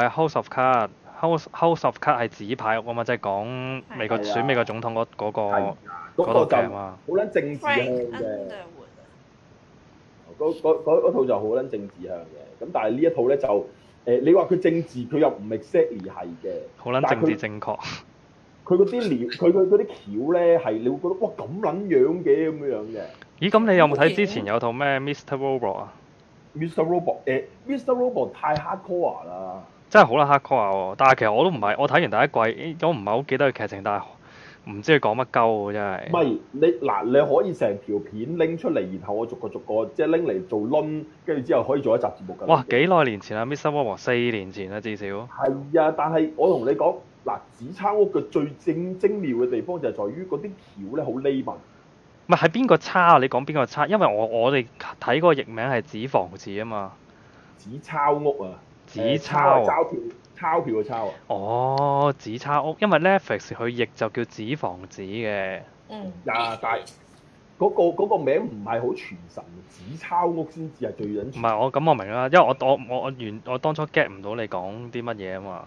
係 House of Cards, House, House of Cards 係紙牌屋啊嘛，即、就、係、是、講美國、啊、選美國總統嗰嗰、那個嗰套嘅嘛。好撚、啊、政治嘅，嗰、Right, Underwood 套就好撚政治向嘅。咁但係呢一套咧就誒，你話佢政治佢又唔 exactly 係嘅。好撚政治正確。佢嗰啲佢啲橋咧係，呢你會覺得哇咁撚樣嘅咁樣嘅。咦？咁你有冇睇之前有套咩 Mr. Robot 啊？Mr. Robot，誒、呃、Mr. Robot 太 hardcore 啦。真係好啦，黑曲啊！但係其實我都唔係，我睇完第一季，我唔係好記得佢劇情，但係唔知佢講乜鳩喎，真係。唔係你嗱，你可以成條片拎出嚟，然後我逐個逐個即係拎嚟做輪，跟住之後可以做一集節目㗎。哇！幾耐年前啊？咪三四年前啊，至少。係啊，但係我同你講嗱，紙鈔屋嘅最正精妙嘅地方就係在於嗰啲橋咧，好匿密。唔係喺邊個鈔啊？你講邊個鈔？因為我我哋睇嗰個譯名係紙房子啊嘛。紙鈔屋啊！紙抄啊！抄票、抄票嘅抄啊！哦，紙抄屋，因為 Netflix 佢譯就叫紙房子嘅。嗯。啊， 但嗰個嗰個名唔係好傳神，紙抄屋先至係最緊。唔係我咁，我明啦，因為我我我我原我當初 get 唔到你講啲乜嘢啊嘛。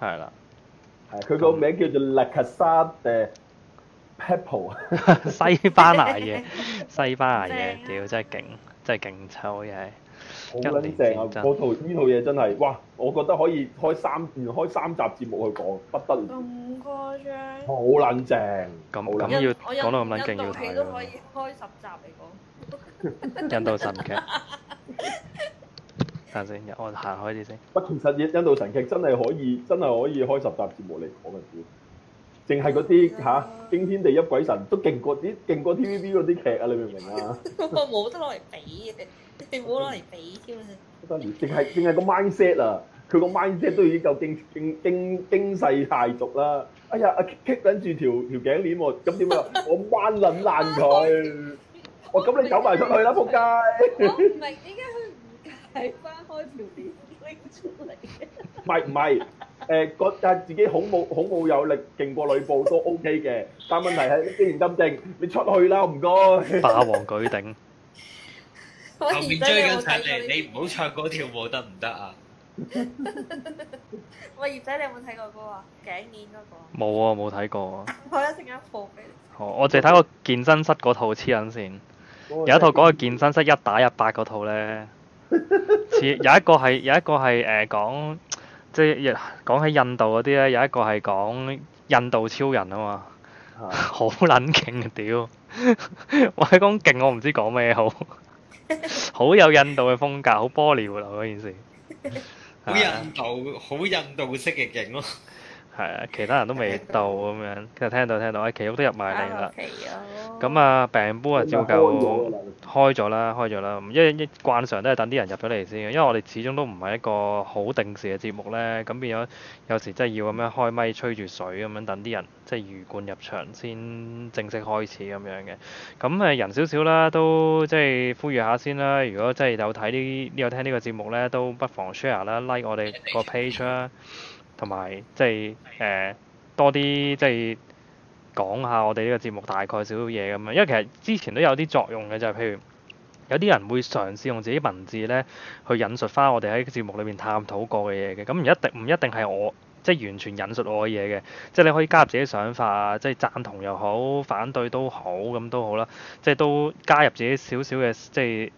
係。係 啦樂。係了，佢個名叫做 La Casa de Papel， 西班牙嘢，西班牙嘢，屌 真係勁，真係勁抽嘅。好撚正啊！嗰套呢套嘢真係，哇！我覺得可以開三，開三集節目去講，不得了。咁誇張？好撚正，咁咁要講到咁撚勁要睇都可以開十集嚟講，印度神劇，等先，我行開啲先。不過其實，印度神劇真係可以，真係可以開十集節目嚟講嘅。淨係嗰啲嚇驚天地泣鬼神都勁過啲勁過 TVB 嗰啲劇啊！你明唔明啊？我冇得攞嚟比嘅。你唔好攞嚟比先，不得了！淨係淨係個 mindset 啊，佢個 mindset 都已經夠經經經經世太俗啦。哎呀，阿棘緊住條條頸鏈喎，咁點啊？我彎攣爛佢！哇，咁你走埋出去啦，仆街！唔係點解佢唔解開條鏈拎出嚟嘅？唔係唔係，誒覺得自己孔武孔武有力勁過呂布都 OK 嘅，但問題係既然金定，你出去啦，唔該。霸王舉鼎。後面追緊趁你唔好唱歌跳舞得唔得啊？我二仔，你有冇睇過、啊、過歌、那個、啊？頸鏈嗰個冇啊，冇睇過。我一陣間播俾你。哦，我淨係睇過健身室嗰套黐撚線，哦、有一套講去健身室一打一八嗰套咧，似 有一個係有一個係誒講即係講起印度嗰啲咧，有一個係講、呃就是、印，印度超人啊嘛，好撚勁啊屌！ 我喺講勁，我唔知講咩好。 好有印度嘅風格，好波瀾活絡嗰件事，好印度，好印度式嘅景咯。 係啊，其他人都未到咁樣，其實聽到聽到，哎，企屋都入埋嚟啦。咁啊，啊，病煲啊，照舊開咗啦，開咗啦。一一慣常都係等啲人入咗嚟先，因為我哋始終都唔係一個好定時嘅節目咧，咁變咗有時真係要咁樣開咪吹住水咁樣等啲人即係魚貫入場先正式開始咁樣嘅。咁誒人少少啦，都即係呼籲下先啦。如果真係有睇呢呢個聽呢個節目咧，都不妨 share 啦，like 我哋個 page 啦。同埋即係誒、呃、多啲即係講下我哋呢個節目大概少少嘢咁樣，因為其實之前都有啲作用嘅，就係譬如有啲人會嘗試用自己文字呢去引述翻我哋喺節目裏面探討過嘅嘢嘅，咁唔一定唔一定係我即係完全引述我嘅嘢嘅，即係你可以加入自己想法，即係贊同又好，反對都好咁都好啦，即係都加入自己少少嘅即係。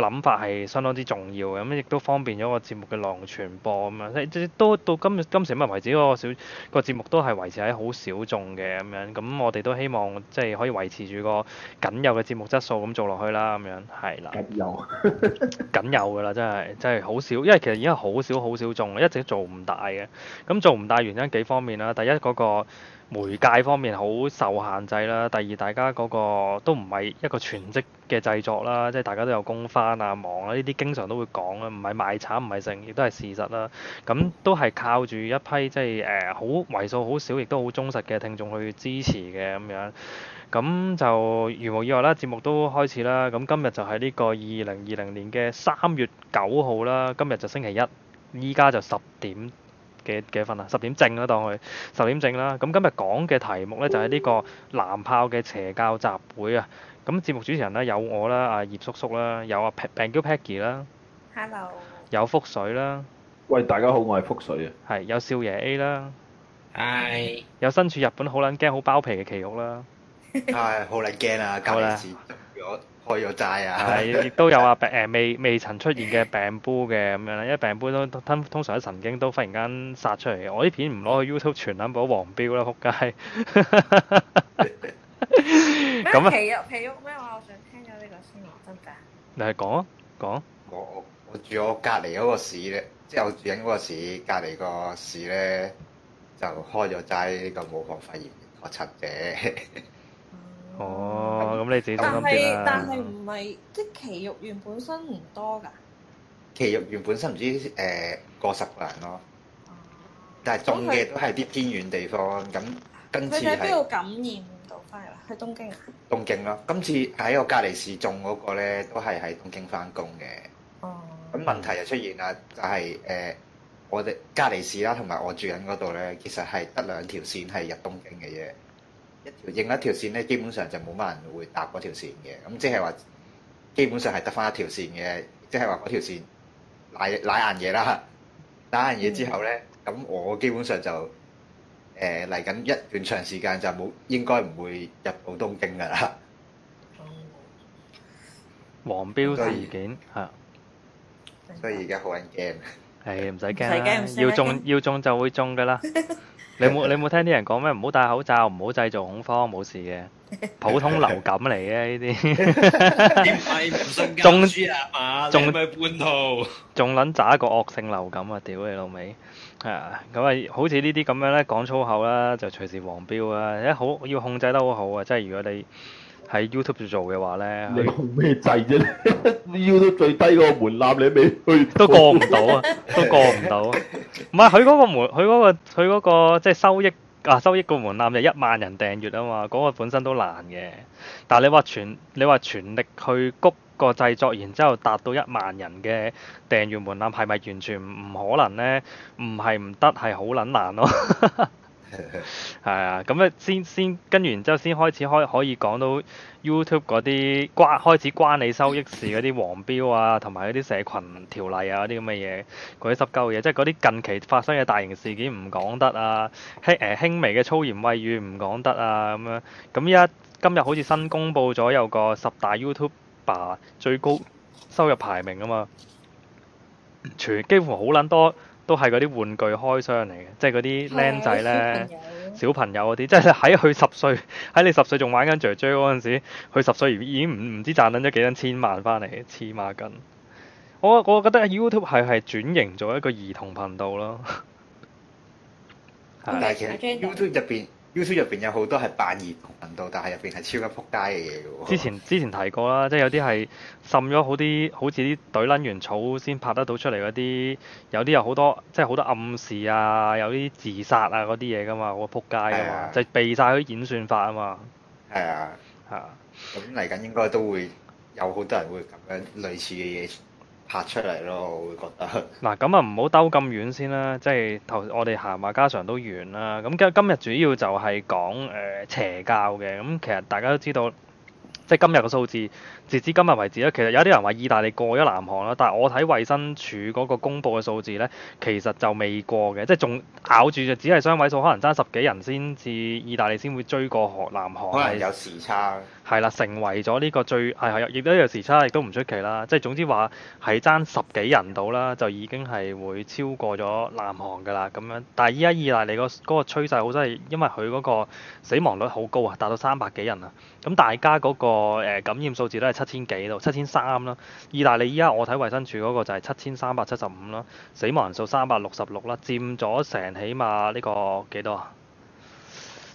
個諗法係相當之重要嘅，咁亦都方便咗個節目嘅內容傳播咁樣。即係都到今今時今日為止，嗰個小個節目都係維持喺好小眾嘅咁樣。咁我哋都希望即係可以維持住個僅有嘅節目質素咁做落去啦。咁樣係啦，僅有僅有㗎啦，真係真係好少，因為其實已經好少好小眾，一直做唔大嘅。咁做唔大原因幾方面啦，第一，嗰個。媒介方面好受限制啦。第二，大家嗰個都唔係一個全職嘅製作啦，即係大家都有工返啊、忙啊，呢啲經常都會講啊，唔係賣慘唔係剩，亦都係事實啦。咁都係靠住一批即係誒好為數好少，亦都好忠實嘅聽眾去支持嘅咁樣，咁就如無意外啦，節目都開始啦。咁今日就係呢個二零二零年嘅三月九號啦。今日就星期一，依家就十點。幾幾分啊？十點正啦、啊，當佢十點正啦、啊。咁今日講嘅題目呢，就係、是、呢個南泡嘅邪教集會啊。咁節目主持人呢，有我啦，阿、啊、葉叔叔啦，有阿、啊、病嬌 Peggy 啦，Hello，有福水啦。喂，大家好，我係福水啊。係有少爺 A 啦唉，Hi. 有身處日本好撚驚好包皮嘅奇屋啦，唉 Hi. 哎，好撚驚啊，夠嘞開咗齋啊，係亦都有啊，病誒，未未曾出現嘅病煲嘅咁樣啦，因為病煲都通，通常啲神經都忽然間殺出嚟嘅。我啲片唔攞去 YouTube 全攬保黃標啦，撲街。咩皮肉皮肉咩話？我想聽咗呢個先，真噶。你係講啊？講、啊。我住我住我隔籬嗰個市咧，即係我住緊嗰個市，隔籬個市咧就開咗齋個武漢肺炎確診者。 哦，咁你自己都心知，但係是但係唔係，即係埼玉縣本身唔、呃、多㗎。埼玉縣本身唔知誒過十個人咯。嗯、但係種嘅都係啲偏遠地方。咁今、嗯、次佢喺邊度感染到翻嚟？去東京啊？東京咯。今次喺我隔離市種嗰個咧，都係喺東京翻工嘅。哦、嗯。咁問題就出現啦，就係、是、誒、呃、我哋隔離市啦，同埋我住緊嗰度咧，其實係得兩條線係入東京嘅啫。應一條線咧，基本上就冇乜人會搭嗰條線嘅。咁即係話，基本上係得返一條線嘅。即係話嗰條線，拉拉硬嘢啦，拉硬嘢之後咧，咁我基本上就誒嚟緊一段長時間就冇，應該唔會入到東京噶啦。黃標事件嚇，所以而家好緊驚。誒唔使驚啦，要中要中就會中噶啦。你冇你冇聽啲人講咩？唔好戴口罩，唔好製造恐慌，冇事嘅，普通流感嚟嘅呢啲，仲知啊嘛？仲 咪半套，仲捻渣個惡性流感啊！屌你老味！係啊！咁啊，好似呢啲咁樣咧，講粗口啦，就隨時黃標啊！一好要控制得好好啊！即係如果你。喺 YouTube 做嘅話呢，你用咩制啫？要到 最低個門檻，你未去過 都過唔到啊，都過唔到。唔係佢嗰個門，佢嗰佢嗰個、嗰個嗰個、即係收益啊，收益個門檻就一萬人訂閱啊嘛，嗰、嗰個本身都難嘅。但係你話全你話全力去谷個製作，然之後達到一萬人嘅訂閱門檻，係咪完全唔可能呢？唔係唔得，係好撚難咯、哦。 係 啊，咁咧先先跟完之後，先開始開可以講到 YouTube 嗰啲關開始關你收益事嗰啲黃標啊，同埋嗰啲社群條例啊嗰啲咁嘅嘢，嗰啲濕鳩嘢，即係嗰啲近期發生嘅大型事件唔講得啊，輕誒輕微嘅粗言穢語唔講得啊，咁樣咁依家今日好似新公布咗有個十大 YouTuber 最高收入排名啊嘛，全幾乎好撚多。都係嗰啲玩具開箱嚟嘅，即係嗰啲僆仔呢，小朋友嗰啲，即係喺佢十歲，喺你十歲仲玩緊雀 J 嗰陣時，佢十歲已經唔唔知賺緊咗幾多千萬翻嚟，黐孖筋。我我覺得 YouTube 係係轉型做一個兒童頻道咯，係 Okay, 但其實 YouTube 入邊有好多係扮熱頻道，但係入邊係超級撲街嘅嘢嘅。之前之前提過啦，即係有啲係滲咗好啲，好似啲隊撚完草先拍得到出嚟嗰啲，有啲有好多即係好多暗示啊，有啲自殺啊嗰啲嘢噶嘛，好撲街啊嘛，啊就避曬啲演算法啊嘛。係啊，係啊。咁嚟緊應該都會有好多人會咁樣類似嘅嘢。拍出嚟咯，我會覺得。嗱、 啊，咁啊唔好兜咁遠先啦，即係頭我哋行話家常都完啦。咁今今日主要就係講誒、呃、邪教嘅。咁其實大家都知道，即係今日嘅數字。截至今日為止咧，其實有啲人話意大利過咗南韓啦，但係我睇衞生署嗰個公布嘅數字咧，其實就未過嘅，即係仲咬住就只係雙位數，可能爭十幾人先至意大利先會追過韓南韓。可能有時差。係啦，成為咗呢個最係係，亦都有時差，亦都唔出奇啦。即係總之話係爭十幾人到啦，就已經係會超過咗南韓㗎啦。咁樣，但係依家意大利個嗰個趨勢好犀利，因為佢嗰個死亡率好高啊，達到三百幾人啊。咁大家嗰個誒感染數字都係。七千幾到七千三啦，意大利依家我睇衞生署嗰個就係七千三百七十五啦，死亡人數三百六十六啦，佔咗成起碼呢個幾多啊？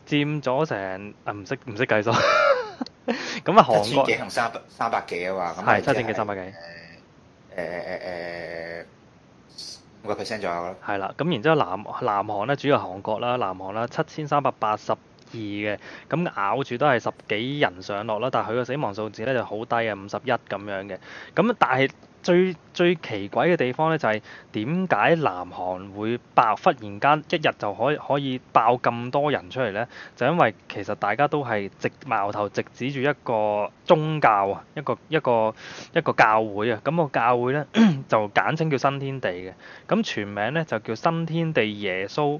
佔咗成啊？唔識唔識計數。咁啊，韓國七千幾同三百三百幾啊嘛？咁係、就是、七千幾三百幾？誒誒誒誒，五、呃、個、呃、percent 左右啦。係啦，咁然之後南南韓咧，主要係韓國啦，南韓啦，七千三百八十。二嘅咁咬住都係十幾人上落啦，但係佢個死亡數字咧就好低呀，五十一咁樣嘅。咁但係最最奇怪嘅地方咧，就係點解南韓會爆忽然間一日就可以可以爆咁多人出嚟咧？就因為其實大家都係直矛頭直指住一個宗教啊，一個一個一個教會啊。咁、那個教會咧 就簡稱叫新天地嘅。咁全名咧就叫新天地耶穌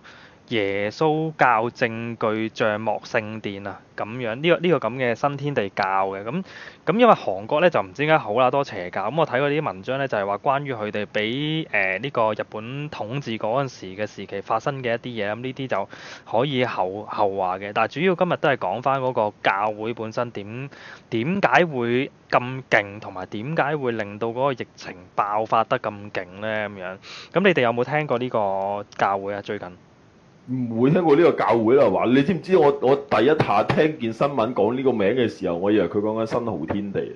耶穌教證據帳幕聖殿啊，咁樣呢個呢個咁嘅新天地教嘅。咁咁，因為韓國咧就唔知點解好啦，多邪教咁。我睇過啲文章咧，就係話關於佢哋俾誒呢個日本統治嗰陣時嘅時期發生嘅一啲嘢咁，呢啲就可以後後話嘅。但係主要今日都係講翻嗰個教會本身點點解會咁勁，同埋點解會令到嗰個疫情爆發得咁勁咧咁樣。咁你哋有冇聽過呢個教會啊？最近？唔會聽過呢個教會啦，話你知唔知我？我我第一下聽見新聞講呢個名嘅時候，我以為佢講緊新濠天地，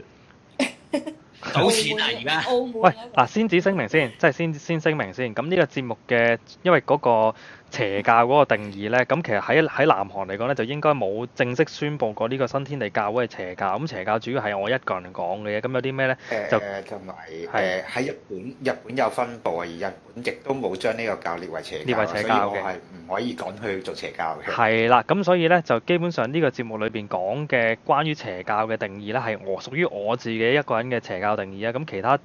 賭錢 啊！而家，喂嗱，先至聲明先，即係先先聲明先。咁、這、呢個節目嘅，因為嗰、那個。邪教嗰個定義咧，咁其實喺喺南韓嚟講咧，就應該冇正式宣佈過呢個新天地教會係邪教。咁邪教主要係我一個人講嘅，咁有啲咩咧？就同埋誒喺日本，日本有分佈，而日本亦都冇將呢個教列為邪教。列為邪教嘅，所以我係唔可以講去做邪教嘅。係啦，咁所以咧就基本上呢個節目裏邊講嘅關於邪教嘅定義咧，係我屬於我自己一個人嘅邪教定義啊。咁其他。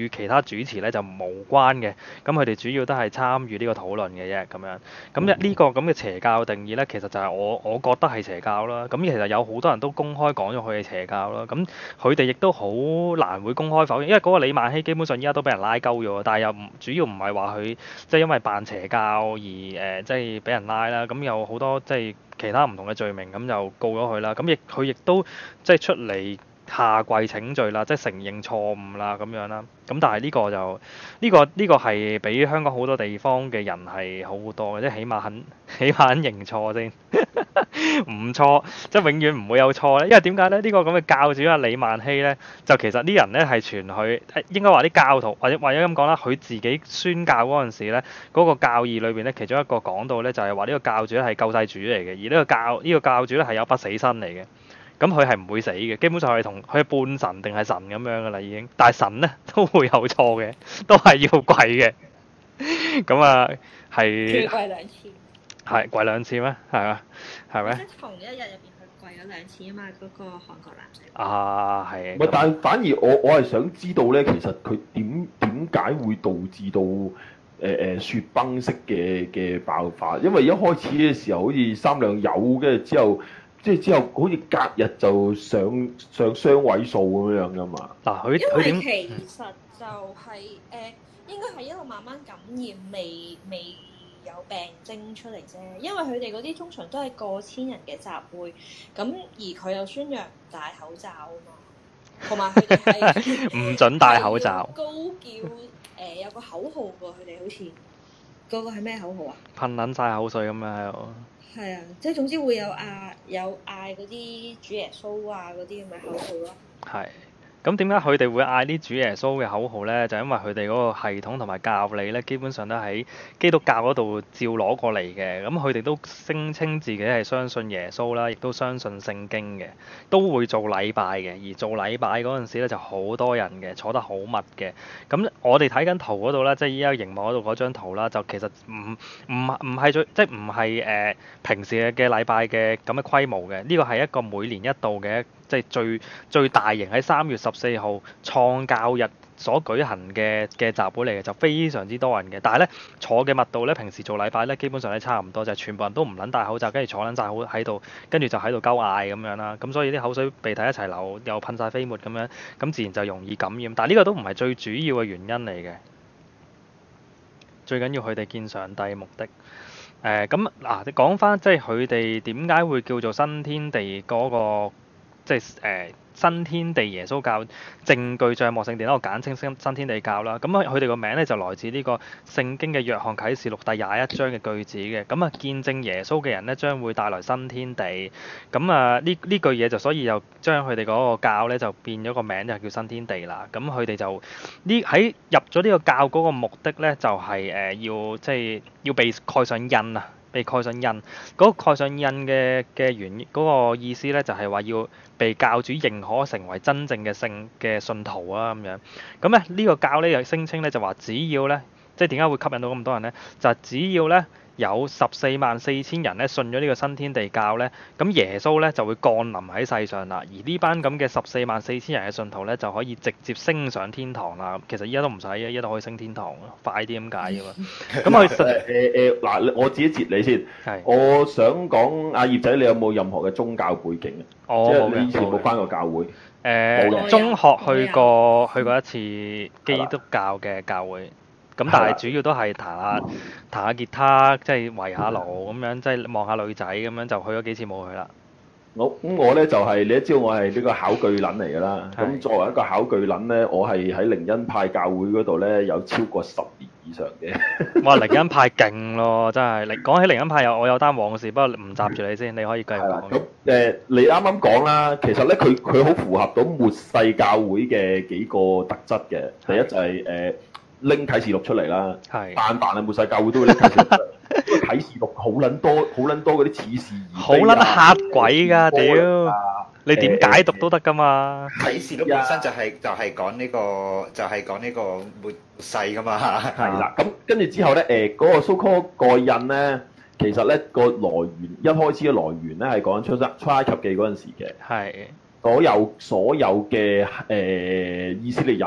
與其他主持咧就無關嘅，咁佢哋主要都係參與呢個討論嘅啫，咁樣，咁呢呢個咁嘅邪教定義咧，其實就係我我覺得係邪教啦，咁其實有好多人都公開講咗佢係邪教啦，咁佢哋亦都好難會公開否認，因為嗰個李萬熙基本上依家都俾人拉鳩咗，但係又唔主要唔係話佢即係因為扮邪教而誒即係俾人拉啦，咁有好多即係、就是、其他唔同嘅罪名咁就告咗佢啦，咁亦佢亦都即係、就是、出嚟，下跪請罪啦，即係承認錯誤啦，咁樣啦。咁但係呢個就呢個呢個係比香港好多地方嘅人係好好多，即係起碼肯起碼肯認錯先，唔 錯，即係永遠唔會有錯咧。因為點解咧？呢個咁嘅教主啊，李萬熙咧，就其實啲人咧係傳佢，應該話啲教徒或者或者咁講啦，佢自己宣教嗰陣時咧，嗰個教義裏邊咧，其中一個講到咧，就係話呢個教主咧係救世主嚟嘅，而呢個教呢個教主咧係有不死身嚟嘅。咁佢係唔會死嘅，基本上係同佢係半神定係神咁樣噶啦，已經。但係神咧都會有錯嘅，都係要跪嘅。咁啊，係跪兩次，係跪兩次咩？係啊，係咩？同一日入邊佢跪咗兩次啊嘛，嗰個韓國男啊係。唔但係反而我我係想知道咧，其實佢點點解會導致到誒誒雪崩式嘅嘅爆發？因為一開始嘅時候好似三兩有嘅之後。即係之後，好似隔日就上上雙位數咁樣樣㗎嘛。嗱，佢佢其實就係、是、誒、 呃，應該係一路慢慢感染，未未有病徵出嚟啫。因為佢哋嗰啲通常都係過千人嘅集會，咁而佢又宣揚唔戴口罩啊嘛，同埋佢係唔准戴口罩。高叫誒、呃、有個口號㗎，佢哋好似嗰、那個係咩口號啊？噴撚晒口水咁樣係喎。係啊，即係總之會有嗌、啊、有嗌嗰啲主耶穌啊嗰啲咁嘅口號咯。係。咁點解佢哋會嗌啲主耶穌嘅口號咧？就因為佢哋嗰個系統同埋教理咧，基本上都喺基督教嗰度照攞過嚟嘅。咁佢哋都聲稱自己係相信耶穌啦，亦都相信聖經嘅，都會做禮拜嘅。而做禮拜嗰陣時咧，就好多人嘅，坐得好密嘅。咁我哋睇緊圖嗰度咧，即係依家熒幕嗰度嗰張圖啦，就其實唔唔唔係最即係唔係誒平時嘅禮拜嘅咁嘅規模嘅。呢個係一個每年一度嘅。即係最最大型喺三月十四號創教日所舉行嘅嘅集會嚟嘅，就非常之多人嘅。但係咧坐嘅密度咧，平時做禮拜咧，基本上係差唔多，就係全部人都唔撚戴口罩，跟住坐撚晒好喺度，跟住就喺度交嗌咁樣啦。咁所以啲口水鼻涕一齊流，又噴晒飛沫咁樣，咁自然就容易感染。但係呢個都唔係最主要嘅原因嚟嘅。最緊要佢哋見上帝目的。誒，咁嗱，你講翻即係佢哋點解會叫做新天地嗰個？即係誒、呃、新天地耶穌教證據帳幕聖地，我簡稱新新天地教啦。咁啊，佢哋個名咧就來自呢、這個聖經嘅約翰啟示錄第廿一章嘅句子嘅。咁、嗯、啊，見證耶穌嘅人咧將會帶來新天地。咁、嗯、啊，呢呢句嘢就所以就將佢哋嗰個教咧就變咗個名就叫新天地啦。咁佢哋就呢喺入咗呢個教嗰個目的咧就係、是、誒、呃、要即係要被蓋上印啊！被蓋上印，嗰個蓋上印嘅嘅原嗰個意思咧，就係話要被教主認可成為真正嘅聖嘅信徒啊咁樣。咁咧呢個教咧又聲稱咧就話只要咧，即係點解會吸引到咁多人咧？就係只要咧。有十四萬四千人咧信咗呢個新天地教咧，咁耶穌咧就會降臨喺世上啦，而呢班咁嘅十四萬四千人嘅信徒咧就可以直接升上天堂啦。其實依家都唔使嘅，一度可以升天堂，快啲咁解啊嘛。咁我誒誒嗱，我自己接你先。係，我想講阿葉仔，你有冇任何嘅宗教背景啊？即係以前冇返過教會？誒，中學去過去過一次基督教嘅教會。咁但係主要都係彈下彈下吉他，即係圍下爐咁樣，即係望下女仔咁樣，就去咗幾次冇去啦。好，咁，我咧就係、是、你一知我係呢個考據撚嚟㗎啦。咁的作為一個考據撚咧，我係喺靈恩派教會嗰度咧有超過十年以上嘅。 哇！靈恩派勁咯，真係！講起靈恩派有我有單往事，不過唔插住你先，嗯、你可以繼續講。咁誒，你啱啱講啦，其實咧佢佢好符合到末世教會嘅幾個特質嘅。第一就係、是、誒。拎啟示錄出嚟啦，但凡啦，末世教會都會拎啟示錄，啟示錄好撚多，好撚多嗰啲似事好撚嚇鬼噶，屌！你點解讀都得噶嘛？啟示錄本身就係就係講呢個就係講呢個末世噶嘛。嗱，咁跟住之後咧，誒嗰個蘇科蓋印咧，其實咧個來源一開始嘅來源咧係講出身《出埃及記》嗰陣時嘅。係。所有所有嘅誒以色列人。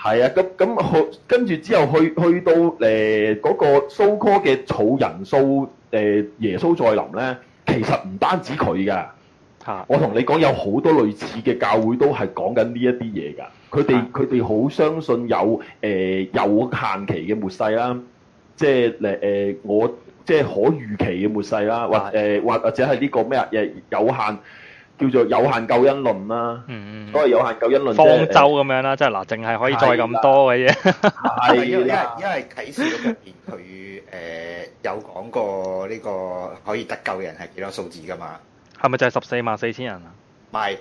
係啊，咁咁去跟住之後去去到誒嗰、呃嗰個蘇科嘅草人數誒、呃、耶穌再臨咧，其實唔單止佢㗎，我同你講有好多類似嘅教會都係講緊呢一啲嘢㗎，佢哋佢哋好相信有誒、呃、有限期嘅末世啦，即係誒誒我即係可預期嘅末世啦，或誒或的或者係呢個咩啊誒有限。叫做有限救恩論啦，都係有限救恩論，方舟咁樣啦，即係嗱，淨係可以載咁多嘅啫。係，因為因為啟示錄佢誒有講過呢個可以得救嘅人係幾多數字噶嘛？係咪就係十四萬四千人啊？唔係，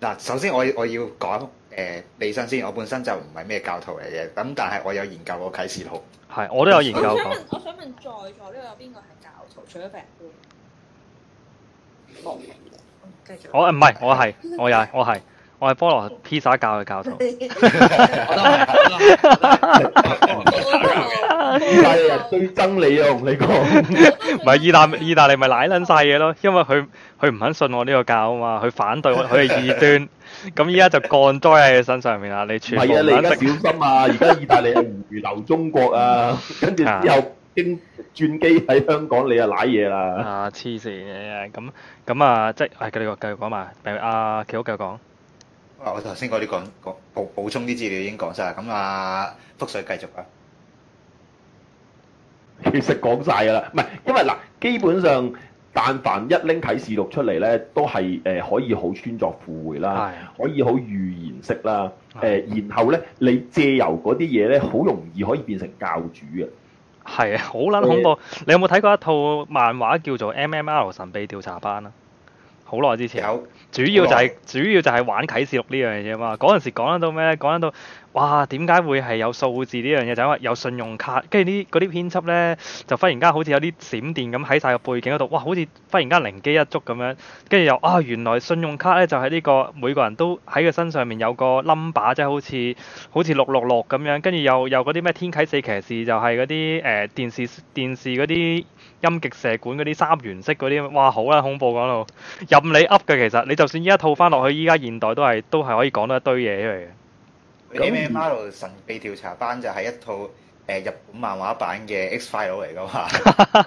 嗱，首先我我要講誒自身先，我本身就唔係咩教徒嚟嘅，咁但係我有研究過啟示錄。係，我都有研究過。我想問在座呢個有邊個係教徒？除咗病夫。我唔係，我係，我又係，我係，我係菠蘿披薩教嘅教徒。意大利人最憎你啊！我同你講，唔係意大意大利咪舐捻晒嘢咯，因為佢佢唔肯信我呢個教啊嘛，佢反對我，佢係異端，咁依家就降災喺佢身上面啦。你全唔小心啊！而家意大利係唔如留中國啊，跟住又。經轉機喺香港，你就啊瀨嘢啦！啊，黐線！咁咁啊，即係繼續繼續講嘛，阿喬繼續講。我頭先嗰啲講講補補充啲資料已經講晒啦。咁、嗯、啊，福水繼續啊。其實講晒啦，唔係，因為嗱，基本上但凡一拎啟示錄出嚟咧，都係誒可以好穿鑿附會啦，唉可以好預言式啦，誒唉，然後咧你借由嗰啲嘢咧，好容易可以變成教主嘅。係啊，好撚恐怖！喂 你有冇睇過一套漫畫叫做《MMR 神秘調查班》啊？好耐之前，有主要就係、是、很久 主要就係玩啟示錄呢樣嘢嘛。嗰陣時講到咩咧？講到。哇！點解會係有數字呢樣嘢？就因為有信用卡，跟住啲啲編輯咧，就忽然間好似有啲閃電咁喺晒個背景嗰度。哇！好似忽然間靈機一觸咁樣，跟住又啊，原來信用卡咧就喺呢、呢個每個人都喺佢身上面有個 number，即係好似好似六六六咁樣。跟住又又嗰啲咩天啟四騎士就係嗰啲誒電視電視嗰啲陰極射管嗰啲三原色嗰啲。哇！好啦、啊，恐怖講到任你噏嘅其實，你就算依一套翻落去依家現，現代都係都係可以講到一堆嘢嚟嘅。咩 model 神秘調查班就係一套誒、呃、日本漫畫版嘅《X file》嚟嘅嘛，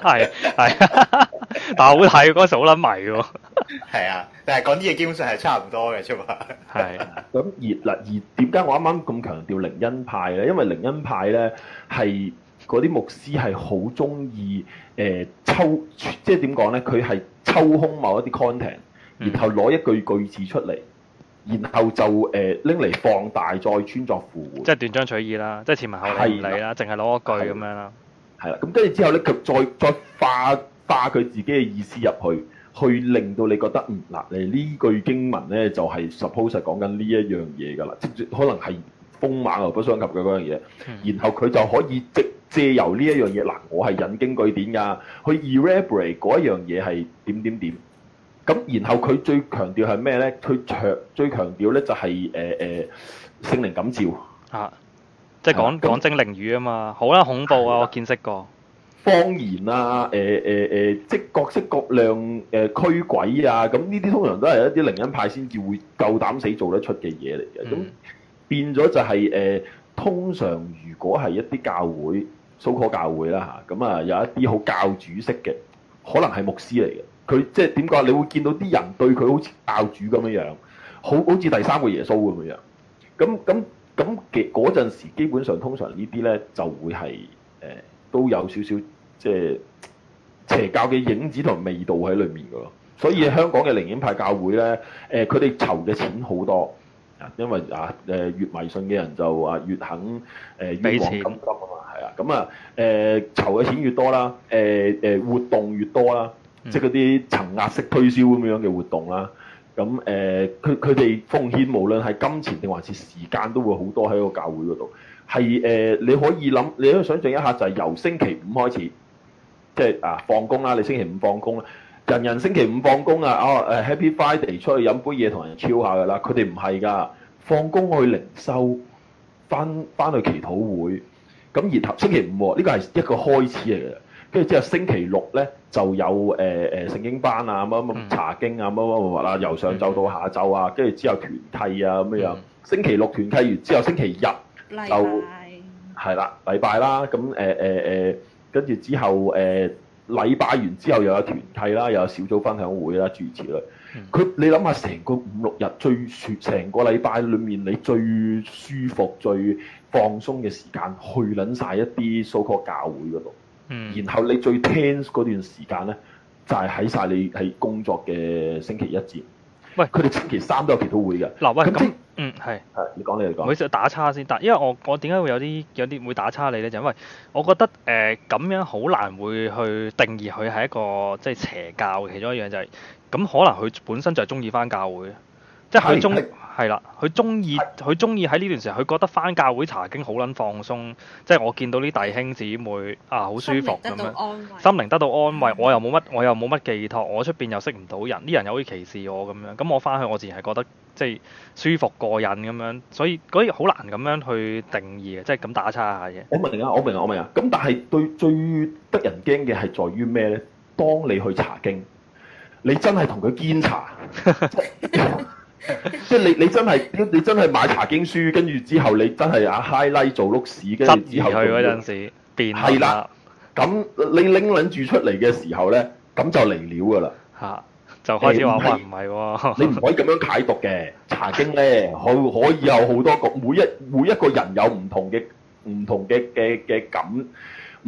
係係、 啊，但係好睇嗰時好撚迷嘅喎，係啊，但係講啲嘢基本上係差唔多嘅啫嘛。係、嗯、咁、啊、而嗱而點解我啱啱咁強調靈恩派咧？因為靈恩派咧係嗰啲牧師係好中意誒抽，即係點講咧？佢係抽空某一啲 content，然後攞一句句子出嚟。嗯然後就誒拎嚟放大，再穿鑿附會，即係斷章取義啦，即係前文後理啦，淨係攞一句咁的樣啦。係啦，咁跟住之後咧，佢再再化化佢自己嘅意思入去，去令到你覺得嗯嗱、呃，你呢句經文咧就係、是、suppose 係講緊呢一樣嘢㗎啦，即，即，即可能係風馬牛不相及嘅嗰樣嘢。嗯、然後佢就可以藉藉由呢一,一樣嘢，嗱我係引經據典㗎，去 illustrate 嗰一樣嘢係點點點。咁然後佢最強調係咩咧？佢強最強調咧就係誒誒聖靈感召啊！即係講講精靈語啊嘛！好啦，恐怖啊！的我見識過方言啊！誒誒誒，即各式各樣誒驅鬼啊！咁呢啲通常都係一啲靈恩派先至會夠膽死做得出嘅嘢嚟嘅。咁、嗯、變咗就係、是、誒、呃，通常如果係一啲教會蘇科教會啦嚇，咁啊有一啲好教主式嘅，可能係牧師嚟嘅。佢即係點講？你會見到啲人對佢好似教主咁樣樣，好好似第三個耶穌咁樣樣。咁咁咁嘅嗰陣時，基本上通常呢啲咧就會係誒、呃、都有少少即係邪教嘅影子同味道喺裏面噶咯。所以香港嘅靈恩派教會咧，誒佢哋籌嘅錢好多啊，因為啊誒、呃、越迷信嘅人就啊、呃、越肯誒俾錢咁咁啊嘛，係啊咁啊誒籌嘅錢越多啦，誒、呃、誒、呃、活動越多啦。呃呃呃呃即係嗰啲層壓式推銷咁樣嘅活動啦，咁誒佢佢哋奉獻無論係金錢定還是時間都會好多喺個教會嗰度，係誒你可以諗你可以想象一下就係由星期五開始，即係啊放工啦，你星期五放工啦，人人星期五放工、哦、啊，哦誒 Happy Friday 出去飲杯嘢同人超下㗎啦，佢哋唔係㗎，放工去靈修，翻翻去祈禱會，咁而頭星期五呢個係一個開始嚟嘅。跟住之後，星期六咧就有誒誒聖經班啊，咁樣查經啊，咁樣啊，由上晝到下晝啊。跟住之後團契啊，咁樣。星期六團契完之後，星期日就係啦，禮拜啦。咁誒誒誒，跟、嗯、住、啊呃啊、之後誒禮、啊、拜完之後又有團契啦，又有小組分享會啦，諸如此類佢、嗯嗯、你諗下，成個五六日最舒，成個禮拜裡面你最舒服、最放鬆嘅時間，去撚晒一啲蘇科教會嗰度。嗯，然後你最聽嗰段時間咧，就係喺晒你喺工作嘅星期一節。喂，佢哋星期三都有基督徒會嘅。嗱，喂，咁即嗯係係，你講你嚟講。佢想打叉先，但因為我我點解會有啲有啲會打叉你咧？就因為我覺得誒咁、呃、樣好難會去定義佢係一個即係、就是、邪教嘅其中一樣就係、是，咁可能佢本身就係中意返教會，的即係佢中。係啦，佢中意佢中意喺呢段時間，佢覺得翻教會查經好撚放鬆。即係我見到啲弟兄姊妹啊，好舒服咁樣，心靈得到安慰。安慰。嗯，我又冇乜，我又冇乜寄託。我出邊又識唔到人，啲人又好似歧視我咁樣。咁我翻去，我自然係覺得即係舒服過癮咁樣。所以嗰啲好難咁樣去定義嘅，即係咁打叉下嘅。我明啊，我明啊，我明啊。咁但係對最得人驚嘅係在於咩咧？當你去查經，你真係同佢兼查。 即係你，你真係，你真係買查經書，跟住之後你真係阿 highlight 做碌屎，跟住之後，去嗰陣時變啦。係啦，咁你拎捻住出嚟嘅時候咧，咁就嚟料噶啦。吓、啊，就開始話屈，欸，唔係你唔可以咁樣解讀嘅《 查經呢》咧，好可以有好多個，每一每一個人有唔同嘅唔同嘅嘅嘅感。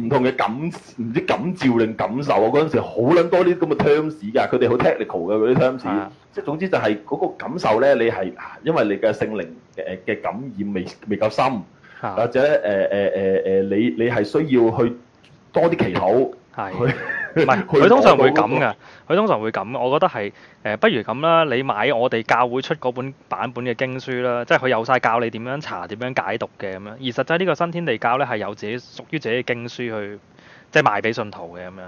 唔同嘅感，唔知感召定感受啊！嗰陣時好撚多啲咁嘅 terms 㗎，佢哋好 technical 嘅嗰啲 terms，即係總之就係嗰個感受咧，你係因為你嘅性靈誒嘅感染未未夠深，或者誒誒誒誒你你係需要去多啲祈禱，係，唔係佢通常會咁㗎，佢通常會咁。我覺得係誒，不如咁啦，你買我哋教會出嗰本版本嘅經書啦，即係佢有晒教你點樣查、點樣解讀嘅咁樣。而實際呢個新天地教咧係有自己屬於自己嘅經書去，即係賣俾信徒嘅咁樣，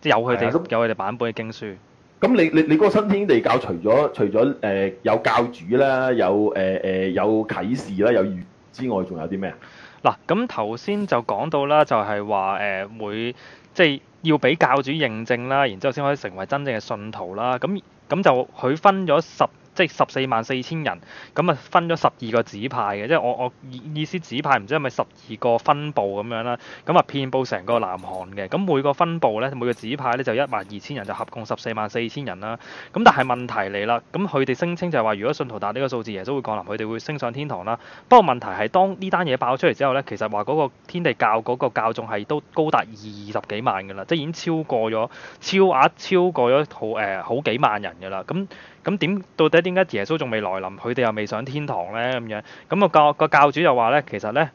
即係有佢哋那有佢哋版本嘅經書。咁你你你嗰個新天地教除咗除咗誒、呃、有教主啦，有誒誒、呃、有啟示啦，有預之外，仲有啲咩？嗱，咁頭先就講到啦，就係話誒每即係要畀教主認證啦，然之後先可以成為真正嘅信徒啦。咁咁就佢分咗十。即係十四萬四千人，咁啊分咗十二個指派嘅，即係我我意思指派唔知係咪十二個分部咁樣啦，咁啊遍佈成個南韓嘅，咁每個分部咧每個指派咧就一萬二千人，就合共十四萬四千人啦。咁但係問題嚟啦，咁佢哋聲稱就係話，如果信徒達呢個數字，耶穌會降臨，佢哋會升上天堂啦。不過問題係當呢單嘢爆出嚟之後咧，其實話嗰個天地教嗰、嗰個教眾係都高達二十幾萬噶啦，即係已經超過咗超額，超過咗好誒、呃、好幾萬人噶啦，咁。咁點？到底點解耶穌仲未來臨，佢哋又未上天堂咧？咁樣，咁、那個個教主就話咧，其實咧，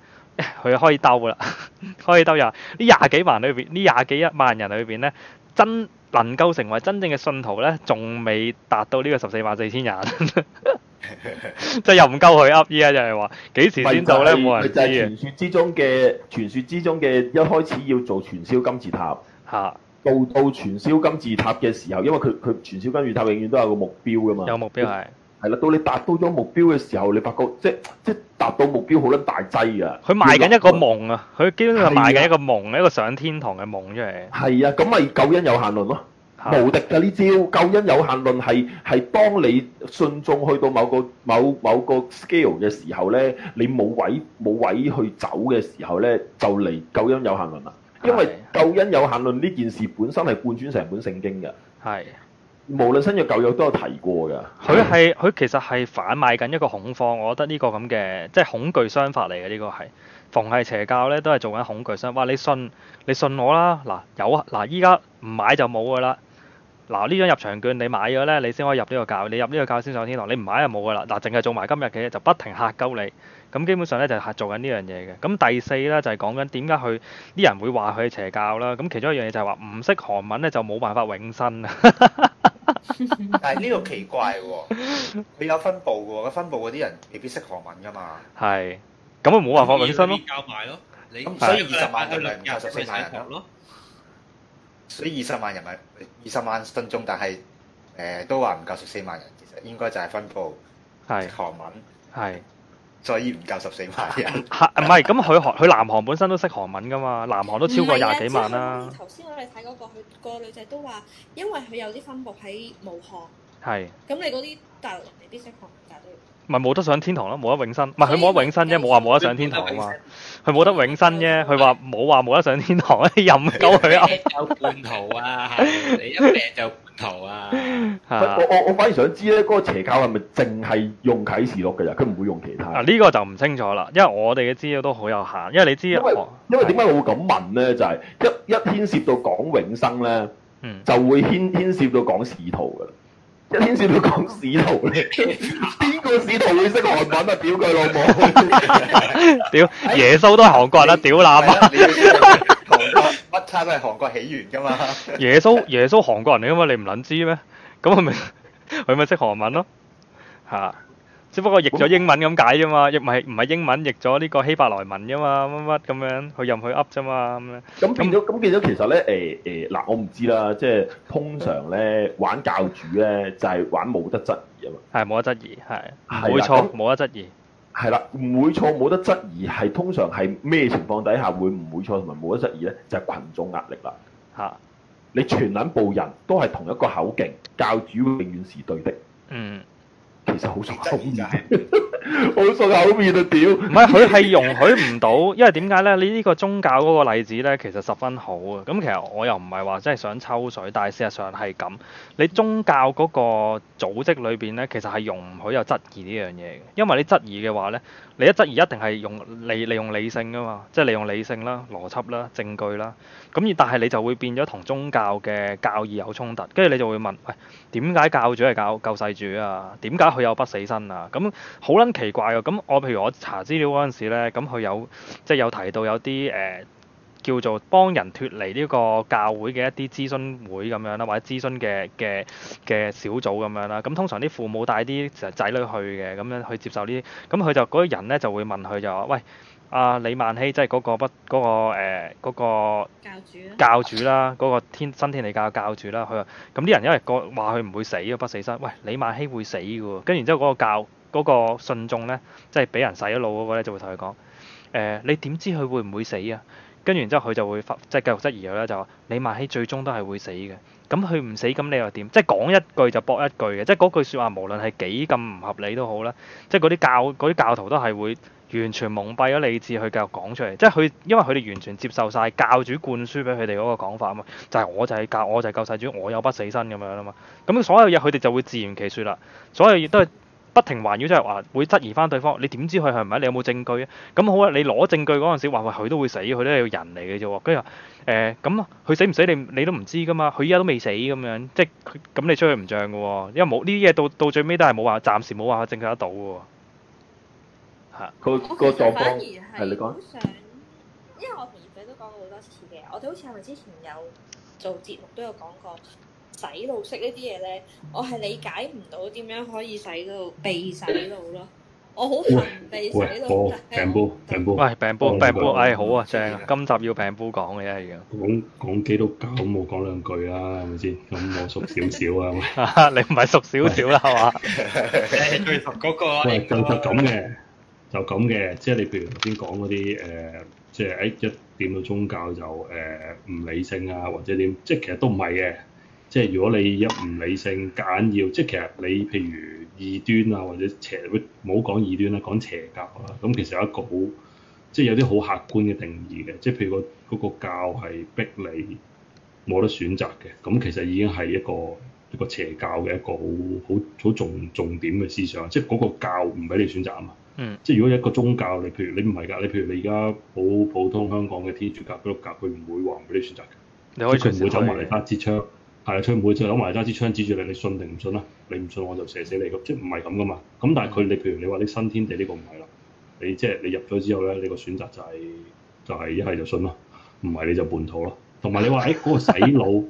佢可以兜啦，可以兜廿，呢廿幾萬裏邊，呢廿幾一萬人裏邊咧，真能夠成為真正嘅信徒咧，仲未達到呢個十四萬四千人，即係又唔夠佢 up 依家，就係話幾時先做咧？冇人知嘅。就係傳説之中嘅傳説之中嘅，一開始要做傳銷金字塔嚇。到到傳銷金字塔嘅時候，因為佢佢傳銷金字塔永遠都有個目標噶嘛，有目標係係啦。到你達到咗目標嘅時候，你發覺即即達到目標好撚大劑啊！佢賣緊一個夢啊，佢基本上賣緊一個夢，是啊、一個上天堂嘅夢出嚟。係啊，咁咪救恩有限論咯，是啊、無敵噶呢招。救恩有限論係係當你信眾去到某個某某個 scale 嘅時候咧，你冇位冇位去走嘅時候咧，就嚟救恩有限論啦。因為救恩有限論呢件事本身係貫穿成本聖經嘅，係是無論新約舊約都有提過嘅。佢係佢其實係販賣緊一個恐慌，我覺得呢個咁嘅即係恐懼商法嚟嘅呢個係，逢係邪教咧都係做緊恐懼商。哇！你信你信我啦，嗱有，嗱依家唔買就冇噶啦。嗱，呢張入場券你買咗咧，你先可以入呢個教，你入呢個教先上天堂，你唔買就冇噶啦。嗱，淨係做埋今日嘅就不停嚇鳩你，咁基本上咧就係嚇做緊呢樣嘢嘅。咁第四咧就係講緊點解佢啲人會話佢係邪教啦。咁其中一樣嘢就係話唔識韓文咧就冇辦法永生啊。但係呢個奇怪喎，佢有分佈嘅喎，分佈嗰啲人未必識韓文噶嘛。係，咁啊冇辦法永生咯。你教埋咯，你所以二十萬佢兩日唔夠十四萬人學咯。所以二十萬人咪二十萬分鐘，但係誒、呃、都話唔夠十四萬人，其實應該就係分佈韓文，係是所以唔夠十四萬人。嚇唔係咁佢韓佢南韓本身都識韓文㗎嘛，南韓都超過廿幾，幾萬啦、啊啊。頭先我哋睇嗰個佢個女仔都話，因為佢有啲分佈喺武漢，係咁是你嗰啲大陸人未必識韓文，但係都。咪冇得上天堂咯，冇得永生。咪佢冇得永生啫，冇話冇得上天堂啊嘛。佢冇得永生啫，佢話冇話冇得上天堂啊， 任鳩佢啊。有叛徒啊，你一病就叛徒啊。我我反而想知咧，嗰個邪教係咪淨係用啟示錄嘅咋？佢唔會用其他。啊，呢個就唔清楚啦，因為我哋嘅資料都好有限。因為你知啊，因為點解我會咁問咧？就係一一牽涉到講永生咧，就會牽牽涉到講仕途噶啦。一啲全部講使徒咧，邊個使徒會識韓文啊？屌佢老母！屌 耶穌都係韓國人，啊哎，呀啦！屌爛啊！韓 國乜差都係韓國起源噶嘛。 耶穌耶穌韓國人嚟噶嘛？你唔捻知咩？咁佢咪佢咪識韓文咯？吓，啊！只不過譯咗英文咁解啫嘛，譯唔係唔係英文，譯咗呢個希伯來文啫嘛，乜乜咁樣去入去噏啫嘛咁樣。咁變咗，咁變咗，其實咧，誒誒，嗱，我唔知啦，即係通常咧玩教主咧，就係玩冇得質疑啊嘛。係冇得質疑，係唔會錯，冇得質疑。係啦，唔會錯，冇得質疑，係通常係咩情況底下會唔會錯同埋冇得質疑咧？就係羣眾壓力啦。嚇！你全全部人都係同一個口徑，教主永遠是對的。嗯。其實好熟口面，好熟 口面啊！屌 唔係佢係容許唔到，因為點解咧？你呢個宗教嗰個例子咧，其實十分好啊。咁其實我又唔係話真係想抽水，但係事實上係咁。你宗教嗰個組織裏邊咧，其實係容唔許有質疑呢樣嘢嘅，因為你質疑嘅話咧。你一質疑，一定係用理利用理性㗎嘛，即係利用理性啦、邏輯啦、證據啦。咁但係你就會變咗同宗教嘅教義有衝突，跟住你就會問：喂，點解教主係教救世主啊？點解佢有不死身啊？咁好撚奇怪㗎。咁我譬如我查資料嗰陣時咧，咁佢有即係、就是、有提到有啲誒。呃叫做幫人脱離呢個教會嘅一啲諮詢會咁樣啦，或者諮詢嘅嘅嘅小組咁樣啦。咁通常啲父母帶啲仔女去嘅，咁樣去接受啲。咁佢就嗰個人咧就會問佢就話，喂，阿、啊、李萬熙即係嗰、嗰個不嗰、嗰個誒嗰、嗰個、嗰個嗰個嗰個、教、教主教主啦，嗰個天新天地教教主啦。佢話：咁啲人因為個話佢唔會死嘅不死身，喂李萬熙會死嘅喎。跟然之後嗰個教嗰、嗰個信眾咧，即係俾人洗咗腦嗰個咧，就會同佢講誒：你點知佢會唔會死啊？跟住然之後佢就會發即係繼續質疑佢咧，就話李萬熙最終都係會死嘅。咁佢唔死咁你又點？即係講一句就搏一句嘅。即係嗰句説話無論係幾咁唔合理都好啦。即係嗰啲教啲教徒都係會完全蒙蔽咗理智去繼續講出嚟。即係佢因為佢哋完全接受晒教主灌輸俾佢哋嗰個講法啊嘛，就係、是、我就係教，我就係救世主，我有不死身咁樣啊嘛。咁所有嘢佢哋就會自圓其說啦。所有嘢都係。不停環繞，即係話會質疑翻對方。你點知佢係唔係？你有冇證據啊？咁好啊！你攞證據嗰陣時，話話佢都會死，佢都係人嚟嘅啫。跟住誒，咁佢死唔死？你你都唔知噶嘛。佢依家都未死咁樣，即係咁你追佢唔漲嘅喎，因為冇呢啲嘢到到最尾都係冇話，暫時冇話證據得到嘅喎。係個個狀況反而係你講。因為我同葉仔都講過好多次嘅，我哋好似係咪之前有做節目都有講過？洗腦式呢啲嘢咧，我係理解唔到點樣可以洗到被洗腦咯。我好難被洗腦，但係喂病煲病煲，哎好啊，正啊！今集要病煲講嘅而家，講講基督教冇講兩句啦，係咪先咁我熟少少啊？啊，你唔係熟少少啦，係嘛？就咁嘅，就咁嘅。即係你譬如頭先講嗰啲誒，即係誒一點到宗教就誒唔理性啊，或者點，即係其實都唔係嘅。即係如果你一唔理性夾硬要，即係其實你譬如異端啊，或者邪，唔好講異端啦、啊，講邪教啦、啊。咁其實有一個好，即係有啲好客觀嘅定義嘅。即係譬如個嗰教係逼你冇得選擇嘅，咁其實已經係一個一個邪教嘅一個好好好重重點嘅思想。即係嗰個教唔俾你選擇啊嘛。嗯、即係如果一個宗教，你譬如你唔係教，你譬如你而家好普通香港嘅天主教嗰粒教，佢唔會話唔俾你選擇嘅，即係佢唔會走埋嚟揸支槍。係，佢唔會就攞埋揸支槍指住你，你信定唔信啦？你唔信我就射死你咁，即係唔係咁噶嘛？咁但係佢，你譬如你話啲新天地呢個唔係啦，你即係你入咗之後咧，你個選擇就係就係一係就信咯，唔係你就叛徒咯。同埋你話誒嗰個洗腦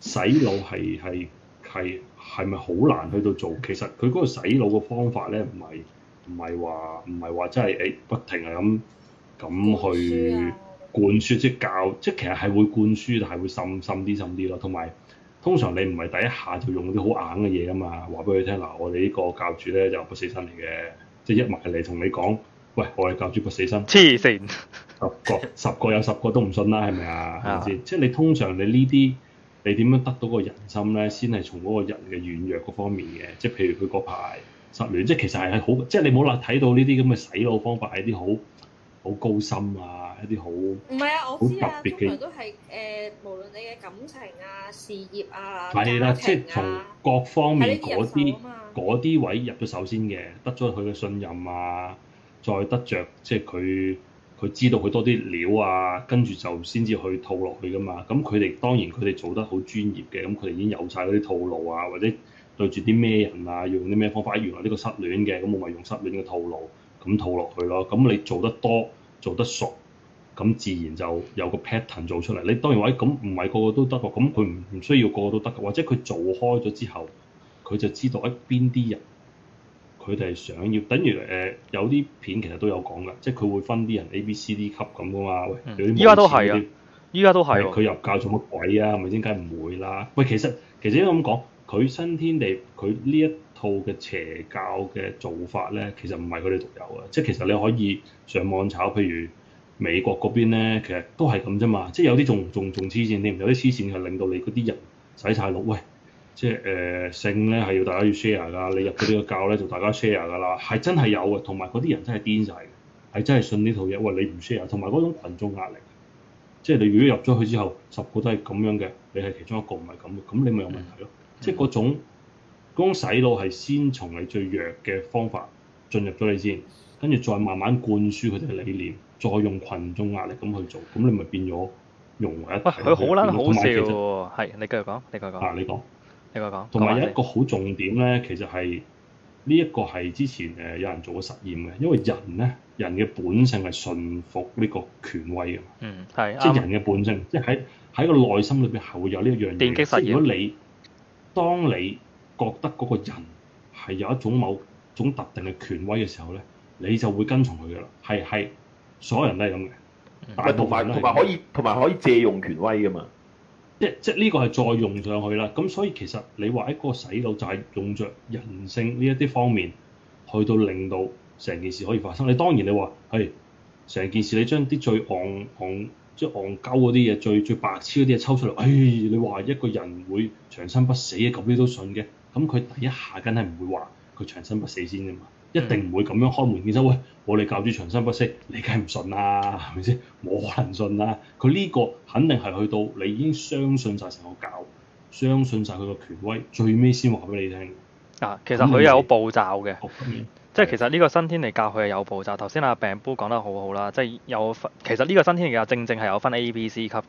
洗腦係係係係咪好難去到做？其實佢嗰個洗腦嘅方法咧，唔係唔係話唔係話真係誒不停係咁咁去灌輸，即教，即係其實係會灌輸，但係會滲滲啲滲啲咯，同埋。通常你唔係第一下就用啲好硬嘅嘢噶嘛，話俾佢聽嗱，我哋呢個教主咧就不死身嚟嘅，即係一埋嚟同你講，喂，我係教主不死身。黐線！ 十個十個有十個都唔信啦，係咪啊？係咪先？即係你通常你呢啲，你點樣得到個人心咧？先係從嗰個人嘅軟弱嗰方面嘅，即係譬如佢嗰排失戀，即係其實係好，即係你冇啦睇到呢啲咁嘅洗腦方法係啲好好高深啊，一啲好唔係啊？特別嘅我知啊，通常都係誒。呃無論你嘅感情啊、事業啊、愛情啊，即係從各方面嘛，嗰啲位入咗首先嘅，得咗佢嘅信任啊，再得着，即係佢佢知道佢多啲料啊，跟住就先至去套落去㗎嘛。咁佢哋當然佢哋做得好專業嘅，咁佢哋已經有晒嗰啲套路啊，或者對住啲咩人啊，用啲咩方法。原來呢個失戀嘅，咁我咪用失戀嘅套路咁套落去咯。咁你做得多，做得熟。咁自然就有個 pattern 做出嚟。你當然話，咁唔係個個都得㗎。咁佢唔唔需要個個都得，或者佢做開咗之後，佢就知道，誒邊啲人佢哋想要。等於誒、呃、有啲片其實都有講㗎，即係佢會分啲人 A、B、C、D 級咁㗎嘛。喂，依家都係啊，依家都係。佢、呃、入教做乜鬼啊？係咪先？梗係唔會啦。喂，其實其實應該咁講，佢新天地佢呢一套嘅邪教嘅做法咧，其實唔係佢哋獨有嘅。即係其實你可以上網炒，譬如。美國嗰邊咧，其實都係咁啫嘛，即係有啲仲仲仲黐線，你唔有啲黐線係令到你嗰啲人使晒腦。喂，即係誒、呃、性咧，係要大家要 share 㗎。你入呢個教咧，就大家 share 㗎啦。係真係有嘅，同埋嗰啲人真係癲晒嘅，係真係信呢套嘢。喂，你唔 share，同埋嗰種羣眾壓力，即係你如果入咗去之後，十個都係咁樣嘅，你係其中一個唔係咁嘅，咁你咪有問題咯。嗯嗯、即係嗰種嗰種洗腦係先從你最弱嘅方法進入咗你先，跟住再慢慢灌輸佢哋嘅理念。再用群眾壓力咁去做，咁你咪變咗融為一體。佢好撚好笑喎，係你繼續講，你繼續講啊，你講，你繼續講。同埋一個好重點咧，其實係呢一個係之前誒有人做過實驗嘅，因為人咧人嘅本性係順服呢個權威嘅。嗯，係即係人嘅本性，即係喺喺個內心裏邊係會有呢一樣嘢。即係如果你當你覺得嗰個人係有一種某種特定嘅權威嘅時候咧，你就會跟從佢嘅啦。係係。係係。所有人都係咁嘅，大部分都係，同埋可以同埋可以借用權威噶嘛，即即呢個係再用上去啦。咁所以其實你話一個洗腦就係用着人性呢一啲方面，去到令到成件事可以發生。你當然你話係成件事，你將啲最戇戇即戇鳩嗰啲嘢，最最白痴嗰啲嘢抽出嚟，唉、哎、你話一個人會長生不死嘅，咁啲都信嘅，咁佢第一下梗係唔會話佢長生不死先㗎嘛。嗯、一定唔會咁樣開門見山喂！我哋教主長生不息，你梗係唔信啦、啊，係咪先？冇可能信啦、啊！佢呢個肯定係去到你已經相信晒成個教，相信晒佢個權威，最尾先話俾你聽。啊，其實佢有步驟嘅。即係其實呢個新天地教佢係有步驟，頭先阿病煲講得好好啦，即係有分。其實呢個新天地教正正係有分 A、B、C 級嘅。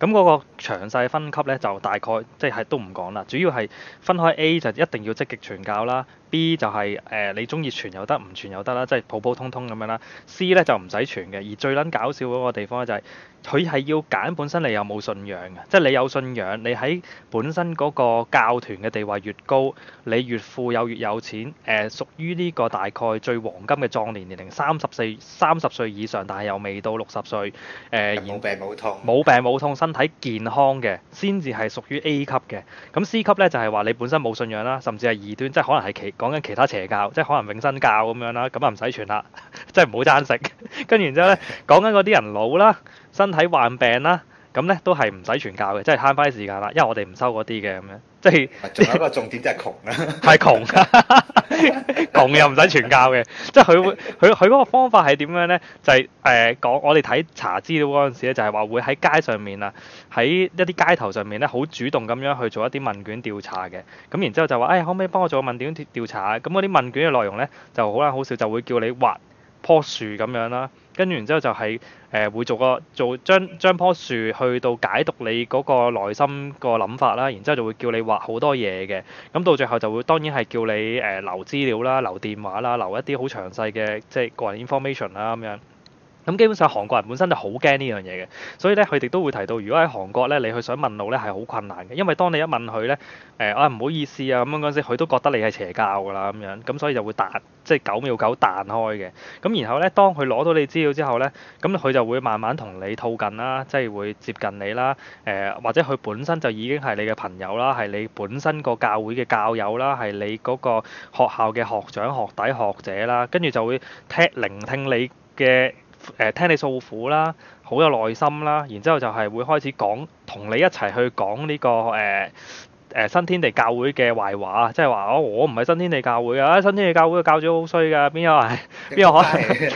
咁、那、嗰個詳細分級咧，就大概即係都唔講啦。主要係分開 A 就一定要積極傳教啦，B 就係、是、誒、呃、你鍾意傳又得，唔傳又得啦，即係普普通通咁樣啦。C 咧就唔使傳嘅。而最撚搞笑嗰個地方咧就係、是。佢係要揀本身你有冇信仰嘅，即係你有信仰，你喺本身嗰個教團嘅地位越高，你越富有、越有錢，誒屬於呢個大概最黃金嘅壯年年齡，三十四三十歲以上，但係又未到六十歲，誒、呃、冇病冇痛，冇病冇痛，身體健康嘅先至係屬於 A 級嘅。咁 C 級咧就係、是、話你本身冇信仰啦，甚至係異端，即係可能係其講緊其他邪教，即係可能永生教咁樣啦，咁啊唔使存啦，即係唔好爭食。跟完之後咧，講緊嗰啲人老啦。身體患病啦，咁咧都係唔使傳教嘅，即係慳翻啲時間啦。因為我哋唔收嗰啲嘅咁樣，即係仲有一個重點就係窮啦，係窮，窮又唔使傳教嘅。即係佢會佢佢嗰個方法係點樣咧？就係、是、誒、呃、講我哋睇查資料嗰陣時咧，就係、是、話會喺街上面啊，喺一啲街頭上面咧，好主動咁樣去做一啲問卷調查嘅。咁然之後就話誒、哎，可唔可以幫我做個問卷調查啊？咁嗰啲問卷嘅內容咧，就好啦好少就會叫你畫棵樹咁樣啦。跟住，然之後就係、是、誒、呃、會做個做將將樖樹去到解讀你嗰個內心個諗法啦。然之後就會叫你畫好多嘢嘅。咁到最後就會當然係叫你誒、呃、留資料啦、留電話啦、留一啲好詳細嘅即係個人 information 啦咁樣。咁基本上韓國人本身就好驚呢樣嘢嘅，所以咧佢哋都會提到，如果喺韓國咧你去想問路咧係好困難嘅，因為當你一問佢咧，誒啊唔好意思啊咁樣嗰陣時，佢都覺得你係邪教㗎啦咁樣，咁所以就會彈即係九秒九彈開嘅。咁然後咧，當佢攞到你資料之後咧，咁佢就會慢慢同你套近啦，即係會接近你啦，誒或者佢本身就已經係你嘅朋友啦，係你本身個教會嘅教友啦，係你嗰個學校嘅學長學弟學姐啦，跟住就會聽聆聽你嘅。誒聽你訴苦啦，好有耐心啦，然之後就係會開始講，同你一齊去講呢、這個誒誒新天地教會嘅壞話，即係話我唔係新天地教會噶，新天地教會嘅教主好衰噶，邊有係邊有可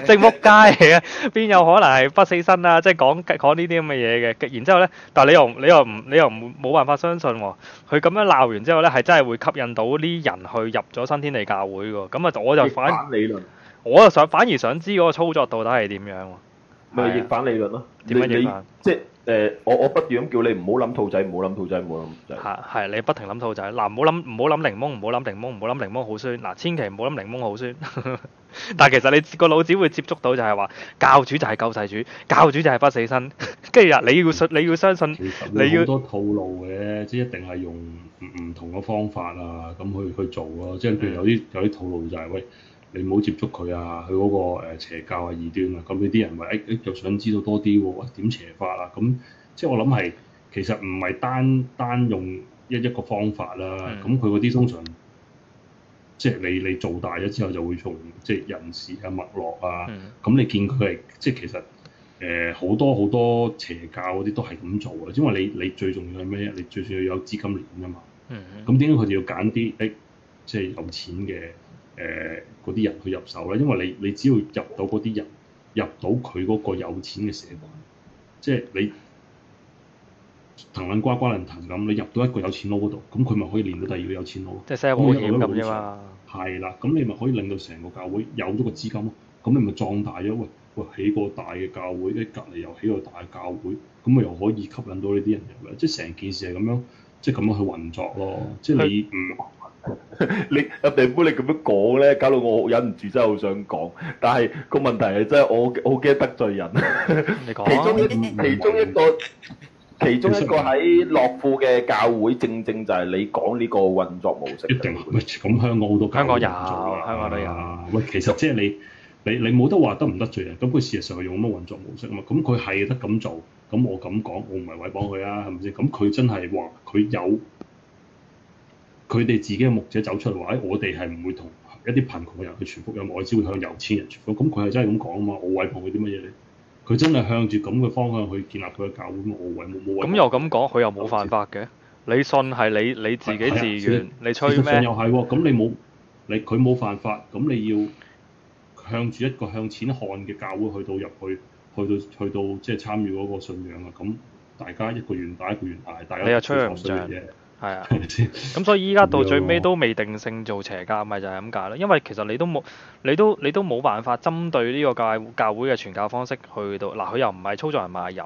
能正屋街嚟嘅？邊有可能係不死身啊？即係講講呢啲咁嘅嘢嘅，然之後咧，但係你又你又唔你又冇冇辦法相信喎？佢咁樣鬧完之後咧，係真係會吸引到啲人去入咗新天地教會噶，咁啊、 哦、我就反理論。我就想，反而想知嗰個操作到底係點樣？咪逆反理論咯、啊？點樣逆反即係誒、呃，我我不斷咁叫你唔好諗兔仔，唔好諗兔仔，唔好諗兔仔。吓，係，你不停諗兔仔。嗱、啊，唔好諗唔好諗檸檬，唔好諗檸檬，唔好諗檸檬，好酸。嗱，千祈唔好諗檸檬好酸。但係其實你個腦子會接觸到就係話，教主就係救世主，教主就係不死身。跟住啊，你要信，你要相信。其實有好多套路嘅，即係一定係用唔唔同嘅方法啊，咁去去做咯。即係譬如有啲、嗯、有啲套路就係、是、喂。你唔好接觸佢啊！佢嗰個誒邪教啊，異端啊，咁呢啲人話誒誒又想知道多啲喎、啊，點、哎、邪法啊？咁即係我諗係其實唔係單單用一一個方法啦、啊。咁佢嗰啲通常即係你你做大咗之後就會從即係人事啊、脈絡啊。咁的你見佢係即係其實誒好、呃、多好多邪教嗰啲都係咁做啊，因為你你最重要係咩？你最重要，最重要有資金鏈啊嘛。咁點解佢哋要揀啲誒即係有錢嘅？誒嗰啲人去入手咧，因為你你只要入到嗰啲人，入到佢嗰個有錢嘅社群，即係你騰輪呱呱輪、呃、騰咁、呃，你入到一個有錢佬嗰度，咁佢咪可以連到第二個有錢佬，即係 share 嗰啲嘢咁啫嘛。係啦、嗯，咁你咪可以令到成個教會有咗個資金咯，咁你咪壯大咗。喂喂，起個大嘅教會，跟住隔離又起個大嘅教會，咁咪又可以吸引到呢啲人入嚟，即係成件事係咁樣，即係咁樣去運作咯。即係你唔。 你阿定、啊、夫，你咁樣講咧，搞到我忍唔住，真係好想講。但係個問題係真係，我好驚得罪人。你 講。其中一其，實其中一個其中一個喺樂富嘅教會，正正就係你講呢個運作模式。一定啊！喂，咁香港好多教會都做啊，香港都有。喂，其實即係你你你冇得話得唔得罪啊？咁佢事實上係用乜運作模式啊嘛？咁佢係得咁做，咁我咁講，我唔係毀謗佢啊，係咪先？咁佢真係話佢有。佢哋自己嘅牧者走出嚟話，哎，我哋係唔會同一啲貧窮嘅人去傳福音，我只會向有錢人傳福音。咁佢係真係咁講啊嘛！我委講佢啲乜嘢咧？佢真係向住咁嘅方向去建立佢嘅教會。咁我偉冇冇？咁又咁講，佢又冇犯法嘅。你信係你你自己自願，哎、你吹咩？信又係喎，咁你冇你佢冇犯法，咁你要向住一個向錢看嘅教會去到入去，去到去到即係參與嗰個信仰啊！咁大家一個願打一個願捱，大家你又吹唔上嘅。係啊，咁、 嗯、所以依家到最尾都未定性做邪教，咪就係咁解咯。因為其實你都冇，你都你都冇辦法針對呢個教教會嘅傳教方式去到嗱，佢又唔係操縱人賣淫，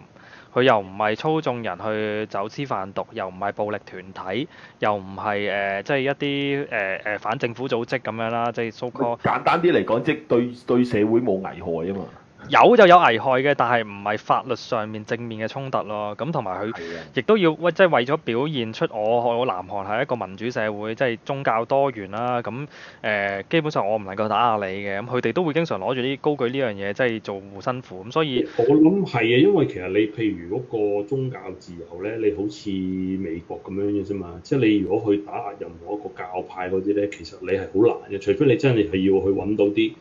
佢又唔係操縱人去走私販毒，又唔係暴力團體，又唔係誒，即、呃、係、就是、一啲誒誒反政府組織咁樣啦，即係 so-called 簡單啲嚟講，即、就、係、是、對、對社會冇危害啊嘛。有就有危害嘅，但係唔係法律上面正面嘅衝突咯。咁同埋佢亦都要，即係為咗表現出我我南韓係一個民主社會，即係宗教多元啦。咁誒，基本上我唔能夠打壓你嘅。咁佢哋都會經常攞住啲高舉呢樣嘢，即係做護身符。咁所以我諗係啊，因為其實你譬如嗰個宗教自由咧，你好似美國咁樣嘅啫嘛。即係你如果去打壓任何一個教派嗰啲咧，其實你係好難嘅，除非你真係係要去揾到啲。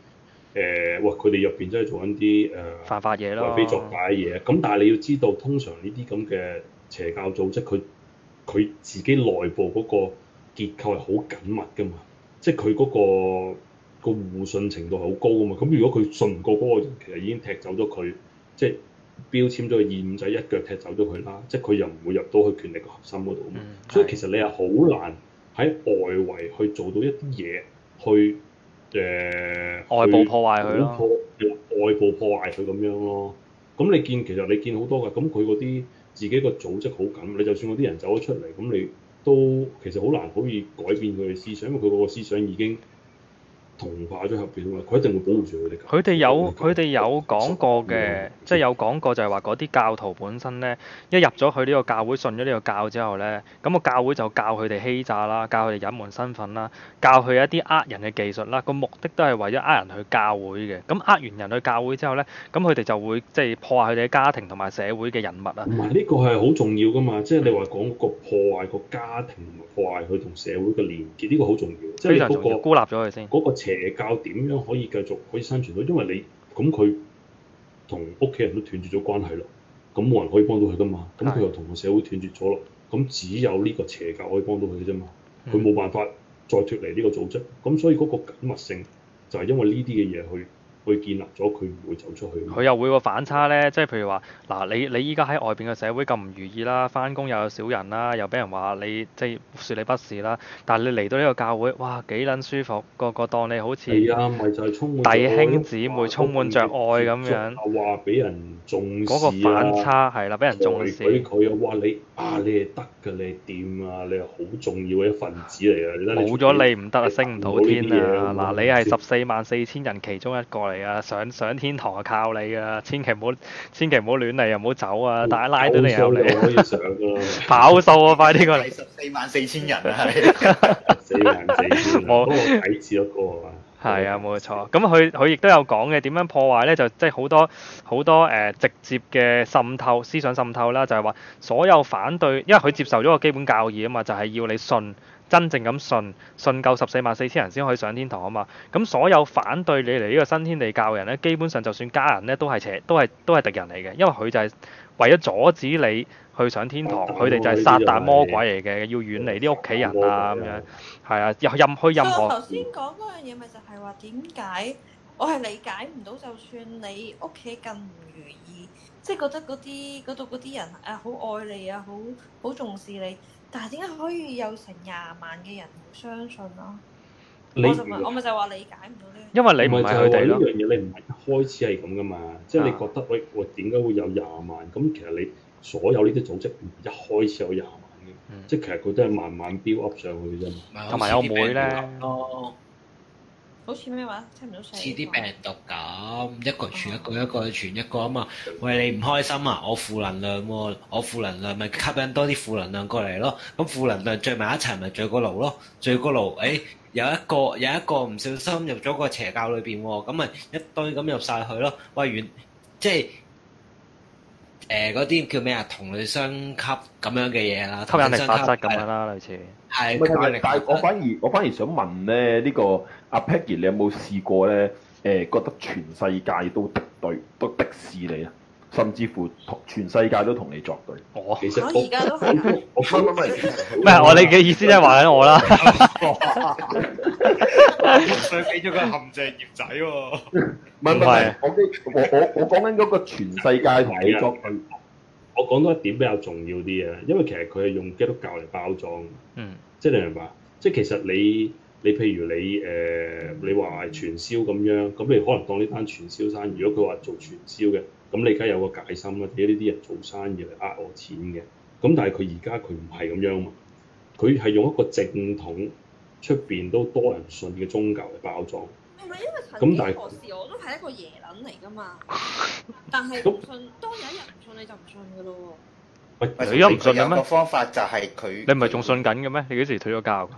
誒、呃，哇！佢哋入邊真係做緊啲誒犯法嘢啦，為、呃、非作歹嘢。咁但係你要知道，通常呢啲咁嘅邪教組織，佢佢自己內部嗰個結構係好緊密㗎嘛，即係佢嗰個個互信程度係好高㗎嘛。咁如果佢信唔過嗰個人，其實已經踢走咗佢，即係標籤咗個二五仔，一腳踢走咗佢啦。即係佢又唔會入到去權力核心嗰度，嗯、所以其實你係好難喺外圍去做到一啲嘢去。誒，呃、外部破壞佢，外部破壞佢咁樣咯。咁、嗯、你見其實你見好多㗎，咁佢嗰啲自己個組織好緊，你就算嗰啲人走咗出嚟，咁、嗯、你都其實好難可以改變佢嘅思想，因為佢個思想已經同化咗入邊啊嘛，佢一定會保護住佢哋。佢哋有佢哋有講過嘅，即係有講過就係話嗰啲教徒本身咧，一入咗去呢個教會，信咗呢個教之後咧，咁個教會就教佢哋欺詐啦，教佢哋隱瞞身份啦，教佢一啲呃人嘅技術啦，個目的都係為咗呃人去教會嘅。咁呃完人去教會之後咧，咁佢哋就會即係破壞佢哋嘅家庭同埋社會嘅人物啊。唔係呢個係好重要噶嘛，即係你話講個破壞個家庭同埋破壞佢同社會嘅連結，呢個好重要，即係嗰個非常重要，孤立咗佢先嗰個。邪教點樣可以繼續可以生存到？因為你咁佢同屋企人都斷絕咗關係咯，咁冇人可以幫到佢噶嘛。咁佢又同個社會斷絕咗咯，咁只有呢個邪教可以幫到佢啫嘛。佢冇辦法再脫離呢個組織，咁所以嗰個緊密性就係因為呢啲嘅嘢去。會建立咗佢唔會走出去。佢又會個反差咧，即係譬如話，嗱，你你依家喺外邊嘅社會咁唔如意啦，翻工又有小人啦，又俾人話你即係說你不是啦。但係你嚟到呢個教會，哇，幾撚舒服，個個當你好似係啊，咪、哎、就係弟兄姊妹充滿着愛咁哇會樣。話俾會人重嗰個反差係啦，俾、啊、人重視佢又話，你啊，你係得㗎，你掂啊，你係好重要嘅一份子嚟㗎。冇咗你唔得啊，升唔到天啊！嗱、啊，你係十四萬四千人其中一個。係啊，上上天堂啊靠你啊！千祈唔好，千祈唔好亂嚟又唔好走啊！大家哇拉咗你又、啊、我可以上、啊。 跑數啊！快啲過嚟，十四萬四千人啊！四萬四千，我睇字一個啊！係啊，冇錯。咁佢佢亦都有講嘅，點樣破壞咧？就即係好多好多誒，多直接嘅滲透、思想滲透啦，就係、是、話所有反對，因為佢接受咗個基本教義啊嘛，就係、是、要你信。真正咁信，信夠十四萬四千人先可以上天堂啊嘛！咁所有反對你嚟呢個新天地教嘅人咧，基本上就算家人咧都係邪，都係都係敵人嚟嘅，因為佢就係為咗阻止你去上天堂，佢哋、嗯、就係撒旦魔鬼嚟嘅，嗯、要遠離啲屋企人啊咁、嗯、樣。係、嗯、啊，任任去任何。我頭先講嗰樣嘢咪就係話點解我係理解唔到，就算你屋企咁唔如意，即、就、係、是、覺得嗰啲嗰度嗰啲人啊好愛你啊，好好重視你。但係點解可以有成廿萬嘅人相信咯？不我咪不我咪就話理解唔到呢樣。因為你唔係佢哋咯。呢樣嘢你唔係一開始係咁噶嘛？即、就、係、是、你覺得、啊、喂，我點解會有廿萬？咁其實你所有呢啲組織唔一開始有廿萬嘅，即係、嗯、其實佢都係慢慢 build up 上去啫。同埋、嗯、我妹咧。嗯哦好似咩話？差唔多似啲病毒咁，哇一個傳一個，一個傳一個啊嘛！喂，你唔開心啊，我負能量喎、哦，我負能量咪吸引多啲負能量過嚟咯。咁負能量聚埋一齊咪聚個爐咯，聚個爐誒、欸、有一個有一個唔小心入咗個邪教裏邊喎，咁咪一堆咁入晒去咯。喂，遠即係誒嗰啲叫咩啊？同類相吸咁樣嘅嘢啦，同類級吸引力法則咁樣啦，對類似係。但係我反而我反而，我反而想問咧呢、呢個。阿 Peggy，你有冇試過咧？誒、欸，覺得全世界都敵對，都敵視你啊，甚至乎同全世界都同你作對。我其實我而家都唔係 我哋嘅麼麼意思，即係話緊我啦了。再俾咗個陷阱葉仔喎、喔！唔係，唔係我我我講緊嗰個全世界同你作對。 麼我講多一點比較重要啲嘅，因為其實佢係用基督教嚟包裝。嗯， 即係你明白？即係其實你。你譬如你誒、呃，你話係傳銷咁樣，咁你可能當呢單傳銷生意。如果佢話做傳銷嘅，咁你而家有個戒心啦。點解呢啲人做生意嚟呃我錢嘅？咁但係佢而家佢唔係咁樣嘛，佢係用一個正統出邊都多人信嘅宗教嚟包裝。唔係因為陳但陳博士我都係一個耶撚嚟㗎嘛，但係當有人唔信你就唔信㗎咯喎。你而家唔信有咩方法？就係佢。你唔係仲信緊嘅咩？你幾時退咗教？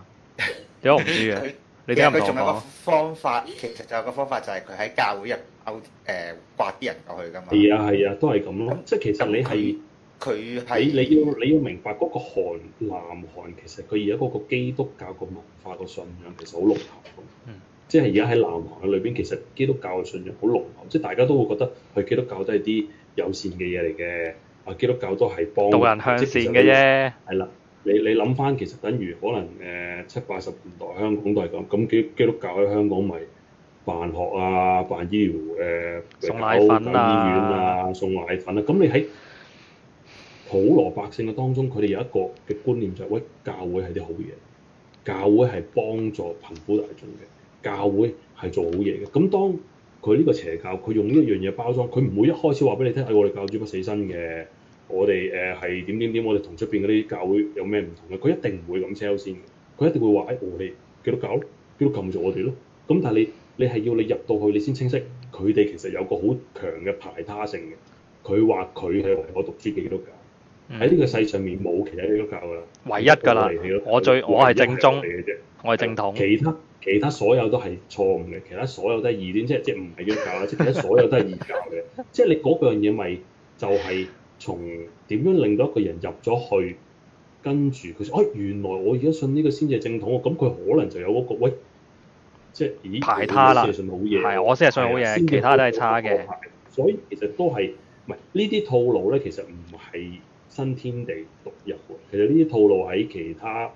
點解我唔知啊，但係佢仲有個方法， 其實仲有個方法就係佢喺教會入勾誒掛啲人過去㗎嘛。係啊係啊，都係咁咯。即係其實你係佢喺你要你要明白嗰個韓南韓，其實佢而家嗰個基督教個文化個信仰其實好濃厚、嗯、即係而家喺南韓嘅裏邊，其實基督教嘅信仰好濃厚，即係大家都會覺得佢基督教都係啲友善嘅嘢嚟嘅，啊基督教都係幫導人向善嘅啫。係啦、就是。已你你諗翻，其實等於可能誒七八十年代香港都係咁，咁基基督教喺香港咪辦學啊，辦醫療誒、啊，救濟、啊、醫院啊，送奶粉啊，咁你喺普羅百姓嘅當中，佢哋有一個嘅觀念就係、是、喂，教會係啲好嘢，教會係幫助貧苦大眾嘅，教會係做好嘢嘅。咁當佢呢個邪教，佢用呢一樣嘢包裝，佢唔會一開始話俾你聽，誒、哎、我哋教主不死身嘅。我哋誒係點點點，我哋同出邊嗰啲教會有咩唔同咧？佢一定唔會咁 sell 先嘅，佢一定會話：誒，我哋基督教咯，基督教就我哋咯。咁但係你你係要你入到去，你先清晰。佢哋其實有個好強嘅排他性嘅。佢話佢係我讀書嘅基督教，喺呢個世上面冇其他基督教㗎啦，唯一㗎啦，我最我係正宗，我係正統。其他其他所有都係錯誤嘅，其他所有都係異端，即係即係唔係基督教啦，即係其他所有都係異教嘅。即係你嗰樣嘢咪就係。從點樣令到一個人入咗去，跟住佢説，哎，原來我而家信呢個先至正統啊，咁佢可能就有嗰個，喂，即係咦排他啦，係我先係信好嘢，其他都係差嘅。所以其實都係唔係呢啲套路咧？其實唔係新天地獨有嘅，其實呢啲套路喺其他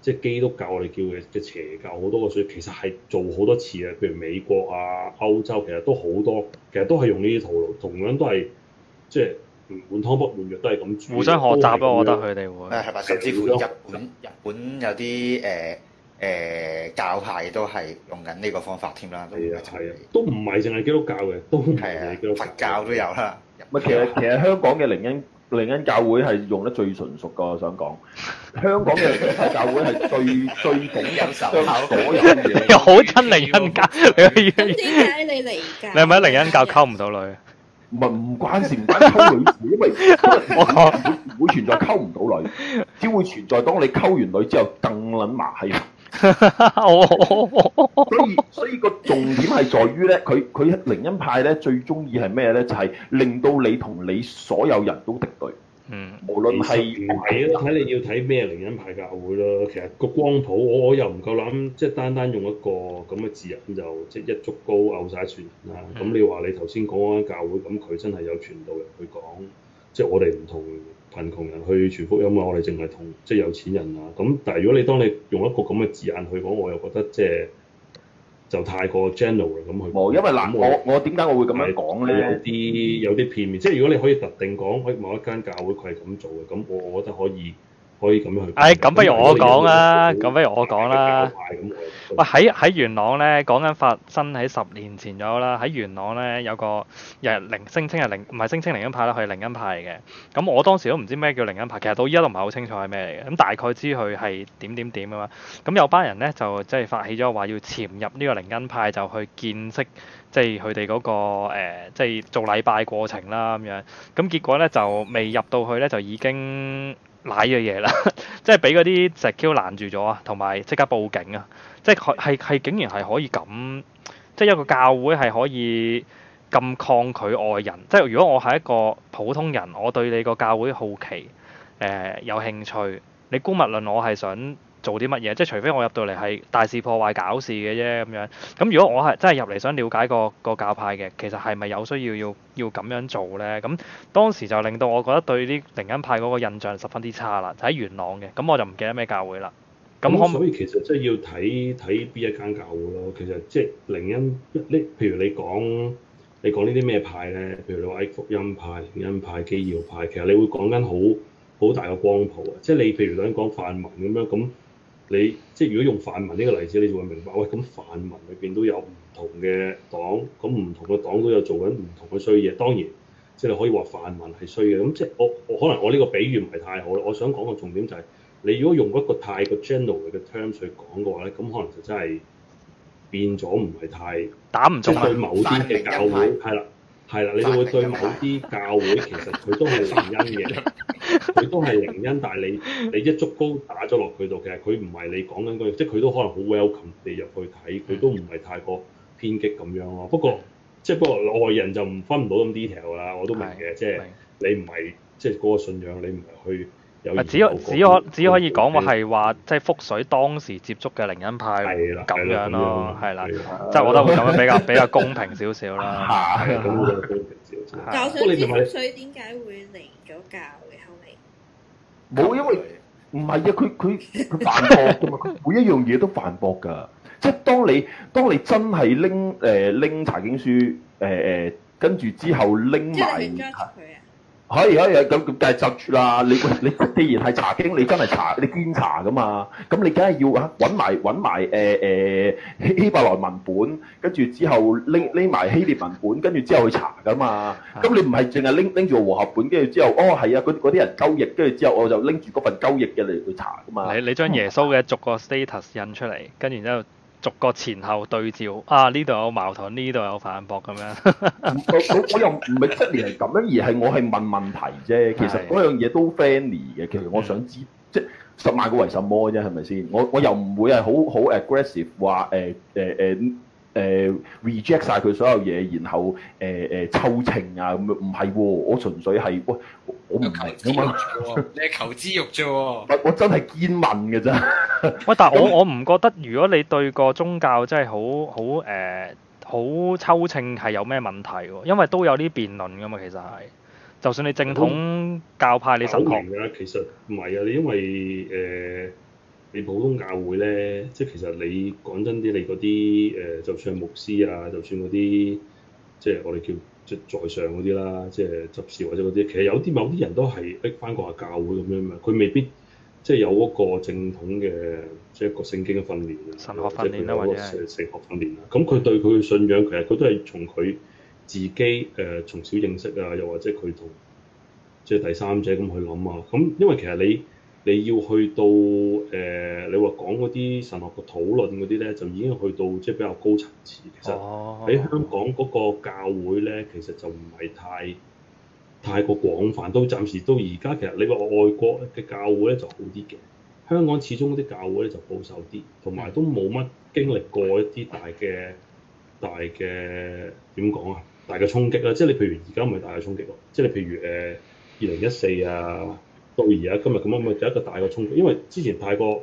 即係基督教，我哋叫嘅嘅邪教好多個，所以其實係做好多次嘅。譬如美國啊、歐洲，其實都好多，其實都係用呢啲套路，同樣都係即係。換湯不換藥都係咁，互相學習咯，我覺得佢哋會。係咪，甚至乎日本日本有啲誒誒教派都係用緊呢個方法添啦。係啊係啊，都唔係淨係基督教嘅，都唔係佛教都有啦。乜其實其實香港嘅靈恩靈恩教會係用得最純熟噶，我想講香港嘅靈恩教會係最最頂有手。你好憎靈恩教，咁點解你嚟教？你係咪靈恩教溝唔到女？唔唔關事，唔關溝女事，因為會 唔會存在溝唔到女，只會存在當你溝完女之後更撚麻閪。 所以所以個重點係在於咧，佢佢靈音派咧最中意係咩咧？就係、是、令到你同你所有人都敵對。嗯，無論係唔係啊，睇你要睇咩靈恩派教會咯。其實個光譜，我我又唔夠諗，即係單單用一個咁嘅字眼就即係一竹篙拗晒一船人啊。咁你話你頭先講嗰間教會，咁佢真係有傳道人去講，即係我哋唔同貧窮人去傳福音啊。我哋淨係同即係有錢人啊。咁但係如果你當你用一個咁嘅字眼去講，我又覺得即係。就太過 general 咁去，冇，因為嗱，我我點解我，我會咁樣講咧？有啲有啲片面，即係如果你可以特定講喺某一間教會佢係咁做嘅，咁我我覺得可以。可以咁樣去。誒、哎，咁不如我講啦，咁不如我講啦。講啦喂，喺喺元朗呢，講緊發生喺十年前左右啦。喺元朗呢，有個又係零聲稱係零，唔係聲稱靈恩派啦，佢係靈恩派嚟嘅。咁我當時都唔知咩叫靈恩派，其實到依家都唔係好清楚係咩嚟嘅。咁大概知佢係點點點㗎嘛。咁有班人呢，就即係發起咗話要潛入呢個靈恩派，就去見識，即係佢哋嗰個、呃、即係做禮拜過程啦咁樣。咁結果呢，就未入到去呢，就已經奶嘅嘢啦， 即係俾嗰啲石 Q 攔住咗啊，同埋即刻報警啊！即係係係竟然係可以咁，即係一個教會係可以咁抗拒外人。即係如果我係一個普通人，我對你個教會好奇誒、呃、有興趣，你估勿論我係想。做啲乜嘢？即係除非我入到嚟係大肆破壞搞事嘅啫咁樣。咁如果我係真係入嚟想了解個個教派嘅，其實係咪有需要要要咁樣做咧？咁當時就令到我覺得對啲靈恩派嗰個印象十分之差啦。就喺、是、元朗嘅，咁我就唔記得咩教會啦。咁可唔可以其實即係要睇睇邊一間教會咯。其實即係靈恩呢？譬如你講你講呢啲咩派咧？譬如你話福音派、靈恩派、基要派，其實你會講緊好好大個光譜啊！即係你譬如想講泛民咁樣咁。你即係如果用泛民呢個例子，你就會明白喂，咁泛民裏邊都有唔同嘅黨，咁唔同嘅黨都有做緊唔同嘅衰嘢。當然，即係你可以話泛民係衰嘅。咁即係我我可能我呢個比喻唔係太好啦。我想講個重點就係、是，你如果用一個太過 general 嘅 term 去講嘅話咧，咁可能就真係變咗唔係太打唔出去某啲嘅教派。係啦，你就會對某啲教會 其實佢都係靈恩嘅，佢都係靈恩。但係你你一足高打咗落佢度，嘅，實佢唔係你講緊嗰，即係佢都可能好 welcome 你入去睇，佢都唔係太過偏激咁樣咯。不過， 不過即係不過外人就唔分唔到咁 detail 啦，我都明嘅。即係 你唔係即係嗰個信仰，你唔係去。唔係，只可只可只可以講話係話，即係福水當時接觸嘅靈恩派咁樣咯，係啦，即係我覺得咁樣比較比較公平少少啦。嚇！咁啊，公平少少。但係我想問福水點解會離咗教嘅後尾？冇，因為唔係啊！佢佢佢反駁㗎嘛，佢每一樣嘢都反駁㗎。即係當你當你真係拎誒拎查經書誒誒，跟住之後拎埋。可以可以咁，咁梗係執住啦。你你既然係查經，你真係查你經查噶嘛？咁你梗係要啊揾埋揾埋誒誒希伯來文本，跟住之後拎拎埋希臘文本，跟住之後去查噶嘛？咁你唔係淨係拎拎住個和合本，跟住之後，哦係啊，嗰啲人鳩譯，跟住之後我就拎住嗰份鳩譯嘅嚟去查噶嘛。你你將耶穌嘅逐個 status 印出嚟，跟住之後。逐個前後對照啊！呢度有矛盾，呢度有反駁咁樣。 我又唔係質疑係咁樣，而係我係問問題啫。其實嗰樣嘢都 friendly 嘅。其實我想知，mm hmm. 即係十萬個為什麼啫，係咪先？我我又唔會係好好 aggressive 話誒誒誒。誒 reject 晒佢所有嘢，然後誒誒抽秤啊咁樣，唔係喎，我純粹係喂，我唔明咁樣，你求知欲啫喎，我真係見聞嘅啫。喂， 但係我我唔覺得，如果你對個宗教真係好好誒、呃、好抽秤，係有咩問題喎？因為都有啲辯論㗎嘛，其實係，就算你正統教派，嗯、你神學嘅其實唔係啊，你因為誒。呃你普通教會咧，即係其實你講真啲，你嗰啲誒，就算牧師啊，就算嗰啲即係我哋叫即係在上嗰啲啦，即係執事或者嗰啲，其實有啲某啲人都係逼翻過下教會咁樣嘛，佢未必即係、就是、有一個正統嘅即係個聖經嘅訓練啊，神學訓練或者係誒聖學訓練啊，咁佢對佢嘅信仰其實佢都係從佢自己誒從、呃、小認識啊，又或者佢同即係第三者咁去諗啊，咁因為其實你。你要去到誒、呃，你話講嗰啲神學嘅討論嗰啲咧，就已經去到即係比較高層次。其實喺香港嗰個教會咧，啊、其實就唔係太太過廣泛。都暫時都。而家，其實你話外國嘅教會咧就好啲嘅。香港始終嗰啲教會咧就保守啲，同埋都冇乜經歷過一啲大嘅、嗯、大嘅點講啊，大嘅衝擊啦。即係你譬如而家唔係大嘅衝擊喎，即係你譬如誒二零一四啊。嗯到而家今日咁樣，咪有一個大嘅衝擊，因為之前太過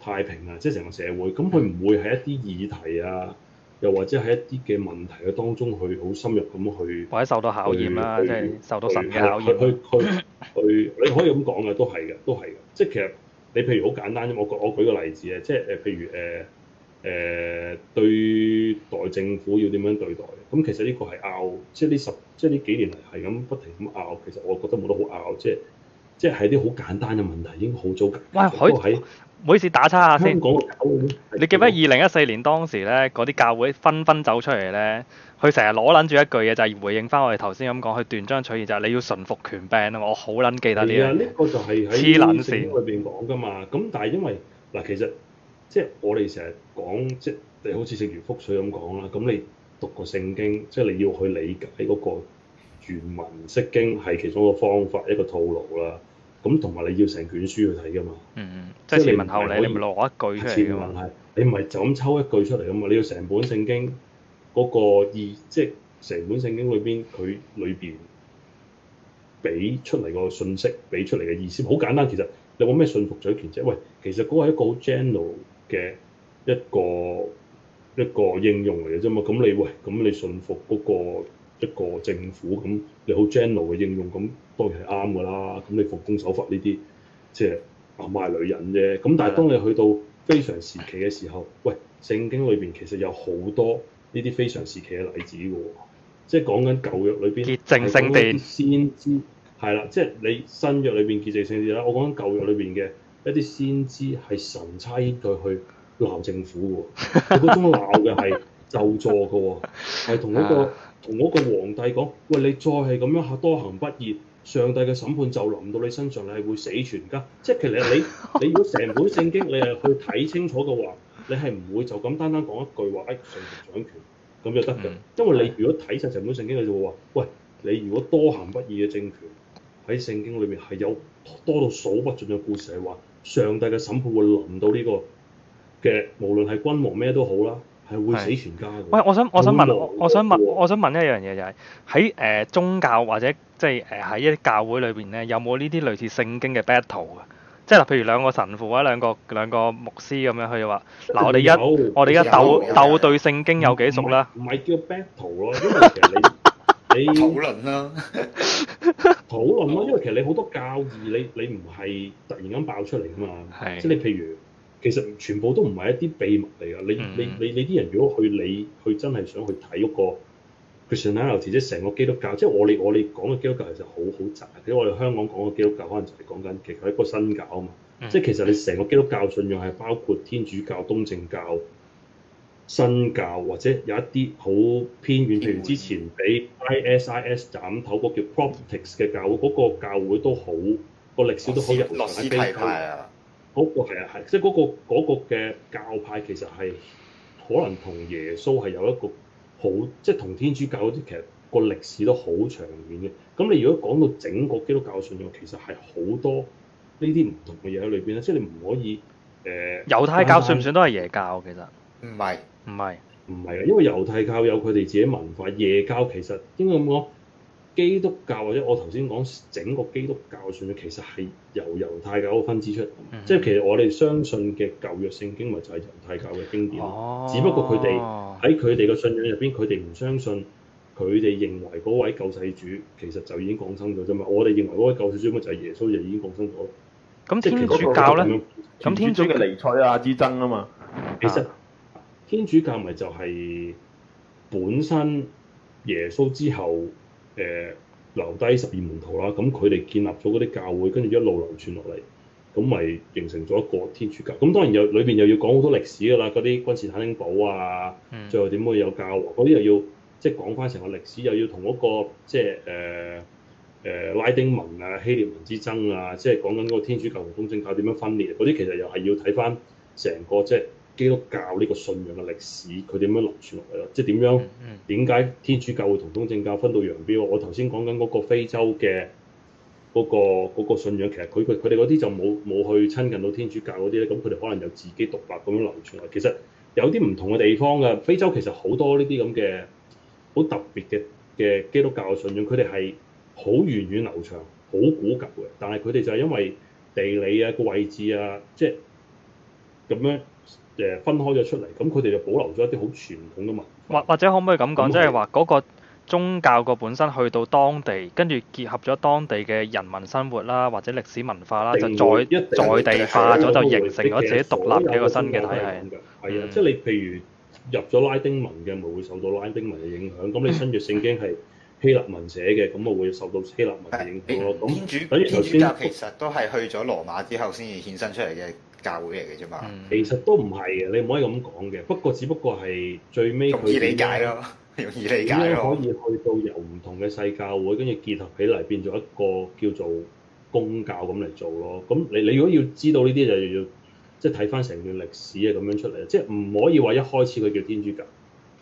太平啊，即係成個社會咁，佢唔會係一啲議題啊，又或者係一啲嘅問題嘅當中去好深入咁去，或者受到考驗啦，即係受到神嘅考驗去去去，去。你可以咁講嘅，都係嘅，都係嘅。即係其實你譬如好簡單啫，我我舉個例子啊，即係誒譬如誒誒、呃、對待政府要點樣對待？咁其實呢個係拗，即係呢十即係呢幾年嚟係咁不停咁拗。其實我覺得冇得好拗，即係。即係啲好簡單嘅問題，已經好早解決。喂！唔好意思打叉下先。香港你記唔記得二零一四年當時咧，嗰啲教會紛紛走出嚟咧，佢成日攞撚住一句嘢，就係回應翻我哋頭先咁講，佢斷章取義就係你要順服權柄啊！我好撚記得呢啲。係啊，呢個就係喺聖經裏邊講噶嘛。咁但係因為嗱，其實即係我哋成日講，即係你好似食如福水咁講啦。咁你讀個聖經，即係你要去理解嗰個原文釋經係其中一個方法，一個套路啦。咁同埋你要成卷書去睇㗎嘛。嗯嗯，即係前文後理，你唔攞一句出嚟。千萬你唔係就咁抽一句出嚟㗎嘛？你要成本聖經嗰個意，即係成本聖經裏邊佢裏邊俾出嚟個信息，俾出嚟嘅意思。好簡單，其實你冇咩信服主權啫？喂，其實嗰係一個好 general 嘅一個一個,一個應用嚟嘅啫嘛。咁你喂，咁你信服嗰個。一個政府咁你好 general 嘅應用咁，當然係啱㗎啦。咁你奉公守法呢啲，即係唔係女人啫？咁但係當你去到非常時期嘅時候，喂，聖經裏邊其實有好多呢啲非常時期嘅例子㗎喎，即係講緊舊約裏邊啲正聖地先知係啦，即係、就是、你新約裏邊啲聖聖地啦。我講緊舊約裏邊嘅一啲先知係神差遣佢去鬧政府㗎喎，佢嗰種鬧嘅係咒詛㗎喎，係同 一個。同嗰個皇帝講：喂，你再係咁樣下多行不義，上帝嘅審判就臨到你身上，你係會死全家。即係其實你，你如果成本聖經，你係去睇清楚嘅話，你係唔會就咁單單講一句話，誒、哎，上帝掌權咁就得㗎。因為你如果睇晒成本聖經，你就會話：喂，你如果多行不義嘅政權，喺聖經裏面係有多到數不盡嘅故事，係話上帝嘅審判會臨到呢、這個嘅，無論係君王咩都好啦。係會死全家嘅。喂，我想我想問我想問我想問一樣嘢就係喺誒宗教或者即係誒喺一啲教會裏邊咧，有冇呢啲類似聖經嘅 battle 嘅？即係嗱，譬如兩個神父或者兩個兩個牧師咁樣，佢哋話嗱我哋一我哋一鬥鬥對聖經有幾熟啦？唔係叫 battle 咯，因為其實你你討論啦，討論咯，因為其實你好多教義你你唔係突然咁爆出嚟噶嘛。係。即係你譬如。其實全部都唔係一啲秘密嚟㗎，你你你你啲人如果去你去真係想去睇嗰個，佢信哪牛子即成個基督教，即係我哋我哋講嘅基督教其實好好窄，譬如我哋香港講嘅基督教可能就係講緊其實一個新教啊嘛，嗯、即係其實你成個基督教信仰係包括天主教、東正教、新教或者有一啲好偏遠，譬如之前俾 ISIS 斬頭嗰叫 Protestant 嘅教會，嗰、嗰個教會都好，個歷史都好。以入曬。啊！嗰個係啊係，即係嗰個嗰個嘅教派其實係可能同耶穌係有一個好，即係同天主教啲其實個歷史都好長遠嘅。咁你如果講到整個基督教信仰，其實係好多呢啲唔同嘅嘢喺裏邊咧，即係你唔可以誒。呃，猶太教算唔算都係耶教？其實唔係唔係唔係啊，因為猶太教有佢哋自己文化，耶教其實應該咁講。基督教或者我頭先講整個基督教算嘅，其實係由猶太教分支出，嗯、哼即係其實我哋相信嘅舊約聖經咪就係猶太教嘅經典，哦、只不過佢哋喺佢哋嘅信仰入邊，佢哋唔相信佢哋認為嗰位救世主其實就已經降生咗啫嘛。我哋認為嗰位救世主咪就係耶穌，就已經降生咗。咁天主教咧？咁天主嘅尼西亞之爭啊嘛。嗯、哼其實天主教咪就係本身耶穌之後。誒留低十二門徒啦，咁佢哋建立咗嗰啲教會，跟住一路流傳落嚟，咁咪形成咗一個天主教。咁當然又裏邊又要講好多歷史㗎啦，嗰啲君士坦丁堡啊，嗯、最後點會有教皇嗰啲又要即係、就是、講翻成個歷史，又要同嗰、嗰個即係誒誒拉丁文啊、希臘文之爭啊，即、就、係、是、講緊嗰個天主教同東正教點樣分裂嗰啲，其實又係要睇翻成個即係。就是基督教呢個信仰嘅歷史，佢點樣流傳落嚟啊？即係點樣？點解天主教會同東正教分道揚鑣？我頭先講緊嗰個非洲嘅嗰個嗰個信仰，其實佢佢佢哋嗰啲就冇冇去親近到天主教嗰啲咧，咁佢哋可能有自己獨立咁樣流傳落嚟。其實有啲唔同嘅地方嘅非洲，其實好多呢啲咁嘅好特別嘅嘅基督教信仰，佢哋係好源遠流長、好古舊嘅。但係佢哋就係因為地理啊、個位置啊，即係咁樣。誒分開咗出嚟，咁佢哋就保留咗一啲好傳統嘅文化。或或者可唔可以咁講？即係話嗰個宗教個本身去到當地，跟住結合咗當地嘅人民生活啦，或者歷史文化啦，就再在，在地化咗，就形成咗自己獨立嘅一個新嘅體系。係啊，嗯，即係你譬如入咗拉丁文嘅，咪會受到拉丁文嘅影響。咁你新約聖經係希臘文寫嘅，咁咪會受到希臘文嘅影響咯。咁天主天主教其實都係去咗羅馬之後先至衍生出嚟嘅。教會嚟嘅啫嘛，嗯、其實都唔係嘅，你唔可以咁講嘅。不過只不過係最尾佢易理解咯，容易理解咯。可以去到由唔同嘅細教會跟住結合起嚟，變咗一個叫做公教咁嚟做咯。咁你你如果要知道呢啲，就要即係睇返成段歷史啊，咁樣出嚟。即係唔可以話一開始佢叫天主教，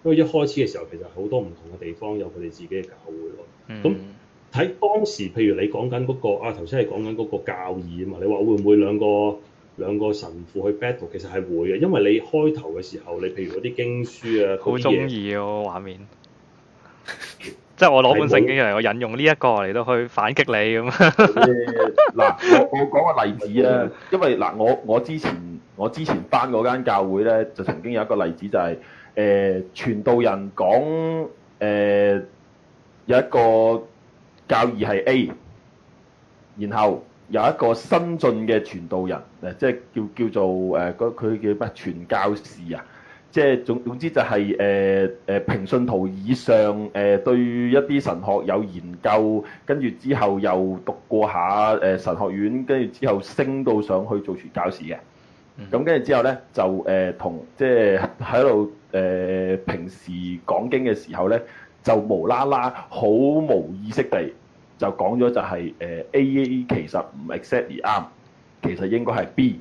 因為一開始嘅時候其實好多唔同嘅地方有佢哋自己嘅教會喎。咁睇、嗯、當時，譬如你講緊嗰個啊，頭先係講緊嗰個教義啊嘛，你話會唔會兩個？兩個神父去 battle 其實係會嘅，因為你開頭嘅時候，你譬如嗰啲經書啊，好中意個畫面。即係我攞本聖經嚟，我引用呢一個嚟到去反擊你咁。嗱，我講個例子啊，因為嗱，我我之前我之前返嗰間教會咧，就曾經有一個例子就係，誒傳道人講誒有一個教義係 A，然後。有一個新進嘅傳道人，誒，即係叫叫做誒，佢、呃、叫咩傳教士啊？即係總總之就係誒誒平信徒以上，誒、呃、對於一啲神學有研究，跟住之後又讀過下誒、呃、神學院，跟住之後升到上去做傳教士嘅。咁跟住之後咧，就誒、呃、同即係喺度誒平時講經嘅時候咧，就無啦啦好無意識地。就講咗就係誒 A, A A 其實唔 exactly 啱，其實應該係 B。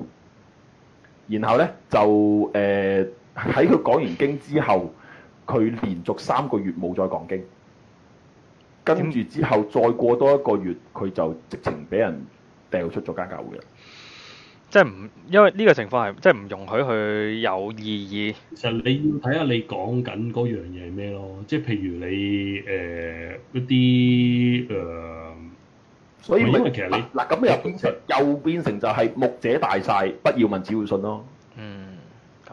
然後咧就誒喺佢講完經之後，佢連續三個月冇再講經，跟住之後再過多一個月，佢就直情俾人掉出咗間教會啦。即係唔，因為呢個情況係即係唔容許佢有異議。其實你要睇下你講緊嗰樣嘢係咩咯，即係譬如你誒嗰啲誒，呃呃、所以因為其實你嗱咁以、啊啊、又變成又變成就係牧者大晒，不要問只會信咯。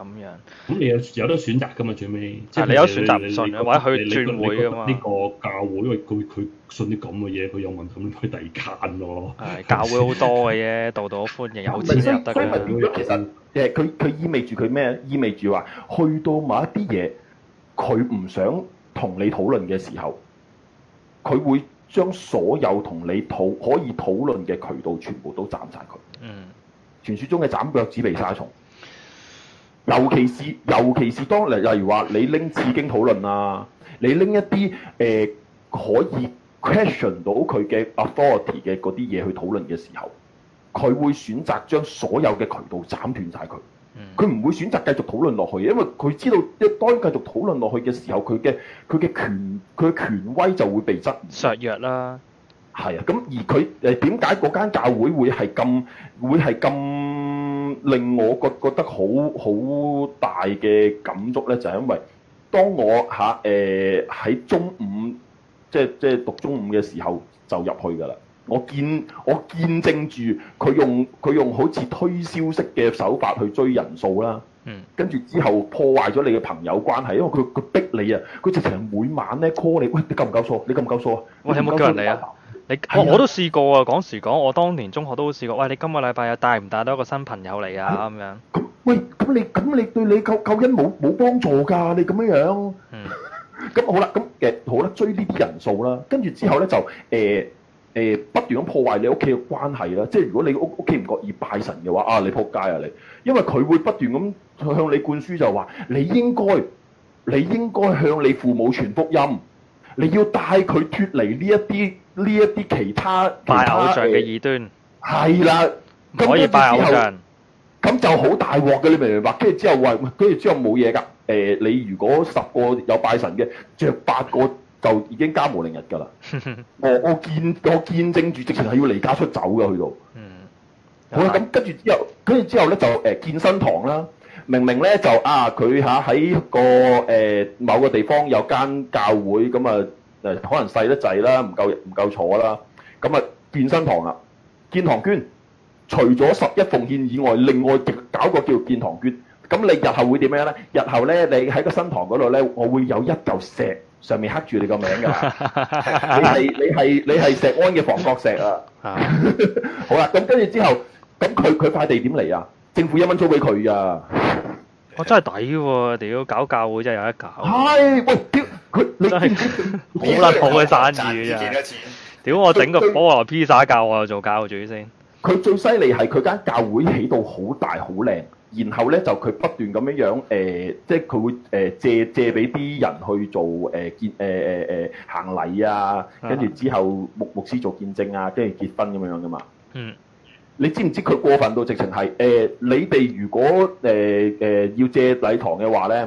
咁樣，咁你有有得選擇噶嘛？最尾，即係你、啊、你有選擇唔信，或者去轉會噶嘛？呢個教會，佢佢信啲咁嘅嘢，佢有問題，佢第間咯。係、啊、教會好多嘅啫，度度都歡迎，有錢入得㗎。所以咪變咗，其實誒，佢佢意味住佢咩？意味住話，去到某一啲嘢，佢唔想同你討論嘅時候，佢會將所有同你討可以討論嘅渠道全部都斬晒佢。嗯。傳説中嘅斬腳趾避沙蟲。尤其是尤其是當例如話你拎《恵經》討論啊，你拎一啲誒、呃、可以 question 到佢嘅 authority 嘅嗰啲嘢去討論嘅時候，佢會選擇將所有嘅渠道斬斷晒佢。佢唔會選擇繼續討論落去，因為佢知道一當繼續討論落去嘅時候，佢嘅佢嘅權佢嘅權威就會被質削弱啦。係啊，咁而佢誒點解嗰間教會會係咁會係咁？令我覺覺得好好大嘅感觸咧，就係因為當我嚇誒喺中午即係即係讀中午嘅時候就入去噶啦，我見我見證住佢用佢用好似推銷式嘅手法去追人數啦，嗯，跟住之後破壞咗你嘅朋友關係，因為佢佢逼你啊，佢直情每晚咧 call 你，喂，你夠唔夠數？你夠唔夠數啊？我有冇人嚟啊！我，我都試過啊！講時講，我當年中學都試過。喂，你今個禮拜又帶唔帶到一個新朋友嚟啊？咁樣。喂，咁你咁你對你救救恩冇冇幫助㗎？你咁樣樣。咁、嗯、 好啦，咁誒好啦，追呢啲人數啦，跟住之後咧就誒誒、呃呃、不斷咁破壞你屋企嘅關係啦。即係如果你屋屋企唔覺意拜神嘅話，啊你撲街啊你！因為佢會不斷咁向你灌輸就係話，你應該你應該向你父母傳福音，你要帶佢脱離呢一啲。呢一啲其他，其他拜偶像嘅異端，係、啊、啦，可以拜偶像，咁就好大鑊嘅，你明唔明白？跟、哎、住之後話，跟住之後冇嘢㗎。誒，你如果十個有拜神嘅，着八個就已經家無寧日㗎啦、 呃。我我見我見證住，直情係要離家出走㗎，去到。嗯。 好啦，咁跟住之後，跟住之後咧就誒健身堂啦。明明咧就啊，佢嚇喺個誒、呃、某、某個地方有間教會咁啊。可能細得滯啦，唔夠唔夠坐啦，咁啊健身堂啦，建堂券，除咗十一奉獻以外，另外亦搞個叫建堂券，咁你日後會點樣呢？日後呢，你喺個新堂嗰度呢，我會有一嚿石上面刻住你個名㗎， 你係你係你係錫安嘅房角石啊！ 好啦，咁跟住之後，咁佢佢塊地點嚟啊？政府一蚊租俾佢呀？我、哦、真係抵喎！屌，搞教會真係有得搞。係 是，喂， 屌，佢真係好甩譜嘅生意啊！屌，我整個菠蘿披薩教我又做教主先。佢最犀利係佢間教會起到好大好靚，然後咧就佢不斷咁樣樣誒，即係佢會誒、呃、借借俾啲人去做誒見誒誒誒行禮啊，跟住之後牧牧師做見證啊，跟住結婚咁樣樣噶嘛。嗯。你知唔知佢過分到直情係？誒、呃，你哋如果誒誒、呃呃、要借禮堂嘅話咧，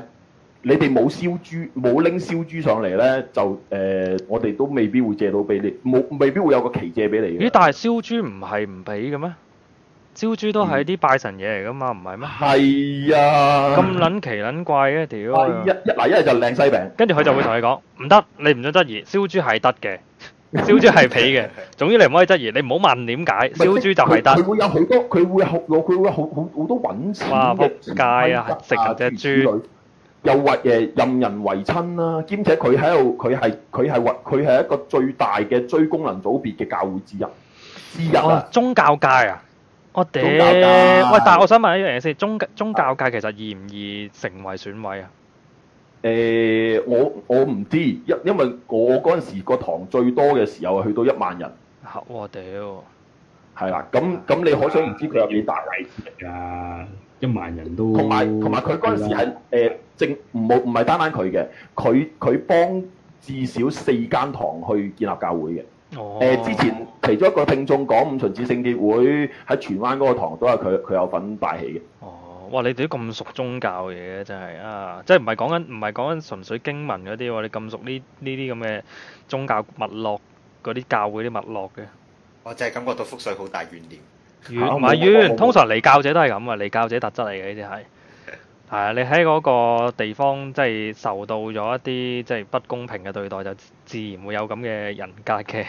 你哋冇燒豬冇拎燒豬上嚟咧，就誒、呃、我哋都未必會借到俾你，冇未必會有個期借俾你嘅。咦？但係燒豬唔係唔俾嘅咩？燒豬都係啲拜神嘢嚟噶嘛？唔係咩？係啊！咁撚奇撚怪嘅屌！一一嗱一係就靚西餅，跟住佢就會同你講：唔得， 你唔準質疑燒豬係得嘅。燒豬係皮嘅，總之你唔可以質疑，你唔好問點解。是燒豬就係得，佢會有好多，佢會好，佢會好好好多揾錢。哇！撲街啊，食下隻豬又或誒任人唯親啦，兼且佢喺度，佢係佢係佢係一個最大嘅追功能組別嘅教會之一，之一啊、哦！宗教界啊！我、oh, 哋。喂！但係我想問一樣嘢先，宗教宗教界其實易唔易成為選委啊？誒、uh，我我唔知，因因為我嗰陣時個堂最多嘅時候係去到一萬人。嚇、喔！我屌。係啦，咁咁你可想而知佢有幾大禮事嚟㗎？一萬人，都同埋同埋佢嗰陣時係、啊、正，唔冇唔係單單佢嘅，佢佢幫至少四間堂去建立教會嘅。哦。誒、呃，之前其中一個聽眾講五旬節聖潔會喺荃灣嗰個堂都係佢佢有份帶起嘅。哦。哇！你哋都咁熟宗教嘢，真係啊！即係唔係講緊唔係講緊純粹經文嗰啲喎？你咁熟呢呢啲咁嘅宗教脈絡嗰啲教會啲脈絡嘅，我淨係感覺到福水好大怨念，怨唔係怨，通常離教者都係咁啊，離教者，離教者特質嚟嘅呢啲係。係啊，你喺嗰個地方即係受到咗一啲即係不公平嘅對待，就自然會有咁嘅人格嘅